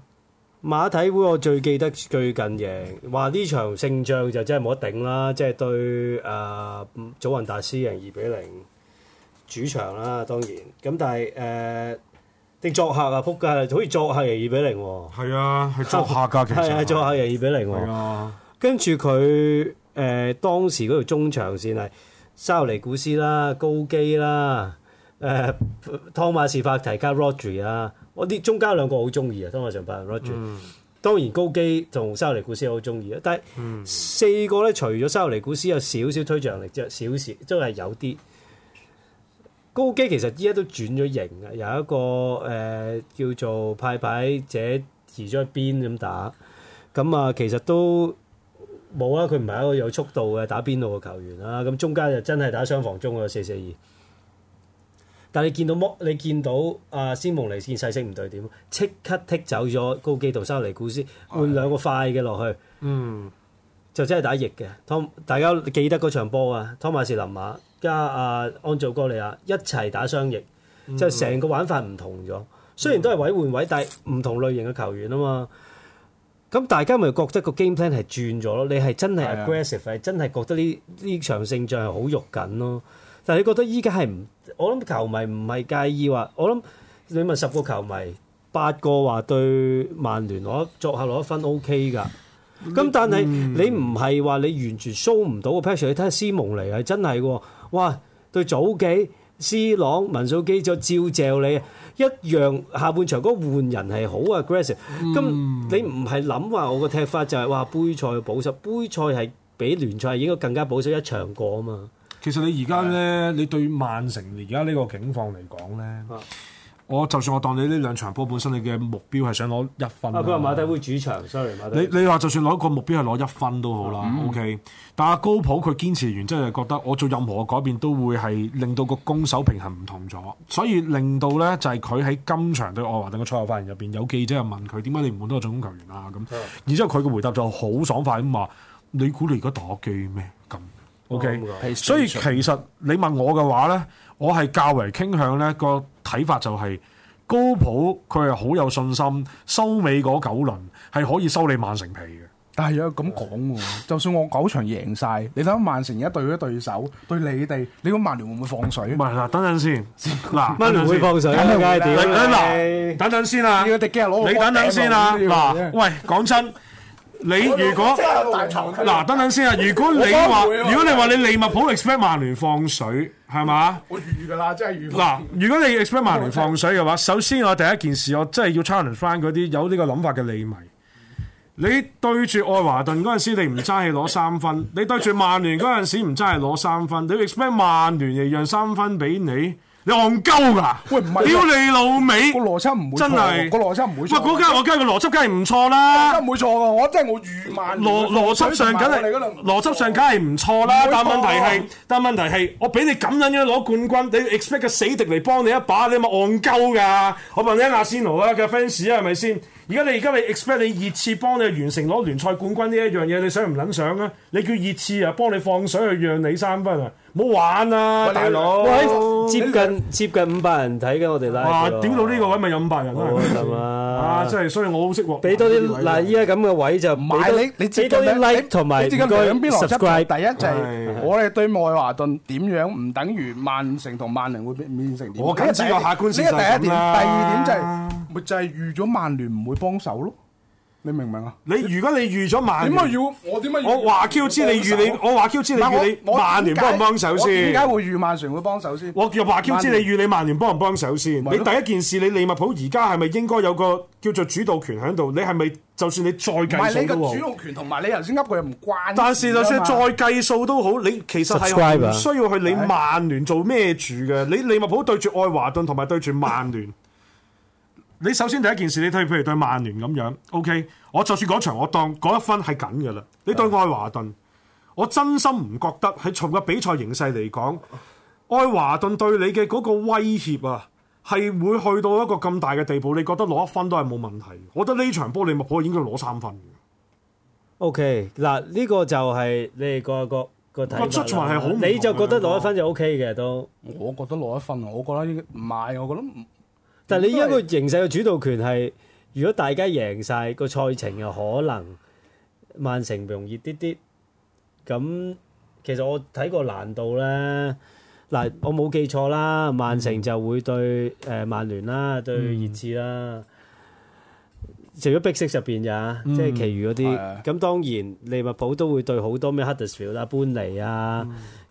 馬體會我最記得最近贏，話呢場勝仗就真係冇得頂啦，即、就、係、是、對誒、呃、祖雲達斯贏二比零主場啦，當然咁，但係誒。呃作客，作客啊，撲街啊，好似作客二比零喎。係啊，係作客㗎，其實係啊，作客二比零。係啊。跟住佢誒當時嗰條中場線係沙洛尼古斯啦、高基啦、誒、呃、湯馬士法提加、Roger 啦。我啲中間兩個好中意啊，湯馬士法 Roger 當然高基同沙洛尼古斯好中意啊，但係四個咧，除咗沙洛尼古斯有少少推漲力，即係少少都係有啲。高基其實依家都轉咗型啊，由一個誒、呃、叫做派牌者移咗去邊咁打，咁啊其實都冇啊，佢唔係一個有速度嘅打邊路嘅球員啊。咁中間就真係打雙防中啊。四四二，但係你見到摩，你見到阿斯、啊、蒙尼見勢色唔對點，即刻剔走咗高基，同沙尼古斯換兩個快嘅落去，嗯，就真係打翼嘅。湯大家記得嗰場波啊，湯馬士林馬。加阿安祖哥利亞，一齊打雙翼，mm hmm. 就成個玩法唔同咗。Mm hmm. 雖然都係位換位，但係唔同類型嘅球員啊嘛。咁大家咪覺得個 gameplan 係轉咗咯？你係真係 aggressive，係真係覺得呢呢場勝仗係好肉緊咯。但係你覺得依家係唔？我諗球迷唔係介意話，我諗你問十個球迷，八個話對曼聯攞作客攞一分 OK 㗎。咁、mm hmm. 但係你唔係話你完全 show 唔到個 pressure？你睇下施蒙尼係真係。哇！對早幾斯朗文素基，再照錘你，一樣下半場嗰換人係好 aggressive。咁、嗯、你唔係諗話我個踢法就係、是、話杯賽保守，杯賽係比聯賽係應該更加保守一場過啊嘛。其實你而家咧，的你對曼城而家呢個境況嚟講咧。我就算我當你呢兩場波本身，你嘅目標係想攞一分。佢話、啊、馬體會主場，sorry，你馬場。你你話就算攞一個目標係攞一分都好啦、嗯，OK。但阿高普佢堅持完之後，就覺得我做任何改變都會係令到個攻守平衡唔同咗，所以令到咧就係佢喺今場對愛華頓嘅賽後發言入邊，有記者又問佢點解你唔換多個進攻球員啊？咁，然、嗯、之後佢嘅回答就好爽快咁話：你估你而家打機咩？咁 OK、嗯。所以其實你問我嘅話咧。我係較為傾向咧個睇法就係高普佢係好有信心收尾嗰九輪係可以收你曼城皮嘅，但係有咁講喎。就算我九場贏晒，你睇下曼城而家對咗對手對你哋，你估曼聯會唔會放水？唔係嗱，等陣先，嗱曼聯會放水，梗係點？嗱，等陣先啊，要啲機啊，攞你等等先啊，嗱，喂，講真。你如果嗱等等先啊，如果你話、 啊、如果你話你利物浦 expect 曼聯放水係嘛？我嗱 ，如果你 expect 曼聯放水嘅話， 首先我第一件事我真係要 challenge 翻嗰啲有呢個諗法嘅利迷。 你對住愛華頓嗰陣時，你唔爭氣攞三分；你對住曼聯嗰陣時唔爭氣攞三分，你要 expect 曼聯嚟讓三分俾你？戇鳩噶！喂，唔係，屌你老味！個邏輯唔會真係錯，個邏輯唔會錯。喂，嗰間我間個邏輯梗係唔錯啦，唔會錯噶。錯錯我真係我語萬，邏邏輯上梗係，邏輯上梗係唔錯啦。但問題係，但問題係，我俾你咁樣樣攞冠軍，你 expect 個死敵嚟幫你一把，你咪戇鳩噶！我問你 ans, 是是，阿仙奴啊，嘅 fans 啊，係咪先？而家你而家你 expect 你熱刺幫你完成攞聯賽冠軍呢一樣嘢，你想唔撚想啊？你叫熱刺啊幫你放水去讓你三分啊？唔好玩啊，大佬！接近接近五百人睇緊我哋啦，哇！屌到呢個位咪有五百人啊！係嘛？啊，真係，所以我好識喎。俾多啲嗱，依家咁嘅位就買你，你接多啲 like 同埋唔該 subscribe。第一就係我哋對愛華頓點樣，唔等於曼城同曼寧會變成點？我緊知個客觀事實啦。呢個第一點，第二點就係咪就係預咗曼聯唔會幫手咯。你明唔明啊？你如果你預咗萬，點解要我點解？我話 Q 知你預你，我話 Q 知你預你，曼聯幫唔幫手先？我點解會預曼聯會幫手先？我又話 Q 知你預你曼聯幫唔幫手先？你第一件事，你利物浦而家係咪應該有個叫做主導權喺度？你係咪就算你再計你嘅主導權同埋你頭先噏佢又唔關。但係就算再計數都好，你其實係唔需要去理曼聯做咩住嘅。你利物浦對住愛華頓同埋對住曼聯。 你首先第一件事，你睇，譬如對曼聯咁樣，OK，我就算嗰場我當嗰一分係緊嘅啦。你對愛華頓，我真心唔覺得喺從個比賽形勢嚟講，愛華頓對你嘅嗰個威脅啊，係會去到一個咁大嘅地步。你覺得攞一分都係冇問題。我覺得呢場波利物浦應該攞三分嘅。OK，嗱呢個就係你哋個個個睇法。出場係好你就覺得攞一分就 OK 嘅都。我覺得攞一分，我覺得應該唔係，我覺得。但係你一個形勢嘅主導權係，如果大家贏晒個賽程又可能，曼城容易啲啲。咁其實我睇個難度咧，嗱、嗯、我冇記錯啦，曼城就會對誒曼聯啦，嗯、對熱刺啦。除咗 Big Six 入邊呀，嗯、即係其餘嗰啲，咁、嗯、當然利物浦都會對好多咩 Huddersfield 啊、班尼啊。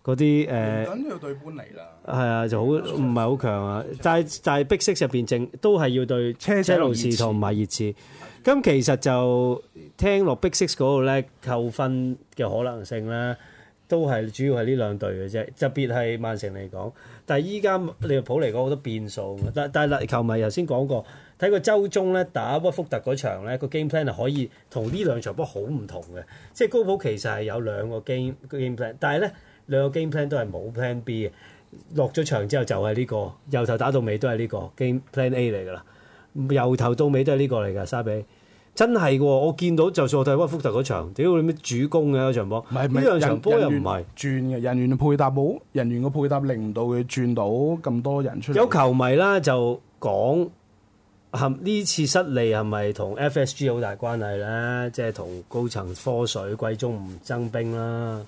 嗰啲誒，呃、等要對盤嚟啦，係啊，就好唔係好強啊的，但係但係 Big Six 入邊正都係要對車路士同埋係熱刺，咁的其實就聽落 Big Six 嗰度咧扣分嘅可能性咧，都係主要係呢兩隊嘅啫，特別係曼城嚟講。但係依家利物浦嚟講好多變數，但但係球迷頭先講過，睇個周中咧打屈福特嗰場咧、個 game plan 係可以同呢兩場波好唔同嘅，即係高普其實係有兩個 game game plan，但係咧。兩個 game plan 都係冇 plan B 嘅，落咗場之後就係呢個，由頭打到尾都係呢個 game plan A 嚟㗎啦，由頭到尾都係呢個嚟㗎。沙比真係嘅，我見到就算我睇屈福特嗰場，屌你咩主攻嘅嗰場波？呢兩場波又唔係轉嘅，人員嘅配搭冇，人員嘅配搭令唔到佢轉到咁多人出嚟。有球迷啦就講，呢次失利係咪同 FSG 好大關係咧？即係同高層科水貴中唔增兵啦。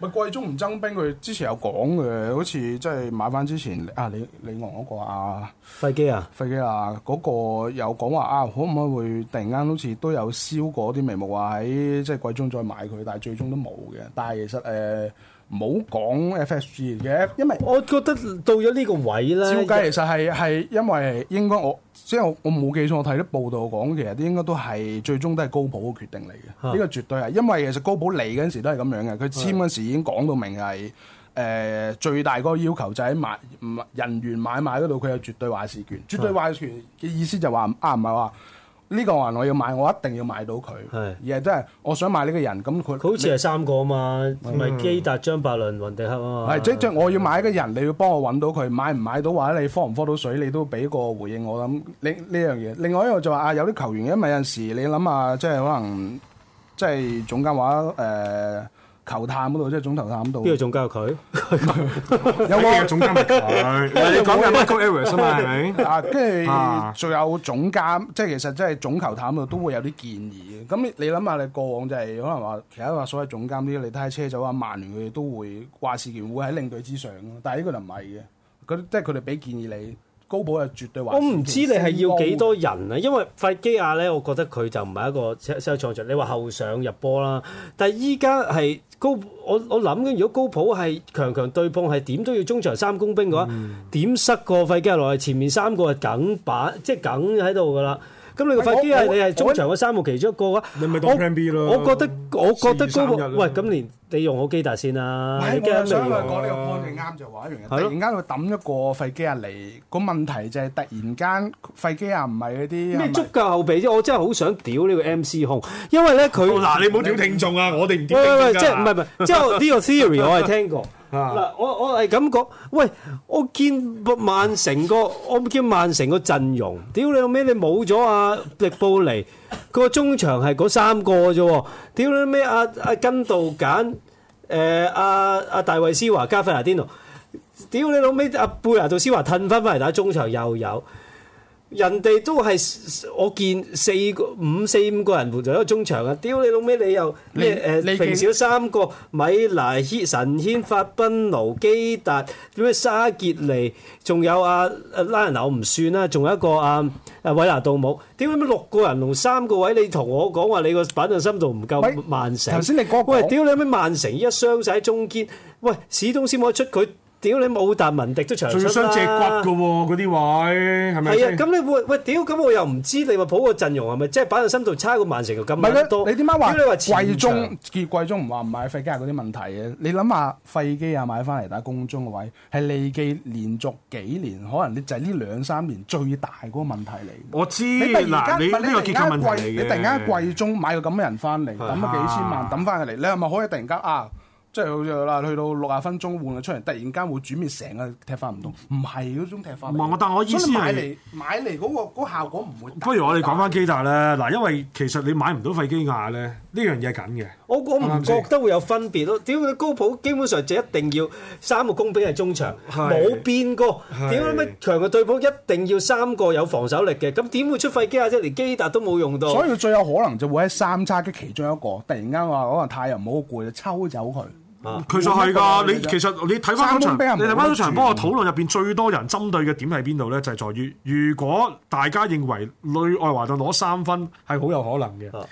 咪貴中唔增兵，佢之前有講嘅，好似即係買返之前啊你你李李昂嗰個啊飛機啊飛機啊嗰、嗰個有講話啊可唔可以突然間好似都有燒過啲眉毛啊？喺即係貴中再買佢，但係最終都冇嘅。但係其實誒。呃唔好講 FSG 嘅，因為我覺得到咗呢個位咧，照計其實係係因為應該我即係我我冇記錯，我睇啲報道講，其實啲應該都係最終都係高普嘅決定嚟嘅，呢、啊、個絕對係，因為其實高普嚟嗰陣時都係咁樣嘅，佢簽嗰陣時已經講到明係誒的、呃、最大個要求就係買唔人員買賣嗰度，佢有絕對話事權，的絕對話事權嘅意思就話啱唔係話。啊呢個話我要買，我一定要買到佢。係是，而係真係我想買呢個人，咁佢好似係三個啊嘛，唔係、嗯、基達張、張伯倫、雲迪克啊嘛。係即即我要買一個人，你要幫我揾到佢，買唔買到或者你科唔科到水，你都俾個回應我啦。呢呢樣嘢，另外一個就話、是、啊，有啲球員因為有陣時你諗下，即、就、係、是、可能即係、就是、總監話誒。呃球探嗰度即係總球探嗰度，呢個 總監係力佢，有冇總監係佢？ 你講緊乜 Gary Harris 啊嘛，係咪？啊，跟住仲有總監，即係其實即係總球探嗰度都會有啲建議嘅。咁你你諗下，你過往就係、是、可能話其他話所謂總監啲，你睇下車走啊，曼聯佢哋都會話事權會喺領隊之上。但係呢個就唔係嘅，咁即係佢哋俾建議你。高普係絕對話，我唔知你係要幾多人啊？因為費基亞咧，我覺得佢就唔係一個新新創作。你話後上入波啦，但係依家係高，我我諗緊，如果高普係強強對碰，係點都要中場三攻兵嘅話，點、嗯、塞個費基亞來？前面三個係梗把，即係梗喺度㗎啦。咁你個廢機啊！你係中場嘅三個其中一個嘅話，我我覺得我覺得嗰個喂，咁連你用好機達先啊！唔係我啱先話講呢個觀點啱就話一樣嘢，突然間佢揼一個廢機啊嚟，個問題就係突然間廢機啊唔係嗰啲咩足夠後備啫！我真係好想屌呢個 MC 空，因為咧佢嗱你唔好屌聽眾啊！我哋唔屌聽眾㗎，即係唔係唔係？即係呢個 theory 我係聽過。嗱、啊啊，我我係咁講，喂，我見曼城個，我見曼城個陣容，屌你老尾，你冇咗阿迪布尼，個中場係嗰三個嘅啫，屌你老尾阿阿甘道簡，誒阿阿大衛斯華加菲拿天奴，屌你老尾阿貝拿杜斯華褪翻翻嚟打中場又有。人哋都係我見四個、五四五個人換咗一個中場啊！屌你老味你又咩誒？平少三個米拿、希神、軒法賓奴、基達、點咩沙傑尼？仲有阿阿拉人劉唔算啦，仲有一個阿阿韋拿杜姆。屌你咩六個人同三個位，你同我講話你個板凳深度唔夠曼城。頭先你講喂，屌你咩曼城而家傷曬喺中堅，喂史東斯先可以出佢。屌你冇達文迪都長出啦！仲要傷隻骨嘅喎、哦，嗰啲位係咪先？係啊，咁你會喂喂屌，咁我又唔知你話普個陣容係咪即係板凳深度差個曼城同金馬都？你點解話貴中結貴中唔話唔買費基亞嗰啲問題嘅？你諗下費基亞買翻嚟打公中嘅位係利記連續幾年可能你就係呢兩三年最大嗰個問題嚟。我知你係嗱你呢個結構問題嚟嘅。你突然間貴中買個咁嘅人翻嚟抌咗幾千萬抌翻嚟，啊、你係咪可以突然間啊？即係好似啦，去到六啊分鐘換咗出嚟，突然間會轉變成個踢法唔同，唔係嗰種踢法。唔係，但係我意思，所以你買嚟買嚟嗰、嗰個嗰個效果唔會。不如我哋講翻基達咧，嗱，因為其實你買唔到費基亞咧，呢樣嘢係緊嘅。我唔覺得會有分別咯。點解高普基本上就一定要三個攻兵係中場，冇變過。點解乜強嘅對普一定要三個有防守力嘅？咁點會出費基亞啫？連基達都冇用到。所以最有可能就會喺三叉戟其中一個，突然間話可能太陽唔好攰就抽走佢。其實係噶，啊、你其實你睇翻嗰場，你睇翻嗰場嗰個討論入邊最多人針對嘅點喺邊度咧？就係、是、在於，如果大家認為女愛華頓攞三分係好有可能嘅，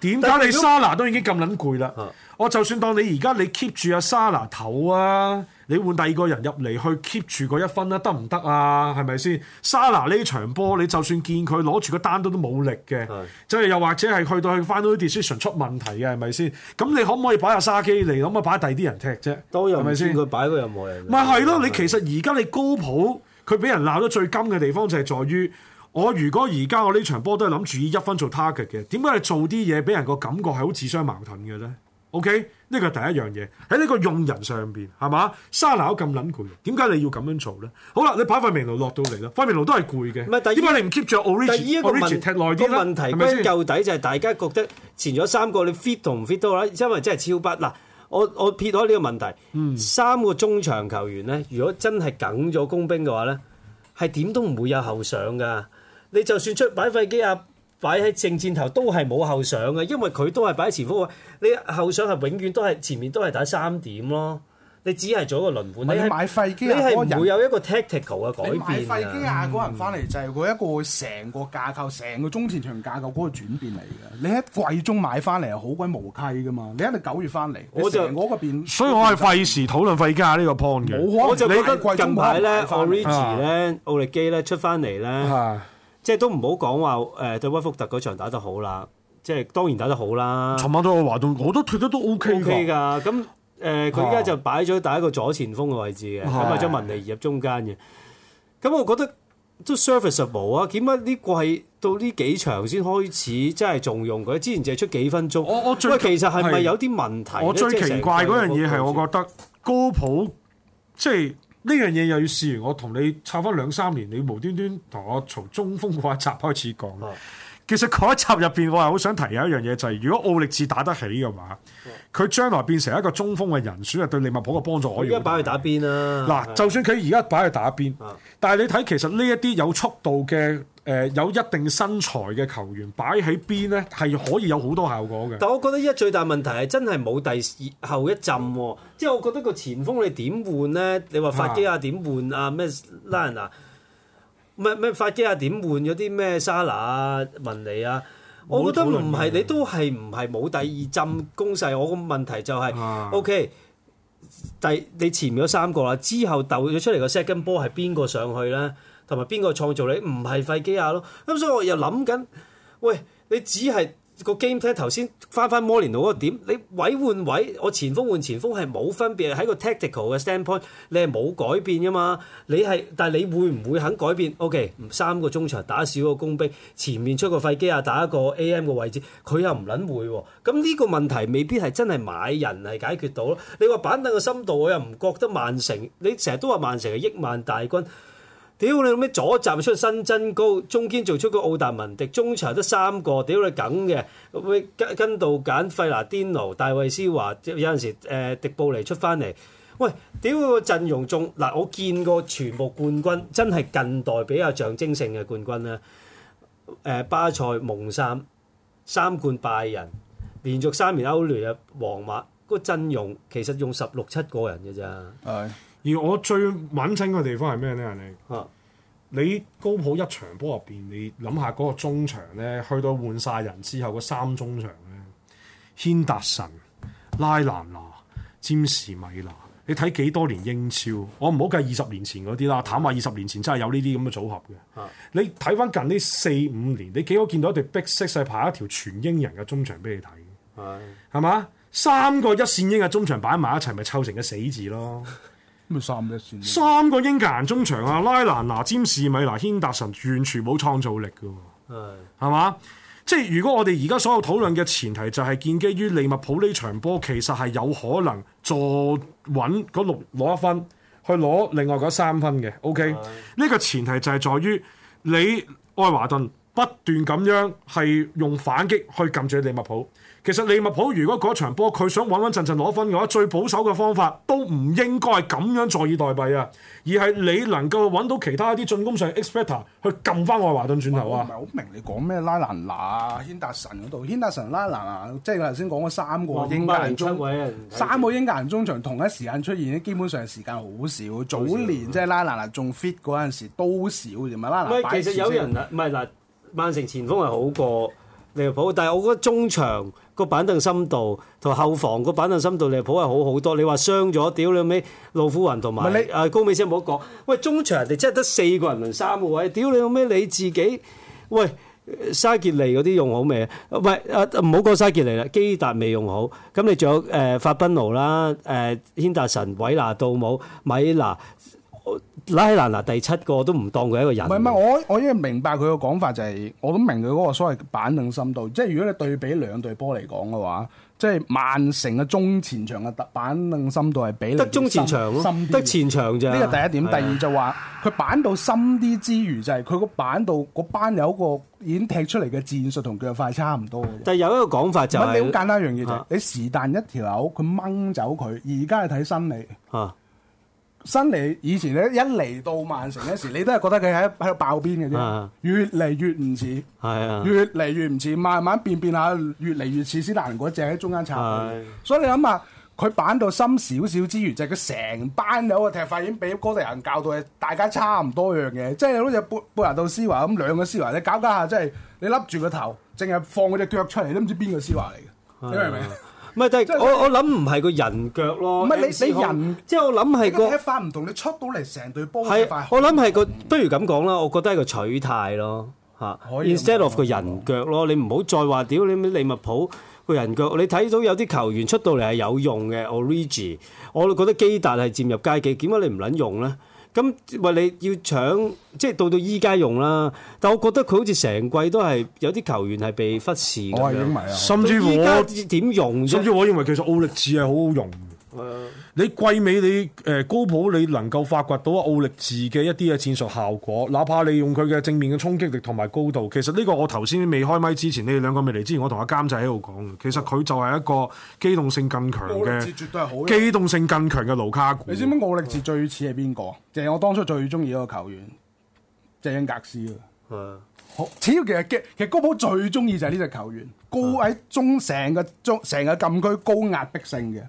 點解、啊、你莎拿都已經咁撚攰啦？啊、我就算當你而家你 keep 住阿莎拿頭啊，你換第二個人入嚟去 keep 住個一分咧，得唔得啊？係咪先？沙拿呢場波，你就算見佢攞住個單刀都都冇力嘅，即係是、就是、又或者係去到去翻到啲 decision 出問題嘅，係咪先？咁你可唔可以擺下沙基嚟，諗下擺第二啲人踢啫？都係咪先？佢擺到任何人咪係咯？吧你其實而家你高普佢俾人鬧得最甘嘅地方就係在於，我如果而家我呢場波都係諗住以一分做 target 嘅，點解你做啲嘢俾人個感覺係好自相矛盾嘅咧？OK？呢個係第一樣嘢喺呢個用人上邊，係嘛？沙拿咁撚攰，點解你要咁樣做咧？好啦，你擺塊明爐落到嚟啦，塊明爐都係攰嘅。唔係第二，點解你唔 keep 住？但係依一個問 take 一個問題根究呢底就係大家覺得前咗三個你 fit 同唔 fit 到啦，因為真係超不嗱。我我撇開呢個問題，嗯、三個中場球員咧，如果真係梗咗工兵嘅話咧，係點都唔會有後上㗎。你就算出擺塊機啊！擺喺正箭頭都係冇後上嘅，因為佢都係擺喺前鋒位。你後上係永遠都係前面都係打三點咯。你只係做一個輪盤你買廢機、啊你，你係會有一個 tactical 嘅改變啊！你買廢機廿、啊、個人翻嚟就係嗰一個成個架構、成、嗯、個中前場架構嗰個轉變嚟嘅。你喺季中買翻嚟係好鬼無稽噶嘛！你一定九月翻嚟，我就我嗰邊，所以我係費事討論廢機呢個 point 嘅。有我就覺得近排咧，呢奧力基咧，奧力基咧出翻嚟咧。啊即係都唔好講話誒對威福特嗰場打得好啦，即係當然打得好啦。尋晚都我話到，我都脫得都 OK 㗎。咁誒，佢依家就擺咗打一個左前鋒嘅位置嘅，揾埋將文尼移入中間嘅。咁是我覺得都 serviceable 啊！點解呢個係到呢幾場先開始真係重用佢？之前就係出幾分鐘。我我喂，其實係咪有啲問題？我最奇怪嗰樣嘢係，我覺得高普即係。呢樣嘢又要試完，我同你插翻兩三年，你無端端同我從中風話閘開始講。嗯。其實嗰一集入邊，我係好想提一樣嘢，就係、是、如果奧力治打得起嘅話，佢將來變成一個中鋒嘅人選，係對利物浦嘅幫助可以。而家擺佢打邊啦。嗱喏，是的 就算佢而家擺佢打邊，是的 但係你睇其實呢一啲有速度嘅誒、呃，有一定身材嘅球員擺喺邊呢，係可以有好多效果嘅。但我覺得依家最大問題係真係冇第二後一陣、啊，嗯、即係我覺得個前鋒你點換呢？你話法基亞、啊、點換啊？咩拉人嗱？的的唔係唔係，費基亞點換咗啲咩沙拿啊、文尼啊？我覺得唔係，你都係唔係冇第二針攻勢？我個問題就係，OK，第你前面嗰三個啦，之後鬥咗出嚟個 second 波係邊個上去咧？同埋邊個創造你？唔係費基亞咯。咁所以我又諗緊，喂，你只係。個 game 睇頭先翻翻摩連奴嗰個點，你位換位，我前鋒換前鋒係冇分別，喺個 tactical 嘅 standpoint，你係冇改變噶嘛。你係，但係你會唔會肯改變？OK，三個中場打少個弓兵，前面出個廢機啊，打一個 AM 嘅位置，佢又唔撚會喎。咁呢個問題未必係真係買人係解決到咯。你話板凳嘅深度，我又唔覺得曼城，你成日都話曼城係億萬大軍。屌你咁啲左閘出辛真高，中堅做出個奧達文迪，中場得三個，屌 你梗嘅，喂跟跟到簡費拿、甸奴、大衛施華，有陣時誒、呃、迪布尼出翻嚟，喂屌、個陣容仲嗱、呃，我見過全部冠軍真係近代比較象徵性嘅冠軍咧，誒、呃、巴塞、蒙三三冠拜仁，連續三年歐聯嘅皇馬，個陣容其實用十六七個人嘅咋。係 而我最穩陣嘅地方係咩咧？阿你、啊，你高普一場波入邊，你諗下嗰個中場咧，去到換晒人之後，個三中場咧，軒、啊、達臣、拉蘭娜、詹士米娜，你睇幾多年英超？我唔好計二十年前嗰啲啦，坦白二十年前真係有呢啲咁嘅組合嘅。啊、你睇翻近呢四五年，你幾可見到一隊 Big Six 係排一條全英人嘅中場俾你睇？係係嘛？三個一線英嘅中場擺埋一齊，咪湊成個死字咯～三個英格蘭中場啊，拉蘭拿、詹士、米拿、軒達神，完全冇創造力噶，係嘛是的？即係如果我哋而家所有討論嘅前提，就係建基於利物浦呢場波，其實係有可能坐穩嗰六攞一分，去攞另外嗰三分嘅。OK，呢是的 個前提就係在於你愛華頓不斷咁樣係用反擊去撳住利物浦。其實利物浦如果嗰場波佢想穩穩陣陣攞分嘅話，最保守嘅方法都唔應該咁樣坐以待斃啊！而係你能夠揾到其他一啲進攻上 expect 去撳翻愛華頓轉頭啊！唔係好明你講咩拉蘭娜？啊，軒達臣嗰度，軒達臣拉蘭娜，即係頭先講嘅三個英格蘭中，英格蘭中三個英格蘭中場同一時間出現，基本上時間好少。早年即係拉蘭娜仲 fit 嗰陣時都少，連埋拉拿。唔係，其實有人唔係嗱，曼城前鋒係好過。利物浦，但係我覺得中場個板凳深度同後防個板凳深度，利物浦係好好多。你話傷咗，屌你咩，路虎雲同埋阿高美先唔好講。喂，中場人哋真係得四個人輪三個位，屌你咩你自己，喂，沙傑利嗰啲用好未啊？喂啊，唔好講沙傑利啦，基達未用好。咁你仲有誒法賓奴啦，誒軒達臣、韋拿杜姆、米拿。拉起嗱第七個都唔當佢一個人。唔係唔係，我我應該明白佢嘅講法就係、是，我都明佢嗰個所謂板凳深度。即係如果你對比兩隊波嚟講嘅話，即係曼城嘅中前場嘅板凳深度係比得中前場咯，深得前場啫，呢個第一點。的第二就話佢板到深啲之餘，就係佢個板度嗰班有一個已經踢出嚟嘅戰術同腳法差唔多。但係有一個講法就係、是，你好簡單一樣嘢就係、是，啊、你時但一條友佢掹走佢，而家係睇心理。啊啊。新嚟以前咧，一嚟到曼城嗰時，你都係覺得佢喺喺度爆邊嘅啫，越嚟越唔似，係啊，越嚟越唔似，慢慢變變下，越嚟越似斯坦尼嗰隻喺中間插。 所以你諗下，佢板到深少少之餘，就係佢成班有友踢法已經俾哥德人教到，大家差唔多樣嘢，即係好似布布拿杜斯華咁兩個斯華，你搞一搞下，即係你笠住個頭，淨係放佢隻腳出嚟，都唔知邊個斯華嚟嘅，你明唔明？唔係，但係是我我諗唔係個人腳咯。唔係你你人，即係我諗係個唔同，你出到嚟成隊波係我諗係個，不如咁講啦，我覺得係個取態咯吓 Instead of 個人腳咯，你唔好再話屌你利物浦個人腳，你睇到有啲球員出到嚟係有用嘅。Origi 我覺得基達係佔入階技，點解你唔撚用咧？咁喂、嗯，你要搶，即係到到依家用啦。但我覺得佢好似成季都係有啲球員係被忽視咁、啊、樣，甚至我點用，甚至我認為其實奧力士係好好用。呃你季尾你誒高普你能夠發掘到奧力治嘅一啲嘅戰術效果，哪怕你用佢嘅正面嘅衝擊力同埋高度，其實呢個我頭先未開麥之前，你哋兩個未嚟之前，我同阿監仔喺度講其實佢就係一個機動性更強嘅，奧力治絕對係好，機動性更強嘅盧卡古。你知唔知奧力治最似係邊個？嗯、就係我當初最中意嗰個球員，謝恩格斯啊。好、嗯，主要其實嘅其實高普最中意就係呢隻球員，高喺中成個中成個禁區高壓逼性嘅。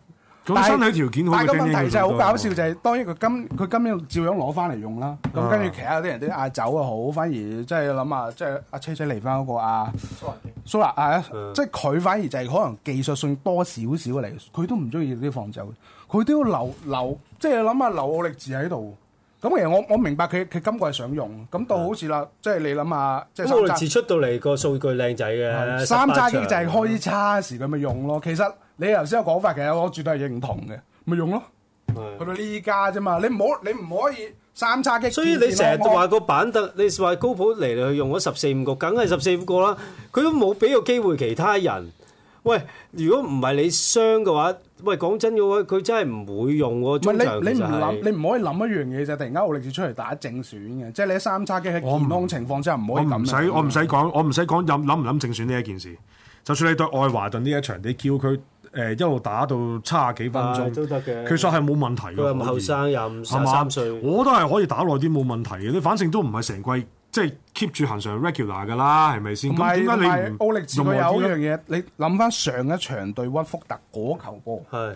但係身體條件好嘅經驗，但問題就係好搞笑、就是，就係好當然個金佢今日照樣攞翻嚟用啦。咁跟住其他啲人啲阿走又好，反而即係諗下即係阿車仔嚟翻嗰個阿蘇蘭，蘇、就、蘭、是、啊，即係佢反而就係可能技術性多少少嚟，佢都唔中意啲防守，佢都要留留，即係諗下留奧、就是、力治喺度。咁其實我我明白佢佢今季係想用，咁到好似啦，即係、嗯、你諗下即係。奧、就、力、是、出到嚟個數據靚仔嘅，三揸機、嗯、就係開叉時佢咪用咯，其實。你頭先有講法，其實我絕對認同嘅，咪用咯，去到呢家啫嘛。你唔好，你唔可以三叉戟。所以你成日都話個板凳，你話高普嚟嚟去用咗十四五個，梗係十四五個啦。佢都冇俾個機會其他人。喂，如果唔係你傷嘅話，喂，講真嘅話，佢真係唔會用喎。唔係你你唔諗，你唔可以諗一樣嘢就突然間奧利就出嚟打正選嘅，即係你三叉戟喺健康情況之下唔可以咁。我唔使，我唔使講，我唔使講任諗唔諗正選呢一件事。就算你對愛華頓呢一場，你叫佢。誒一路打到差啊幾分鐘都得嘅，其實係冇問題嘅。佢係後生又唔十三歲，我都係可以打耐啲冇問題嘅。你反正都唔係成季，即係 keep 住行上 regular 嘅啦，係咪先？唔係唔係，力治有一樣嘢，你諗翻上一場對屈福特嗰球波，係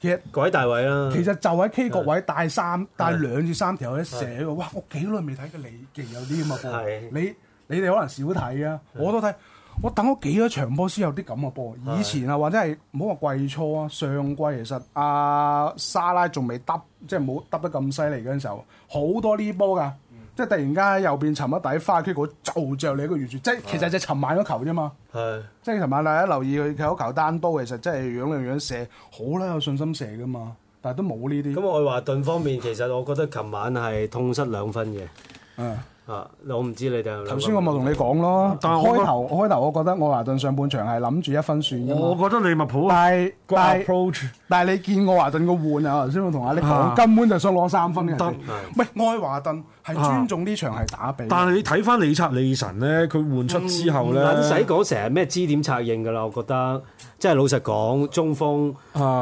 其實鬼大位啊，其實就喺 K 角位帶三帶兩至三條嗰啲射哇！我幾耐未睇過你，勁有啲咁啊，你你哋可能少睇啊，我都睇。我等咗幾多場波先有啲咁嘅波？以前啊，或者係唔好話季初啊，上季其實阿、啊、沙拉仲未得，即係冇得得咁犀利嗰陣時候，好多呢波㗎，即係突然間喺右邊沉一底花區嗰，就着你一個預算，即係其實就沉慢咗球啫嘛。係，是的 即係琴晚大家留意佢佢嗰球單波，其實真係樣樣樣射好啦，有信心射㗎嘛。但係都冇呢啲。咁、嗯、愛華頓方面，其實我覺得琴晚係痛失兩分嘅。嗯。啊、我唔知你哋，頭先我咪同你講咯。但開頭開頭我覺得愛華頓上半場係諗住一分算、啊啊嗯嗯嗯。我覺得利物浦，但係但係你見愛華頓個換啊，頭先我同阿你講，根本就想攞三分嘅。唔係愛華頓係尊重呢場係打比。但係你睇翻李察利臣咧，佢換出之後咧，使講成日咩支點策應嘅啦。我覺得即係老實講，中鋒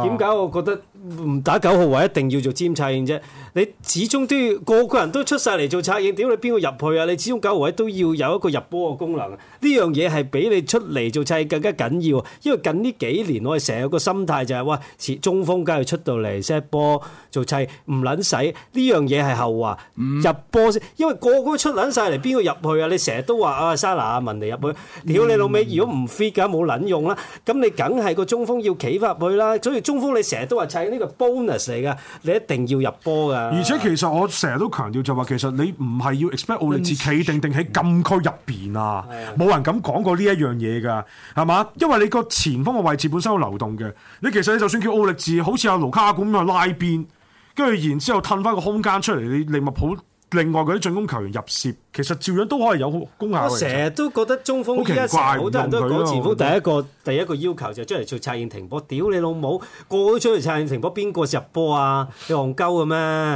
點解我覺得？唔打九號位一定要做尖策應啫，你始終都要個個人都出曬嚟做策應，點你邊個入去啊？你始終九號位都要有一個入波嘅功能，呢樣嘢係比你出嚟做策更加緊要。因為近呢幾年我哋成日個心態就係哇，似中鋒梗係出到嚟 set 波做策唔撚使，呢樣嘢係後話入波先，因為個個出撚曬嚟，邊個入去啊？你成日都話啊，沙拿啊文尼入去，屌你老味！如果唔 fit 嘅冇撚用啦，咁你梗係個中鋒要企返入去啦。所以中鋒你成日都話砌啲個 bonus 嚟噶，你一定要入波噶。而且其實我成日都強調就話，其實你唔係要 expect 奧力治企定定喺禁區入邊啊，冇、嗯、人敢講過呢一樣嘢噶，係嘛？因為你個前鋒嘅位置本身好流動嘅，你其實你就算叫奧力治，好似阿盧卡古咁樣拉邊，跟住然之後褪翻個空間出嚟，你利物浦。另外嗰啲進攻球員入蝕，其實照樣都可以有功效。我成日都覺得中鋒依家成日好多人都講前鋒第一個覺第一個要求就出嚟做策應停波，屌那你老母，過咗出將嚟策應停波，邊個入波啊？你戇鳩嘅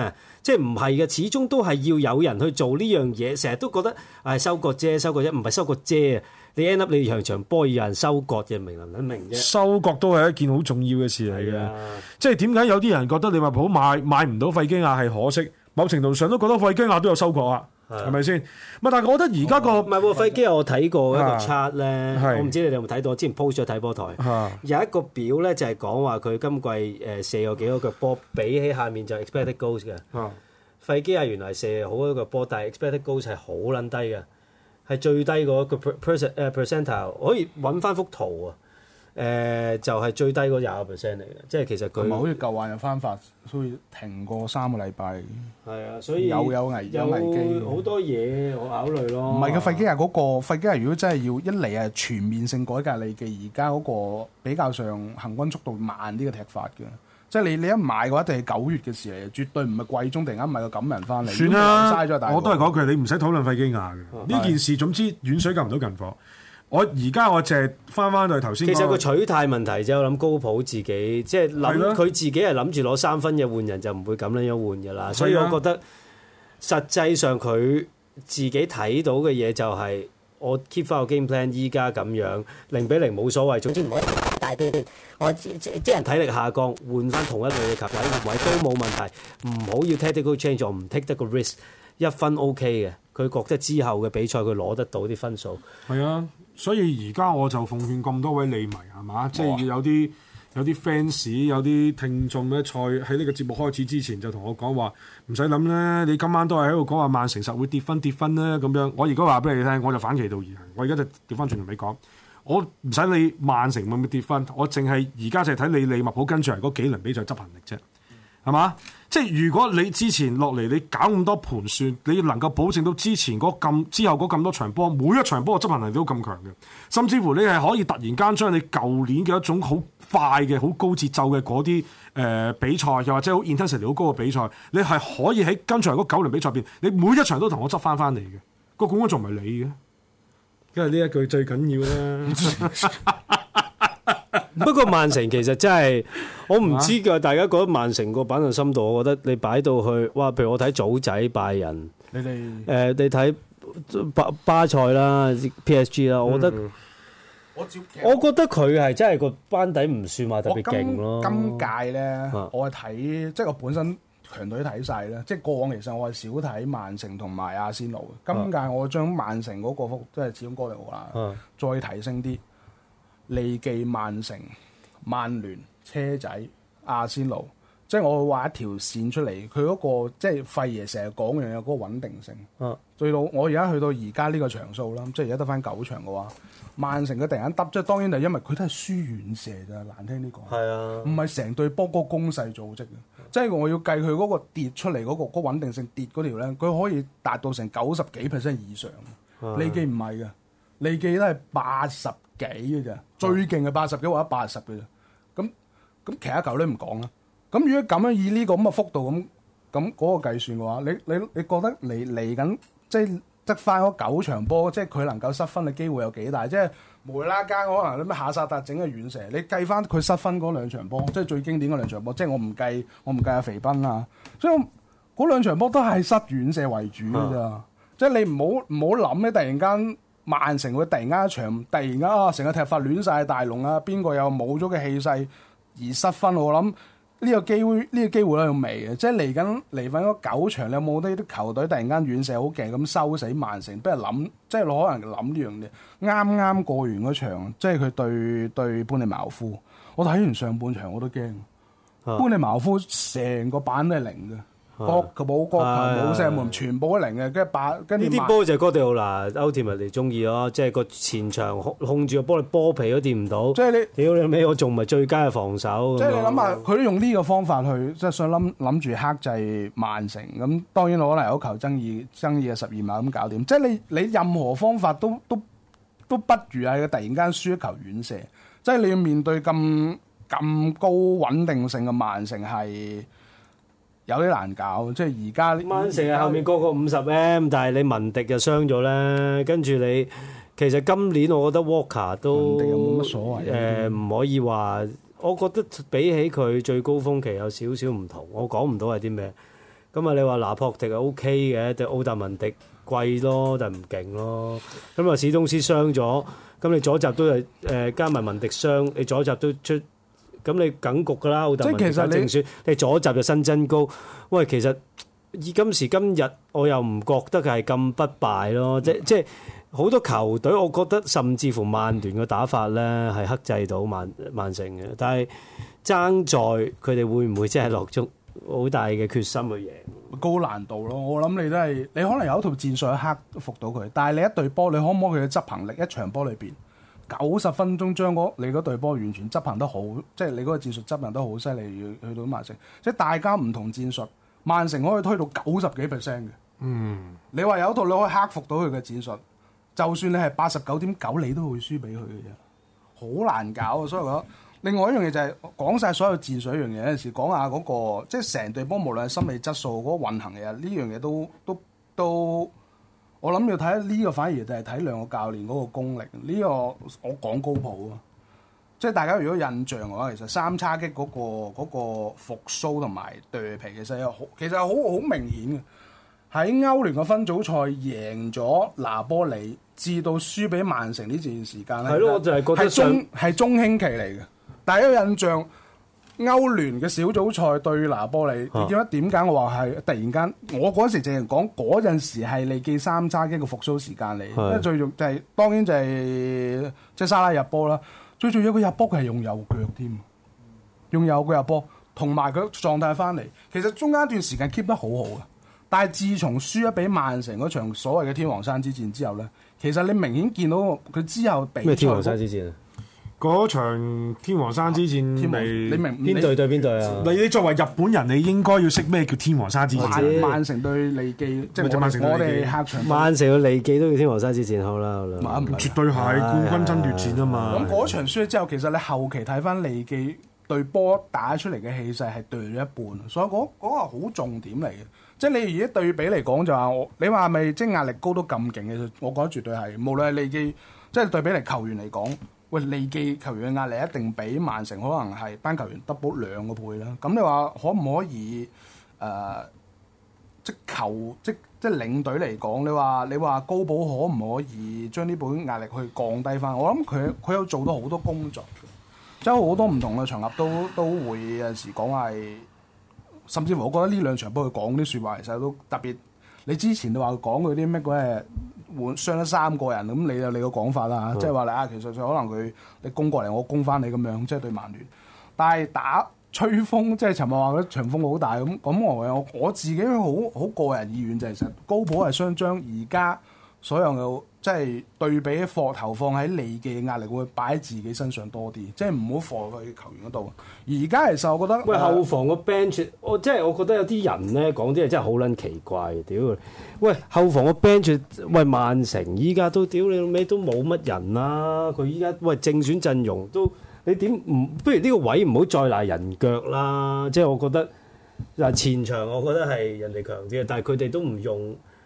咩？即係唔係嘅，始終都係要有人去做呢樣嘢。成日都覺得係收割啫，收割啫，唔係收割啫。你 end up 你場場波有人收割嘅，明唔明啫？收割都係一件好重要嘅事嚟嘅，的呀即係點解有啲人覺得利物浦買買唔到費基亞係可惜？某程度上都覺得費基亞都有收過是啊，係咪先？唔但係我覺得而家個唔係費基亞，機我睇過一個 chart 咧，啊啊、我唔知你哋有冇睇到。我之前 post 咗睇波台，是啊、有一個表咧就係講話佢今季誒射咗幾多個波，比起下面就 expected goals 嘅。費基亞原來射好多個波，但係 expected goals 係好撚低嘅，係最低嗰個 percent 誒 percentile 可以揾翻幅圖啊！誒、呃、就係、是、最低嗰廿個 percent 嚟嘅，即係其實佢唔係好似舊患又翻發，所以停過三個禮拜。係啊，所以有有危有危機、這個，好多嘢我考慮咯。唔係嘅，費基亞嗰、那個費基亞，如果真係要一嚟啊全面性改革你嘅而家嗰個比較上行軍速度慢啲嘅踢法嘅，即係你你一買嘅話，一定係九月嘅事嚟，嘅，絕對唔係季中突然間唔買個咁人翻嚟。算啦了，都大我都係講句，你唔使討論費基亞嘅呢、啊、件事，總之遠水救唔到近火。我而家我淨係翻翻去頭先。其實個取態問題就係我諗高普自己，即係諗佢自己係諗住攞三分嘅換人就唔會咁樣樣換噶啦，啊、所以我覺得實際上佢自己睇到嘅嘢就係、是、我 keep 翻個 game plan 依家咁樣零比零冇所謂，總之唔可以大隊。我即啲人體力下降，換翻同一類嘅球隊換位,位都冇問題，唔好要 technical change 我唔 take 得個 risk 一分 OK 嘅，佢覺得之後嘅比賽佢攞得到啲分數。係啊。所以而家我就奉勸咁多位利迷係嘛，即係有啲有啲 fans 有啲聽眾咧，賽喺呢個節目開始之前就同我講話，唔使諗咧，你今晚都係喺度講話曼城實會跌分跌分咧咁樣。我而家話俾你聽，我就反其道而行，我而家就調翻轉同你講，我唔使理你曼城會唔會跌分，我淨係而家淨係睇你利物浦跟住嚟嗰幾輪比賽執行力啫，係嘛？即係如果你之前落嚟，你搞咁多盤算，你能夠保證到之前嗰咁之後嗰咁多場波，每一場波嘅執行能力都咁強嘅，甚至乎你係可以突然間將你舊年嘅一種好快嘅好高節奏嘅嗰啲誒比賽，又或者好 intensity 好高嘅比賽，你係可以喺跟場嗰九輪比賽入邊，你每一場都同我執翻翻嚟嘅，那個冠軍仲唔係你嘅？因為呢一句最緊要啦。 不過曼城其實真係，我唔知噶，大家覺得曼城個板凳深度，我覺得你擺到去，哇！譬如我睇祖仔拜仁你們、呃，你哋，誒，你睇巴巴塞啦，P S G 啦，嗯、我覺得，我照我，我覺得佢係真係個班底唔算話特別勁咯。今屆咧，我係睇，啊、即係我本身強隊睇晒啦，即係過往其實我係少睇曼城同埋阿仙奴，啊、今屆我將曼城嗰個幅，即係始終哥嚟，好啦，啊、再提升啲。利記、曼城、曼聯、車仔、亞仙奴，即係我會畫一條線出嚟，佢嗰、那個即係費爺成日講嘅樣有嗰個穩定性。最、啊、到我而家去到而家呢個場數啦，即係而家得翻九場嘅話，曼城佢突然間揼，即係當然就係因為佢都係輸軟射㗎，難聽啲、這、講、個。係啊，唔係成隊波嗰個攻勢組織嘅，即係、嗯、我要計佢嗰個跌出嚟嗰、那個嗰、那個、穩定性跌嗰條咧，佢可以達到成九十幾 percent 以上。嗯、利記唔係嘅，利記都係八十幾嘅咋？最勁係八十幾或者八十嘅咋？咁咁其他球都唔講啦。咁如果咁樣以呢個咁嘅幅度咁咁嗰個計算嘅話，你你你覺得嚟嚟緊即係得翻嗰九場波，即係佢能夠失分嘅機會有幾大？即係無啦啦，可能你咩下殺達整個遠射，你計翻佢失分嗰兩場波，即係最經典嗰兩場波。即係我唔計，我唔計阿肥斌啦。所以嗰兩場波都係失遠射為主嘅咋。嗯、即係你唔好唔好諗咧，突然間。曼城會突然間一場，突然間啊，成個踢法亂晒大龍啊，邊個有冇咗嘅氣勢而失分，我諗呢個機會呢、這個機會係好微嘅，即係嚟緊嚟緊嗰九場，你有冇得啲球隊突然間遠射好勁咁收死曼城？不如諗，即係你可能諗呢樣嘢。啱啱過完嗰場，即係佢對對般尼茅夫，我睇完上半場我都驚，般尼茅夫成個板都係零嘅。波佢冇角球冇射門，哎、呀 全部都零嘅，跟住把跟呢啲波就哥迪奧拉，歐提咪你中意咯，即係個前場控控住個波，你波皮都掂唔到。即係你屌你尾，我仲咪最佳嘅防守。即係你諗下，佢我都用呢個方法去，即、就、係、是、想諗諗住克制曼城。咁當然我可能有求爭議，爭議啊十二碼咁搞掂。即、就、係、是、你你任何方法都都都不如啊！佢突然間輸一球遠射，即、就、係、是、你要面對咁咁高穩定性嘅曼城係。有啲難搞，即係而家。曼城啊，後面個個五十 M，但係你文迪就傷咗咧。跟住你，其實今年我覺得 Walker 都冇乜所謂。誒，唔可以話。我覺得比起佢最高峰期有少少唔同。我講唔到係啲咩。咁啊，你話拿破迪係 OK 嘅，但奧達文迪貴咯，但唔勁咯。咁啊，史東斯傷咗，咁你左閘都係誒，加埋文迪傷，你左閘都出。咁你梗局噶啦，好大問題嘅正選，你阻集就新增高。喂，其實以今時今日，我又唔覺得佢係咁不敗咯。即即好多球隊，我覺得甚至乎曼聯嘅打法咧係克制到曼曼城嘅。但係爭在佢哋會唔會即係落足好大嘅決心去贏？高難度咯，我諗你都係你可能有一套戰術克服，服到佢，但係你一對波，你可唔可以去嘅執行力一場波裏邊？九十分鐘將你嗰隊波完全執行得好，即係你嗰個戰術執行得好犀利，去到曼城。即係大家唔同戰術，曼城可以推到九十幾 percent 嘅。嗯，你話有一套你可以克服到佢嘅戰術，就算你係八十九點九，你都會輸俾佢嘅。好難搞啊！所以我覺得，另外一樣嘢就係講晒所有戰術一樣嘢，有陣時講下嗰個，即係成隊波無論係心理質素嗰個運行嘅，呢樣嘢都都都。都都我諗要睇呢個，反而就係睇兩個教練嗰個功力。呢個我講高普啊，即係大家如果印象嘅話，其實三叉戟嗰個，嗰個復甦同埋墮皮，其實有好，其實好好明顯嘅。喺歐聯嘅分組賽贏咗拿波里，至到輸俾曼城呢段時間，係咯了，我就係覺得係中係中興期嚟嘅。第一印象。歐聯嘅小組賽對拿波利，點解點解我話係突然間？我嗰陣時淨係講嗰陣時係利記三叉戟嘅一個復甦時間嚟，的因為最重要就係、是、當然就係即係沙拉入波啦。最重要佢入波，佢係用右腳添，用右腳入波，同埋佢狀態翻嚟。其實中間一段時間 keep 得好好嘅，但係自從輸咗畀曼城嗰場所謂嘅天王山之戰之後咧，其實你明顯見到佢之後比咩天王山之戰啊！嗰場天王山之戰，天王未你明，邊隊對邊隊啊？你你作為日本人，你應該要識咩叫天王山之戰？曼城對利記，即係我哋客場。曼城對利記，對利記都叫天王山之戰，好啦，好啦。絕對係冠軍爭奪戰啊嘛！咁嗰、哎、呀場輸咗之後，其實你後期睇翻利記對波打出嚟嘅氣勢係掉咗一半，所以嗰嗰、那個好重點嚟嘅。即係你而家對比嚟講、就是，就話我你話係咪即係壓力高到咁勁嘅，我覺得絕對係。無論係利記，即係對比嚟球員嚟講。利記球員嘅壓力一定比曼城可能係班球員 double 兩個倍啦。咁你話可唔可以誒、呃、即球即即領隊嚟講，你話你話高保可唔可以將呢本壓力去降低翻？我諗佢佢有做到好多工作嘅，即好多唔同嘅場合都都會有時講係，甚至乎我覺得呢兩場幫佢講啲説話，其實都特別。你之前你話佢講嗰啲咩鬼？換傷咗三個人咁，你有你個講法啦，即係話你啊，其實就可能佢你攻過嚟，我攻翻你咁樣，即係對曼聯。但係打吹風，即係尋日話嗰場風好大咁，咁我我我自己好好個人意願就係其實高普係雙張而家。所有嘅即係對比起投放喺你嘅壓力會擺喺自己身上多啲，即係唔好放佢球員嗰度。而家其實我覺得，喂、呃、後防個 bench，我即係我覺得有啲人咧講啲嘢真係好撚奇怪，屌，喂後防個 bench，喂曼城依家都屌你老味都冇乜人啦，啊，佢依家喂正選陣容都你點唔不，不如呢個位唔好再賴人腳啦，即係我覺得嗱前場我覺得係人哋強啲嘅，但係佢哋都唔用。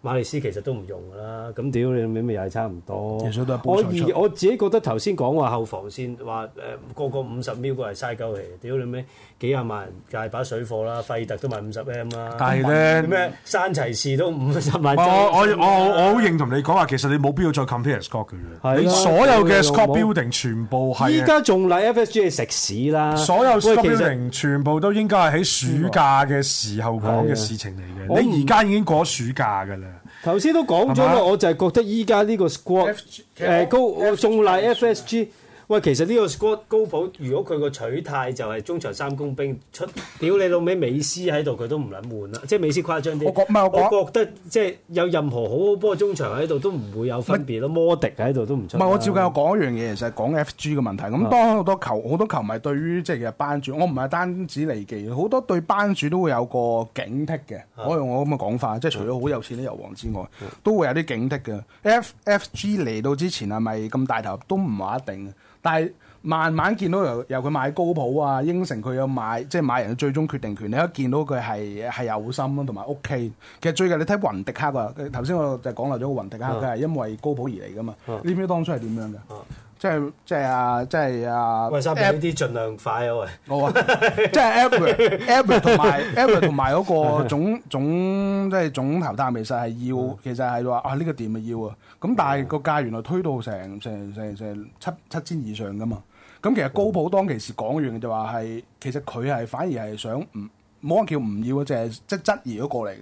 馬利斯其實都唔用㗎啦，咁屌你尾咪又係差唔多。我我我自己覺得頭先講話後防先，話誒個個五十秒過係嘥鳩氣，屌你尾幾廿萬大把水貨啦，費特都賣五十 M 啦，但係呢，咩山齊士都五十萬。唔係我我我我好認同你講話，其實你冇必要再 compare score 嘅。你所有嘅 score building 全部係依家仲嚟 FSG 食屎啦！所有 score building 全部都應該係喺暑假嘅時候講嘅事情嚟嘅。你而家已經過咗暑假㗎啦。頭先都講咗啦，吧我就係覺得依家呢個 squad 誒、呃、高我仲賴 FSG。F G, 喂，其實呢個 Scott 高普，如果佢個取態就係中場三公兵出，屌你老味美斯喺度佢都唔捻換啦，即係美斯誇張啲。我覺得，即係有任何好波中場喺度都唔會有分別咯。摩迪喺度都唔出。唔係我照計我講一樣嘢，其實係講 F.G. 嘅問題。咁當好多球好多球迷對於即係其實班主，我唔係單止嚟記，好多對班主都會有個警惕嘅。啊、我用我咁嘅講法，即係除咗好有錢啲遊王之外，嗯嗯、都會有啲警惕嘅。F.F.G. 嚟到之前係咪咁大頭都唔話一定。但係慢慢見到由由佢買高普啊，應承佢要買，即係買人嘅最終決定權。你一見到佢係係有心咯，同埋屋企。其實最近你睇雲迪克啊，頭先我就講漏咗個雲迪克，佢係、嗯、因為高普而嚟㗎嘛。你知唔知當初係點樣嘅？嗯即係即係啊！即係啊！喂，沙皮呢啲盡量快啊！喂，我話，即係 Ever，Ever 同埋 Ever 同埋嗰個總總即係總頭大，其實係要，其實係話啊呢個店啊要啊，咁但係個價原來推到成成成成成成七七千以上，噶嘛，咁其實高普當其時講完就話係，其實佢係反而係想唔冇人叫唔要，啊，就係即係質疑咗過嚟嘅。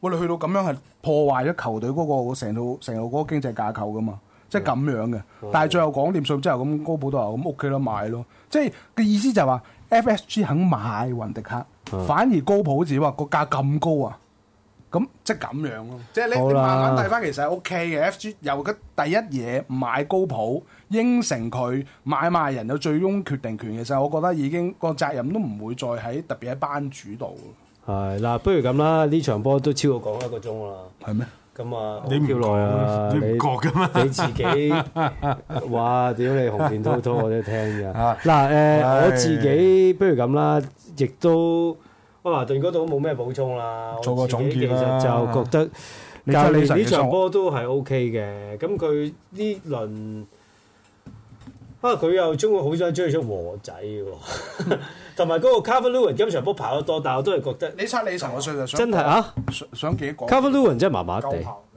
喂，你去到咁樣係破壞咗球隊嗰個成套成套嗰個經濟架構噶嘛？即係咁樣嘅，嗯、但係最後講掂數之後，咁高普都話咁 OK 啦買咯，即係嘅意思就係話，FSG 肯買雲迪克，嗯、反而高普自己話個價咁高啊，咁即係咁樣咯。即係你，好啦你慢慢睇翻，其實係 OK 嘅。FSG 由嘅第一嘢買高普，應承佢買賣人有最終決定權嘅時候，我覺得已經個責任都唔會再喺特別喺班主度。係啦，不如咁啦，呢場波都超過講一個鐘啦。係咩？咁啊，你叫耐啊？你唔覺噶咩？你自己，哇！屌你紅面滔滔，我都聽嘅。嗱、呃、誒，是我自己不如咁啦，亦都愛華頓嗰度冇咩補充啦。做個總結啦，其實就覺得教練呢場波都係 OK 嘅。咁佢呢輪。不過！佢又中我好想追一隻和仔喎，同埋嗰個 Calvert-Lewin 今場波跑得多，但係我都係覺得你猜你晨，我想真係啊，想想幾講 Calvert-Lewin 真係麻麻地，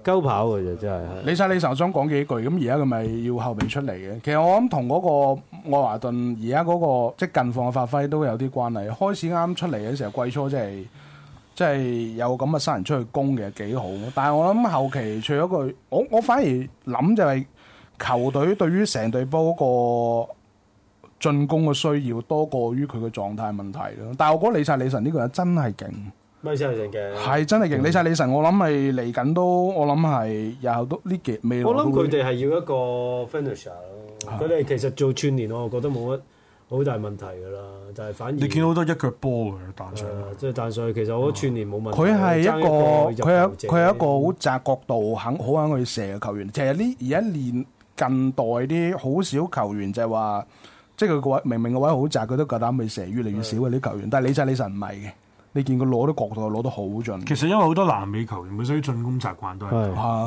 鳩跑嘅啫真係。你猜李晨我想講幾句？咁而家佢咪要後面出嚟嘅。其實我諗同嗰個愛華頓而家嗰個即係近況嘅發揮都有啲關係。開始啱出嚟嘅時候，季初即係即係有咁嘅三人出去攻嘅幾好，但係我諗後期除咗佢，我我，我反而諗就係。球隊對於成隊波嗰個進攻嘅需要多過於佢嘅狀態問題咯，但係我覺得李察李晨呢個人真係勁，李察勁，係真係勁。嗯、李察李晨，我諗係嚟緊都，我諗係有都呢幾未我諗佢哋係要一個 finisher 咯的，佢哋其實做串聯，我覺得冇乜好大問題噶啦，就係反而你見好多一腳波嘅彈射，即係彈射。其實我覺得串聯冇問題，佢係、嗯、一個佢有佢有一個好窄角度肯好肯去射嘅球員，其實呢而家連。近代啲好少球員就係話，即係佢個位明明個位好窄，佢都夠膽去射，越嚟越少啊啲球員。的但係李察利臣唔係嘅，你見佢攞啲角度攞得好盡。其實因為好多南美球員，佢所以進攻習慣都係，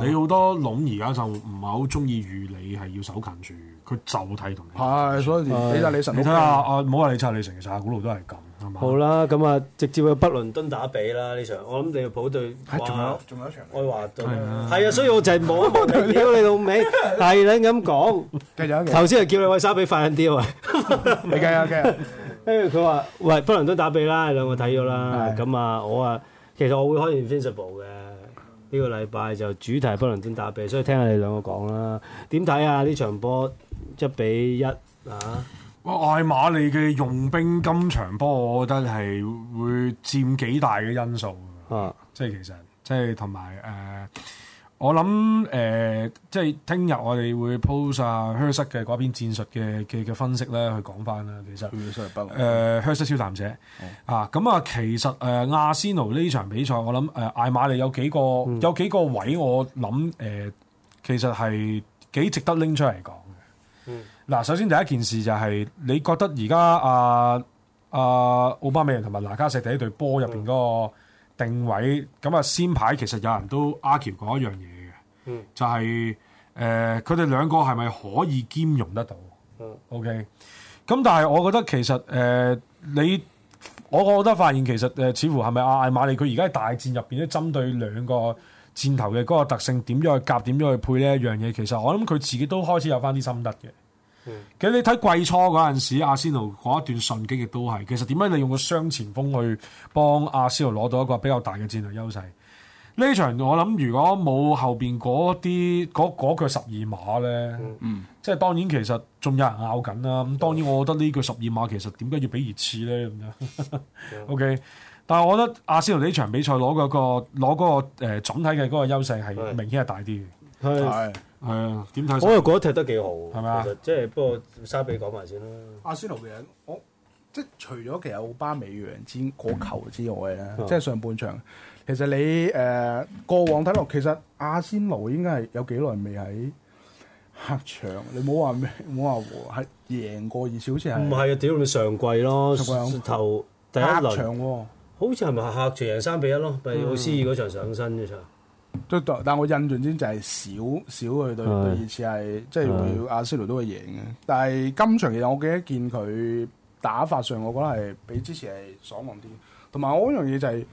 的你好多籠而家就唔係好中意與你係要守近住，佢就睇同。係，所以李察利臣。你睇下啊，唔好話李察利臣，成日古路都係咁。好啦，咁啊，直接去北倫敦打比啦呢場，我諗你要保對。仲有仲有一場，愛華頓，係啊，所以我就冇開你老味，係撚咁講。繼續，頭先係叫你位沙比快緊啲喎。唔計啊，唔計啊。跟住佢話：喂，北倫敦打比啦，你兩個睇咗啦。咁啊，我啊，其實我會開完 Invincible 嘅。呢個禮拜就主題北倫敦打比，所以聽下你兩個講啦。點睇啊？呢場波一比一啊！艾馬利嘅用兵今場波，我覺得係會佔幾大嘅因素。嗯、啊，即係、啊就是、其實，即係同埋誒，我諗誒，即係聽日我哋會 post 啊，hershey 嘅嗰邊戰術嘅嘅嘅分析咧，去講翻啦。其實，誒，hershey 超談者啊，咁、嗯、啊，其實誒，阿仙奴呢場比賽，我諗誒、呃，艾馬利有幾個有幾個位我，我諗誒，其實係幾值得拎出嚟講嘅。嗯。嗱，首先第一件事就係你覺得而家阿阿奧巴美人同埋拿卡錫一隊波入邊嗰個定位咁啊，嗯、先排其實有人都 argue 過一樣嘢嘅，嗯、就係誒佢哋兩個係咪可以兼容得到？o k 咁但係我覺得其實誒、呃、你我覺得發現其實誒似乎係咪阿艾馬利佢而家喺大戰入邊咧，針對兩個箭頭嘅嗰個特性點樣去夾，點樣去配呢一樣嘢？其實我諗佢自己都開始有翻啲心得嘅。嗯、其實你睇季初嗰陣時，阿仙奴嗰一段順機亦都係，其實點解你用個雙前鋒去幫阿仙奴攞到一個比較大嘅戰略優勢？呢場我諗如果冇後邊嗰啲嗰嗰腳十二碼咧，嗯、即係當然其實仲有人拗緊啦。咁當然我覺得呢腳十二碼其實點解要畀熱刺咧咁樣？OK，但係我覺得阿仙奴呢場比賽攞嗰個攞嗰個誒總體嘅嗰個優勢係明顯係大啲嘅，係。係啊，點睇？我又覺得踢得幾好，係咪啊？其實即係不過三，沙比講埋先啦。阿仙奴嘅人我即係除咗其實奧巴美揚嗰球之外咧，嗯、即係上半場，其實你誒、呃、過往睇落，其實阿仙奴應該係有幾耐未喺客場。你冇話咩？冇話係贏過二少場。唔係啊！屌你上季咯，上季咯頭第一場喎，好似係咪客場贏三比一咯？第係奧斯爾嗰場上身嘅場。都但係我印象之中就係少少去對對熱刺係即係阿仙奴都會贏嘅，但係今場其實我記得見佢打法上我覺得係比之前係爽啲，同埋我嗰樣嘢就係、是、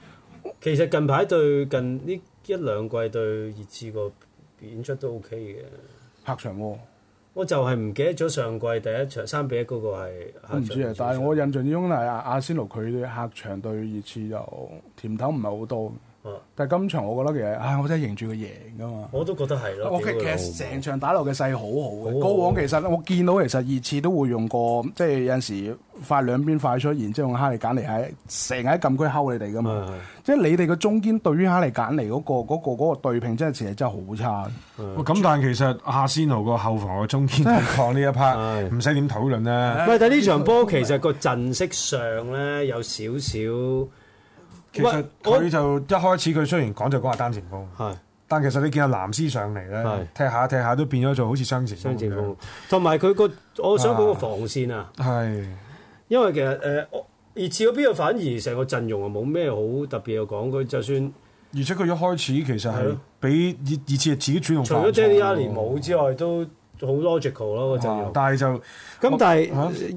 其實近排對近呢一兩季對熱刺個演出都 OK 嘅，客場喎、啊，我就係唔記得咗上季第一場三比一嗰個係客場。唔知啊，但係我印象之中係阿阿仙奴佢嘅客場對熱刺就甜頭唔係好多。但係今場我覺得其實，唉，我真係認住佢贏噶嘛。我都覺得係咯。我其其實成場打落嘅勢好好嘅。過往其實我見到其實熱刺都會用過，即係有陣時快兩邊快出，然之後用哈利簡尼喺成日喺禁區摳你哋噶嘛。的即係你哋個中堅對於哈利簡尼嗰、嗰個嗰、嗰個、嗰個對拼，真係其實真係好差。咁的但係其實阿仙奴個後防個中堅，抗呢一 part，唔使點討論咧。喂、啊，啊、但係呢場波其實個陣式上咧有少少。其實佢就我一開始佢雖然講就講係單前鋒，是但其實你見阿藍斯上嚟咧，是踢下踢下都變咗做好似雙前鋒。雙前鋒，同埋佢個我想講個防線啊，係、啊，因為其實誒，熱刺嗰邊又反而成個陣容啊冇咩好特別嘅講，佢就算，而且佢一開始其實係俾熱熱刺自己主動，除咗 Daniel Levy 之外都。好 logical 咯個陣容，但係就咁，但係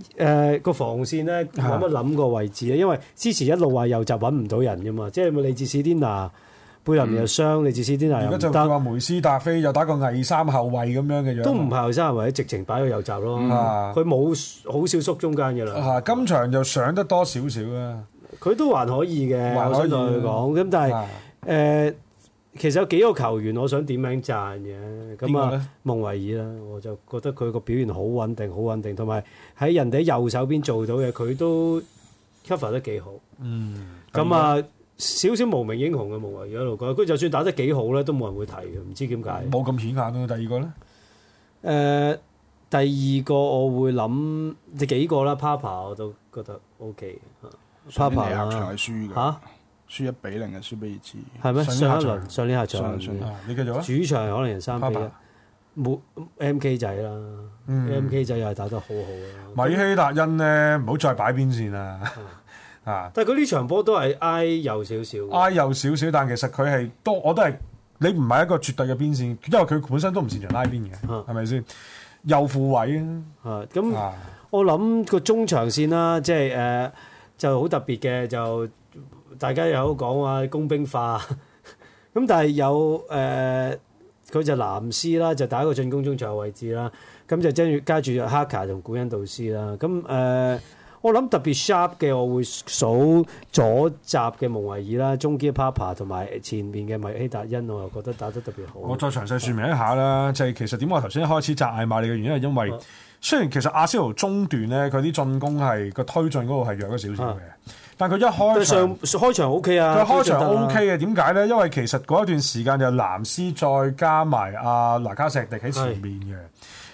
誒個防線咧冇乜諗個位置啊，因為之前一路話右閘揾唔到人啫嘛，即係咪？你至少啲嗱貝林又傷，你至少啲嗱而家就佢話梅斯達菲又打個偽三後衛咁樣嘅樣，都唔係後三後衛或者直情擺喺右閘咯，佢冇好少縮中間嘅啦。嚇，今場又上得多少少啊？佢都還可以嘅，我想同佢講，咁但係誒。其實有幾個球員我想點名讚嘅，咁啊，呢蒙維爾啦，我就覺得佢個表現好穩定，好穩定，同埋喺人哋右手邊做到嘅，佢都 cover 得幾好。嗯，咁啊，少少無名英雄嘅蒙維爾一路講，佢就算打得幾好咧，都冇人會提嘅，唔知點解。冇咁顯眼咯，第二個咧。誒、呃，第二個我會諗，就幾個啦，Papa，我都覺得 OK。Papa 吓？啊輸一比零嘅，輸俾二次。係咩？上一輪上年下場，你繼續啊？主場可能三比一，冇 MK 仔啦，MK 仔又係打得好好咯。米希達恩呢，唔好再擺邊線啦，啊！但係啲呢場波都係挨右少少挨右少少，但其實佢係都，我都係你唔係一個絕對嘅邊線，因為佢本身都唔擅長拉邊嘅，係咪先？右副位啊，咁我諗個中場線啦，即係誒就好特別嘅就。大家又好講話工兵化，咁 但係有誒，佢、呃、就藍斯啦，就打一個進攻中場位置啦，咁就將住加住哈卡同古恩導師啦，咁誒、呃，我諗特別 sharp 嘅，我會數左閘嘅蒙維爾啦，中堅 Papa 同埋前面嘅米希達恩，我又覺得打得特別好。我再詳細説明一下啦，啊、就係其實點解我頭先一開始窒艾馬利嘅原因係因為雖然其實阿仙奴中段咧，佢啲進攻係個推進嗰度係弱咗少少嘅。啊啊但佢一開場上開場 O K 啊，佢開場 O K 嘅，點解咧？因為其實嗰一段時間就藍斯再加埋阿拿卡錫迪喺前面嘅，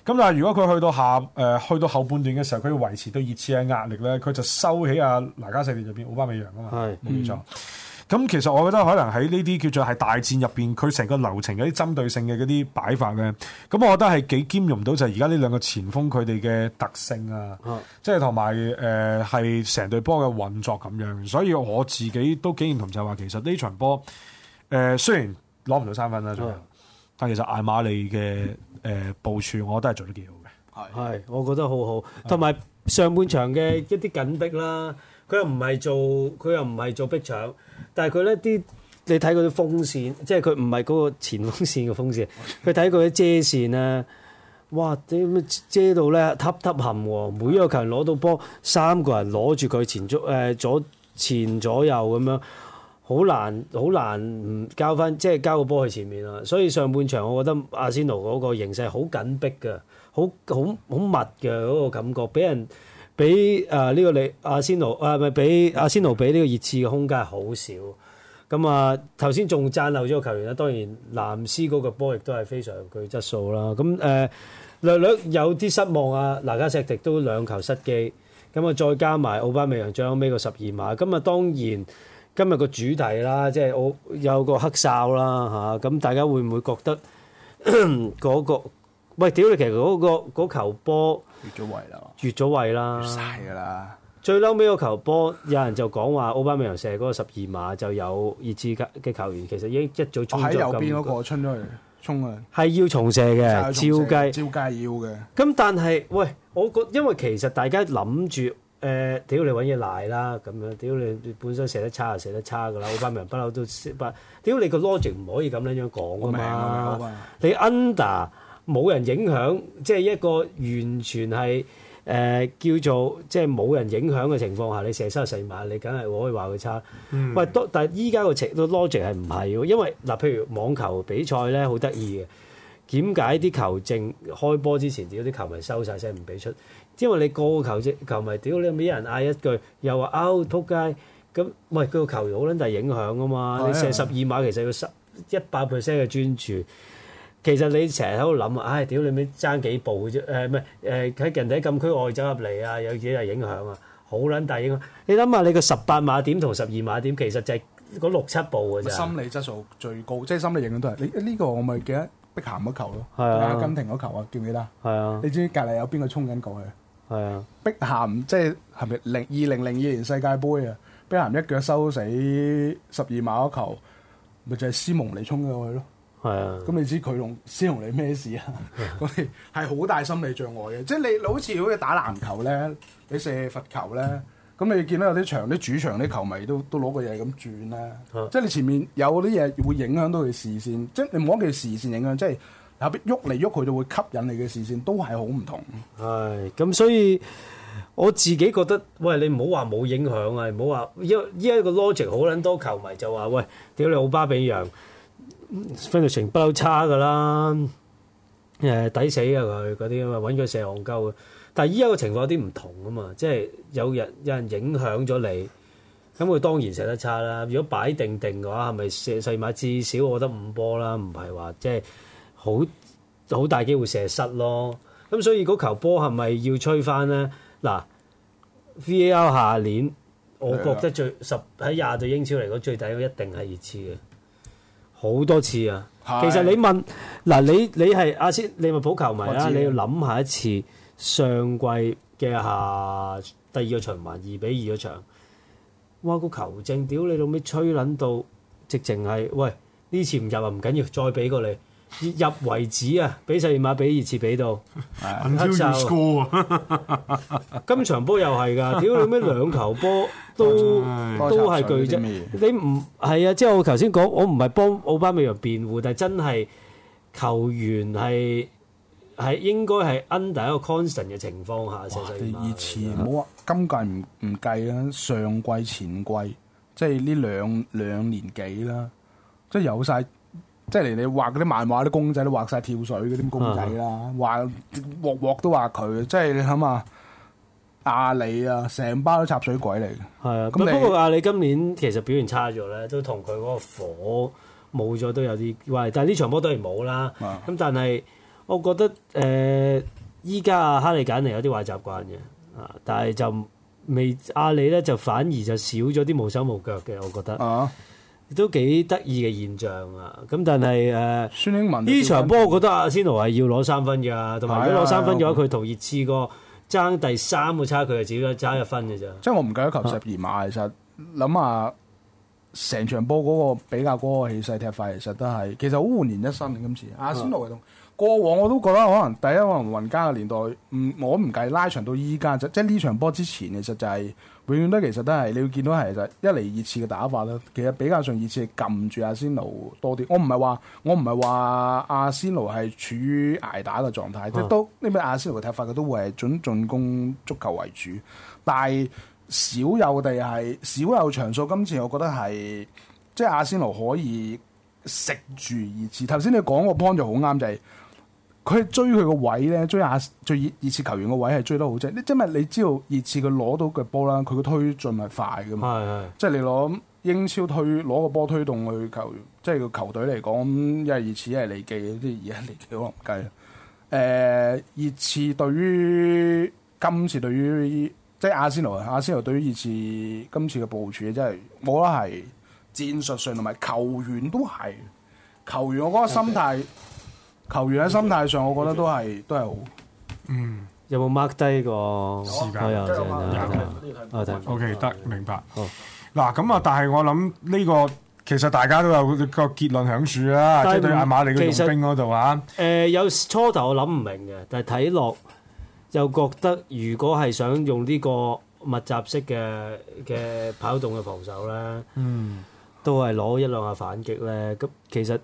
咁是但係如果佢去到下誒、呃、去到後半段嘅時候，佢要維持到熱刺嘅壓力咧，佢就收起阿、啊、拿卡錫迪入面奧巴美揚啊嘛，奧巴美揚是咁其實我覺得可能喺呢啲叫做係大戰入邊，佢成個流程嗰啲針對性嘅嗰啲擺法咧，咁、嗯、我覺得係幾兼容到就係而家呢兩個前鋒佢哋嘅特性啊，啊即係同埋誒係成隊波嘅運作咁樣，所以我自己都竟然同就係話其實呢場波誒、呃、雖然攞唔到三分啦、啊，啊、但其實艾馬利嘅誒部署我覺得係做得幾好嘅，係，我覺得好好，同埋上半場嘅一啲緊逼啦。佢又唔係做，佢又唔係做逼搶，但係佢呢啲，你睇佢啲風扇，即係佢唔係嗰個前風扇嘅風扇，佢睇佢啲遮線啊，哇遮到呢，嗒嗒陷喎，每一個球員攞到波，三個人攞住佢前左誒左前左右咁樣，好難好難唔交返，即係交個波去前面啊，所以上半場我覺得阿仙奴嗰個形勢好緊逼嘅，好好好密嘅嗰、嗰個感覺，俾人。俾誒呢個李阿仙奴誒咪俾阿仙奴俾呢個熱刺嘅空間係好少，咁啊頭先仲讚漏咗個球員啦，當然藍斯嗰個波亦都係非常具質素啦，咁誒略略有啲失望啊，那加石迪都兩球失機，咁、嗯、啊再加埋奧巴美洋最後尾個十二碼，咁、嗯、啊、嗯、當然今日個主題啦，即係我有個黑哨啦嚇，咁、啊嗯、大家會唔會覺得嗰、 那個喂屌你其實嗰、那個球波？越咗位啦，越咗位啦，越晒噶啦。最嬲尾個球波，有人就講話奧巴美揚射嗰個十二碼就有熱刺嘅球員，其實已經一早衝咗。喺右邊嗰個衝咗去，衝啊，係要重射嘅，照計，照計要嘅。咁但係喂，我覺因為其實大家諗住誒，屌你搵嘢賴啦，咁樣，屌你你本身射得差就射得差噶啦，奧巴美揚不嬲都識把。屌你個 logic 唔可以咁樣樣講噶嘛，你 under。冇人影響，即係一個完全係誒、呃、叫做即係冇人影響嘅情況下，你射十二碼，你梗係可以話佢差。喂、嗯，但係依家個程都 logic 係唔係？因為嗱，譬如網球比賽咧，好得意嘅。點解啲球證開波之前，啲嗰啲球迷收晒聲唔俾出？因為你個個球證球迷屌你，一人嗌一句又話 out 撲街。咁、嗯、喂，佢個球員好撚大影響啊嘛！的你射十二碼，其實要十一百 percent 嘅專注。其實你成日喺度諗啊，唉，屌你咪爭幾步啫？誒，唔係誒，喺、呃、人哋禁區外走入嚟啊，有幾大影響啊，好撚大影響。你諗下你個十八碼點同十二碼點，其實就係嗰六七步嘅啫。心理質素最高，即係心理影響都係。你呢、這個我咪記得碧咸嗰球咯，阿、啊、根廷嗰球啊，記唔記得？係啊。你知唔知隔離有邊個衝緊過去？係啊。碧咸即係係咪零二零零二年世界盃啊？碧咸一腳收死十二碼嗰球，咪就係、是、斯蒙尼衝過去咯。係啊，咁你知佢用，先同你咩事啊？我哋係好大心理障礙嘅，即係你，好似好似打籃球咧，你射罰球咧，咁你見到有啲場啲主場啲球迷都都攞個嘢咁轉啦。啊、即係你前面有啲嘢會影響到佢視線，即係你望嗰條視線影響，即係後邊喐嚟喐去就會吸引你嘅視線，都係好唔同。係，咁所以我自己覺得，喂，你唔好話冇影響啊，唔好話依家依家個 logic，好撚多球迷就話喂，屌你奧巴比揚。分成不嬲差噶啦，誒、呃、抵死啊佢嗰啲啊，搵佢射戇鳩啊！但係依家嘅情況有啲唔同啊嘛，即係有人有人影響咗你，咁佢當然射得差啦。如果擺定定嘅話，係咪射細碼至少？我覺得五波啦，唔係話即係好好大機會射失咯。咁所以嗰球波係咪要吹翻咧？嗱，VAR 下年，我覺得最的十喺廿隊英超嚟講最抵，一定係熱刺嘅。好多次啊！的其實你問嗱，你你係阿、啊、先，你咪利物浦球迷啦，你要諗下一次上季嘅下第二個循環二比二嘅場，哇！個球證屌你老味，吹撚到直情係，喂呢次唔入啊，唔緊要，再俾過你。入為止啊！俾曬熱馬，俾熱刺，俾到。係啊！今場波又係㗎，屌你咩兩球波都 都係佢啫！ 你唔係啊？即係我頭先講，我唔係幫奧巴美揚辯護，但係真係球員係係應該係 under 一個 consent 嘅情況下其實第二次，好話今季唔唔計啊，上季前季即係呢兩兩年幾啦，即係有晒。即係連你畫嗰啲漫畫啲公仔都畫晒跳水嗰啲公仔啦，畫鑊鑊都畫佢，即係你諗下阿里啊，成班都插水鬼嚟嘅。係啊，咁你不過阿里今年其實表現差咗咧，都同佢嗰個火冇咗都有啲壞，但係呢場波當然冇啦。咁、啊嗯、但係我覺得誒，依家阿哈利簡尼有啲壞習慣嘅，啊，但係就未阿里咧就反而就少咗啲無手無腳嘅，我覺得。啊都幾得意嘅現象啊！咁但係文呢場波我覺得阿仙奴係要攞三分嘅，同埋如果攞三分嘅話，佢同熱刺個爭第三個差距自己都爭一分嘅啫。即係我唔計球十二碼，其實諗下成場波嗰個比較嗰個氣勢踢法，其實都係其實好煥然一新。今次阿仙奴嘅，過往我都覺得可能第一可能雲加嘅年代，嗯，我唔計拉長到依家，即即呢場波之前，其實就係。永遠都其實都係，你會見到係其實一嚟熱刺嘅打法咧，其實比較上熱刺係撳住阿仙奴多啲。我唔係話，我唔係話阿仙奴係處於捱打嘅狀態，嗯、即都呢個阿仙奴嘅踢法佢都會係準進，進攻足球為主，但係少有地係少有場數，今次我覺得係即係阿仙奴可以食住熱刺。頭先你講個 point 就好啱就係、是。佢追佢個位咧，追亞追熱熱刺球員個位係追得好精，即係因為你知道熱刺佢攞到個波啦，佢個推進係快嘅嘛，即係是你攞英超推攞個波推動去球，即係個球隊嚟講，因為一熱刺係利記，啲二係利記，我唔計。誒、呃，熱刺對於今次對於即係阿仙奴啊，阿仙奴對於熱刺今次嘅部署真係冇得係戰術上同埋球員都係球員，我嗰個心態。Okay. 球員喺心態上，我覺得都係都係好。嗯，有冇 mark 低個時間啊？O K 得明白。嗱咁啊，但係我諗呢個其實大家都有個結論響樹啦，即係對阿馬尼嘅用兵嗰度啊。誒，有初頭我諗唔明嘅，但係睇落又覺得如果係想用呢個密集式嘅嘅跑動嘅防守咧，嗯，都係攞一兩下反擊咧。咁其實。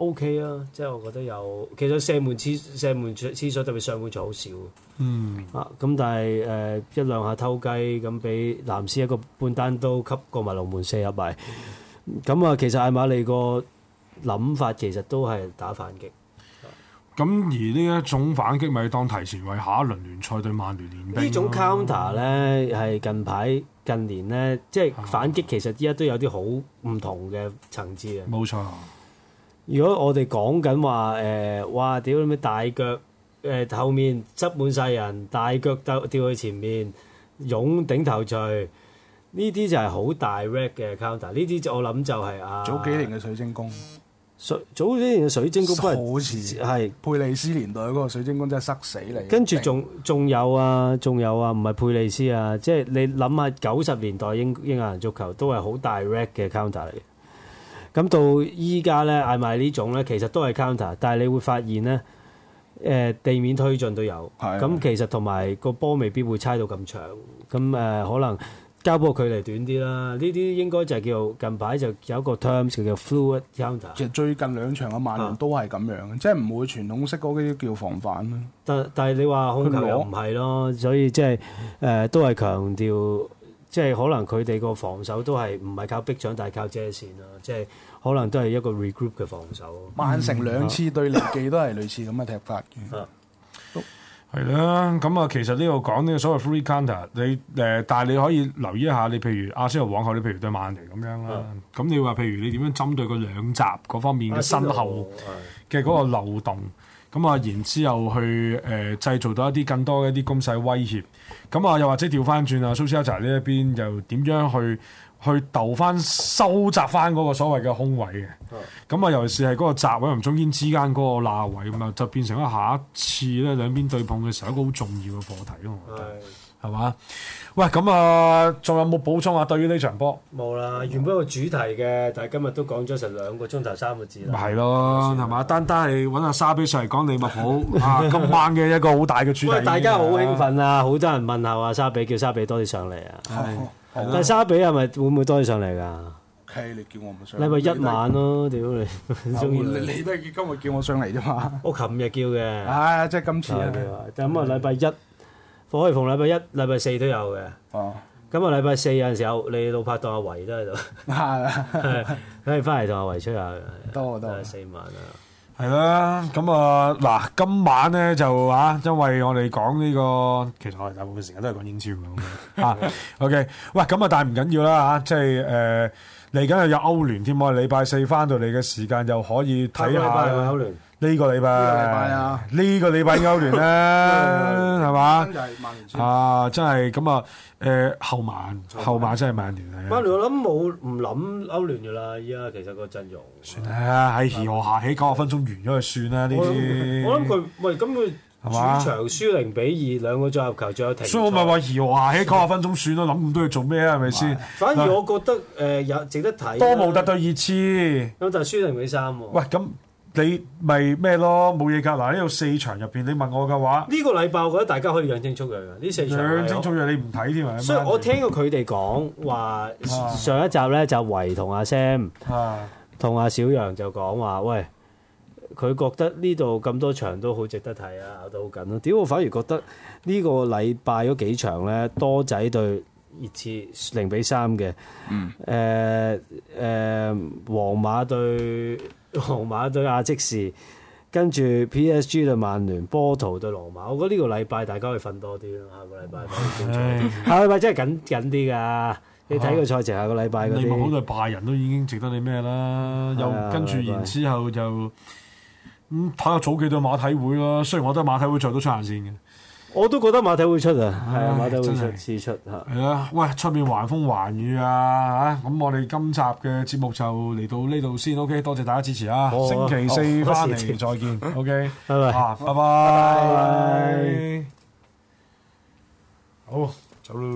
O K 啊，okay, 即係我覺得有，其實射門、射門射門、射所特別上半場好少，嗯啊，咁但係誒、呃、一兩下偷雞，咁俾藍斯一個半單刀吸過埋龍門射入埋。咁、嗯、啊，其實艾瑪利個諗法其實都係打反擊，咁、嗯、吧而呢一種反擊咪當提前為下一輪聯賽對曼聯練兵咯。呢種 counter 咧係近排近年咧，即係反擊其實依家都有啲好唔同嘅層次嘅。冇錯、啊。如果我哋講緊話，誒、呃，哇，屌你咪大腳，誒、呃，後面執滿晒人，大腳就掉去前面擁頂頭鎚，呢啲就係好大 red 嘅 counter，呢啲就我諗就係啊早，早幾年嘅水晶宮，早早幾年嘅水晶宮好似係佩利斯年代嗰個水晶宮真係塞死你。跟住仲仲有啊，仲有啊，唔係佩利斯啊，即係你諗下九十年代英英亞人足球都係好大 red 嘅 counter 嚟。咁到依家咧，嗌埋呢種咧，其實都係 counter，但係你會發現咧，誒、呃、地面推進都有，咁是的 其實同埋個波未必會猜到咁長，咁誒、呃、可能交波距離短啲啦。呢啲應該就係叫近排就有一個 terms 叫做 fluid counter。其實最近兩場嘅曼聯都係咁樣，啊、即係唔會傳統式嗰啲叫防反咯。但但係你話控球唔係咯，所以即係誒都係強調。即係可能佢哋個防守都係唔係靠逼搶，但係靠遮線啦、啊。即係可能都係一個 regroup 嘅防守。曼城、嗯、兩次對利記都係類似咁嘅踢法。係啦，咁啊，嗯、其實呢度講呢個所謂 free counter，你誒、呃，但係你可以留意一下，你譬如阿仙奴往後，你譬如對曼聯咁樣啦。咁、嗯、你話譬如你點樣針對佢兩閘嗰方面嘅身後嘅嗰個漏洞、嗯？嗯嗯咁啊，然之後去誒、呃、製造到一啲更多嘅一啲攻勢威脅，咁啊，又或者調翻轉啊，蘇斯克澤呢一邊又點樣去去投翻收集翻嗰個所謂嘅空位嘅？咁啊、嗯，尤其是係嗰個閘位同中間之間嗰個罅位，咁啊，就變成咗下一次咧兩邊對碰嘅時候一個好重要嘅課題咯，我覺得。嗯係嘛？喂，咁啊，仲有冇補充啊？對於呢場波，冇啦。原本個主題嘅，但係今日都講咗成兩個鐘頭，三個字。咪係咯，係嘛？單單係揾阿沙比上嚟講你咪好啊！今晚嘅一個好大嘅主題，大家好興奮啊！好多人問候阿沙比，叫沙比多啲上嚟啊！但係沙比係咪會唔會多啲上嚟噶？OK，你叫我唔上，禮拜一晚咯，屌你，你都係今日叫我上嚟啫嘛？我琴日叫嘅，係即係今次啊，就咁啊，禮拜一。我可以逢禮拜一、禮拜四都有嘅。哦，咁啊，禮拜四有陣時候，你老拍檔阿維都喺度。係啊，可以翻嚟同阿維出下多啊，多四萬啊。係啦，咁啊，嗱，今晚咧就啊，因為我哋講呢、這個，其實我大部分時間都係講英超嘅。 啊，OK，喂，咁啊，但係唔緊要啦吓，即係誒嚟緊又有歐聯添，我係禮拜四翻到嚟嘅時間又可以睇下歐聯。呢個禮拜，呢個禮拜啊，呢個禮拜歐聯咧，係嘛？啊，真係咁啊，誒，後晚，後晚真係曼聯嚟。曼聯我諗冇唔諗歐聯噶啦，依家其實個陣容。算啦，喺皮和下起九十分鐘完咗就算啦，呢啲。我諗佢，喂，咁佢主場輸零比二，兩個進球球最後停。所以我咪話皮和下起九十分鐘算咯，諗咁多要做咩啊？係咪先？反而我覺得誒，有值得睇。多冇特對熱刺，咁就輸零比三。喂，咁。你咪咩、就是、咯，冇嘢噶。嗱呢度四場入邊，你問我嘅話，呢個禮拜我覺得大家可以養精蓄銳嘅。呢四場養精蓄銳嘅，你唔睇添啊。所以我聽過佢哋講話，上一集咧就維同阿 Sam 同阿、啊、小楊就講話，喂，佢覺得呢度咁多場都好值得睇啊，打得好緊咯。屌，我反而覺得呢個禮拜嗰幾場咧，多仔對熱刺零比三嘅，嗯，誒皇、呃呃、皇馬對。皇馬對阿積士，跟住 P S G 對曼聯，波圖對羅馬。我覺得呢個禮拜大家要瞓多啲啦。下個禮拜下 個禮拜真係緊緊啲㗎？啊、你睇個賽程下個禮拜。利物浦對拜仁都已經值得你咩啦？嗯、又跟住然之後就咁睇下早幾對馬體會啦。雖然我覺得馬體會賽都出硬線嘅。我都覺得馬體會出啊，係唉啊，馬體會出，試出啊，喂，出面橫風橫雨啊嚇，咁、啊、我哋今集嘅節目就嚟到呢度先，OK，多謝大家支持啊！哦、星期四翻嚟、哦、再，再見，OK，拜拜，拜拜，拜拜好，走咯！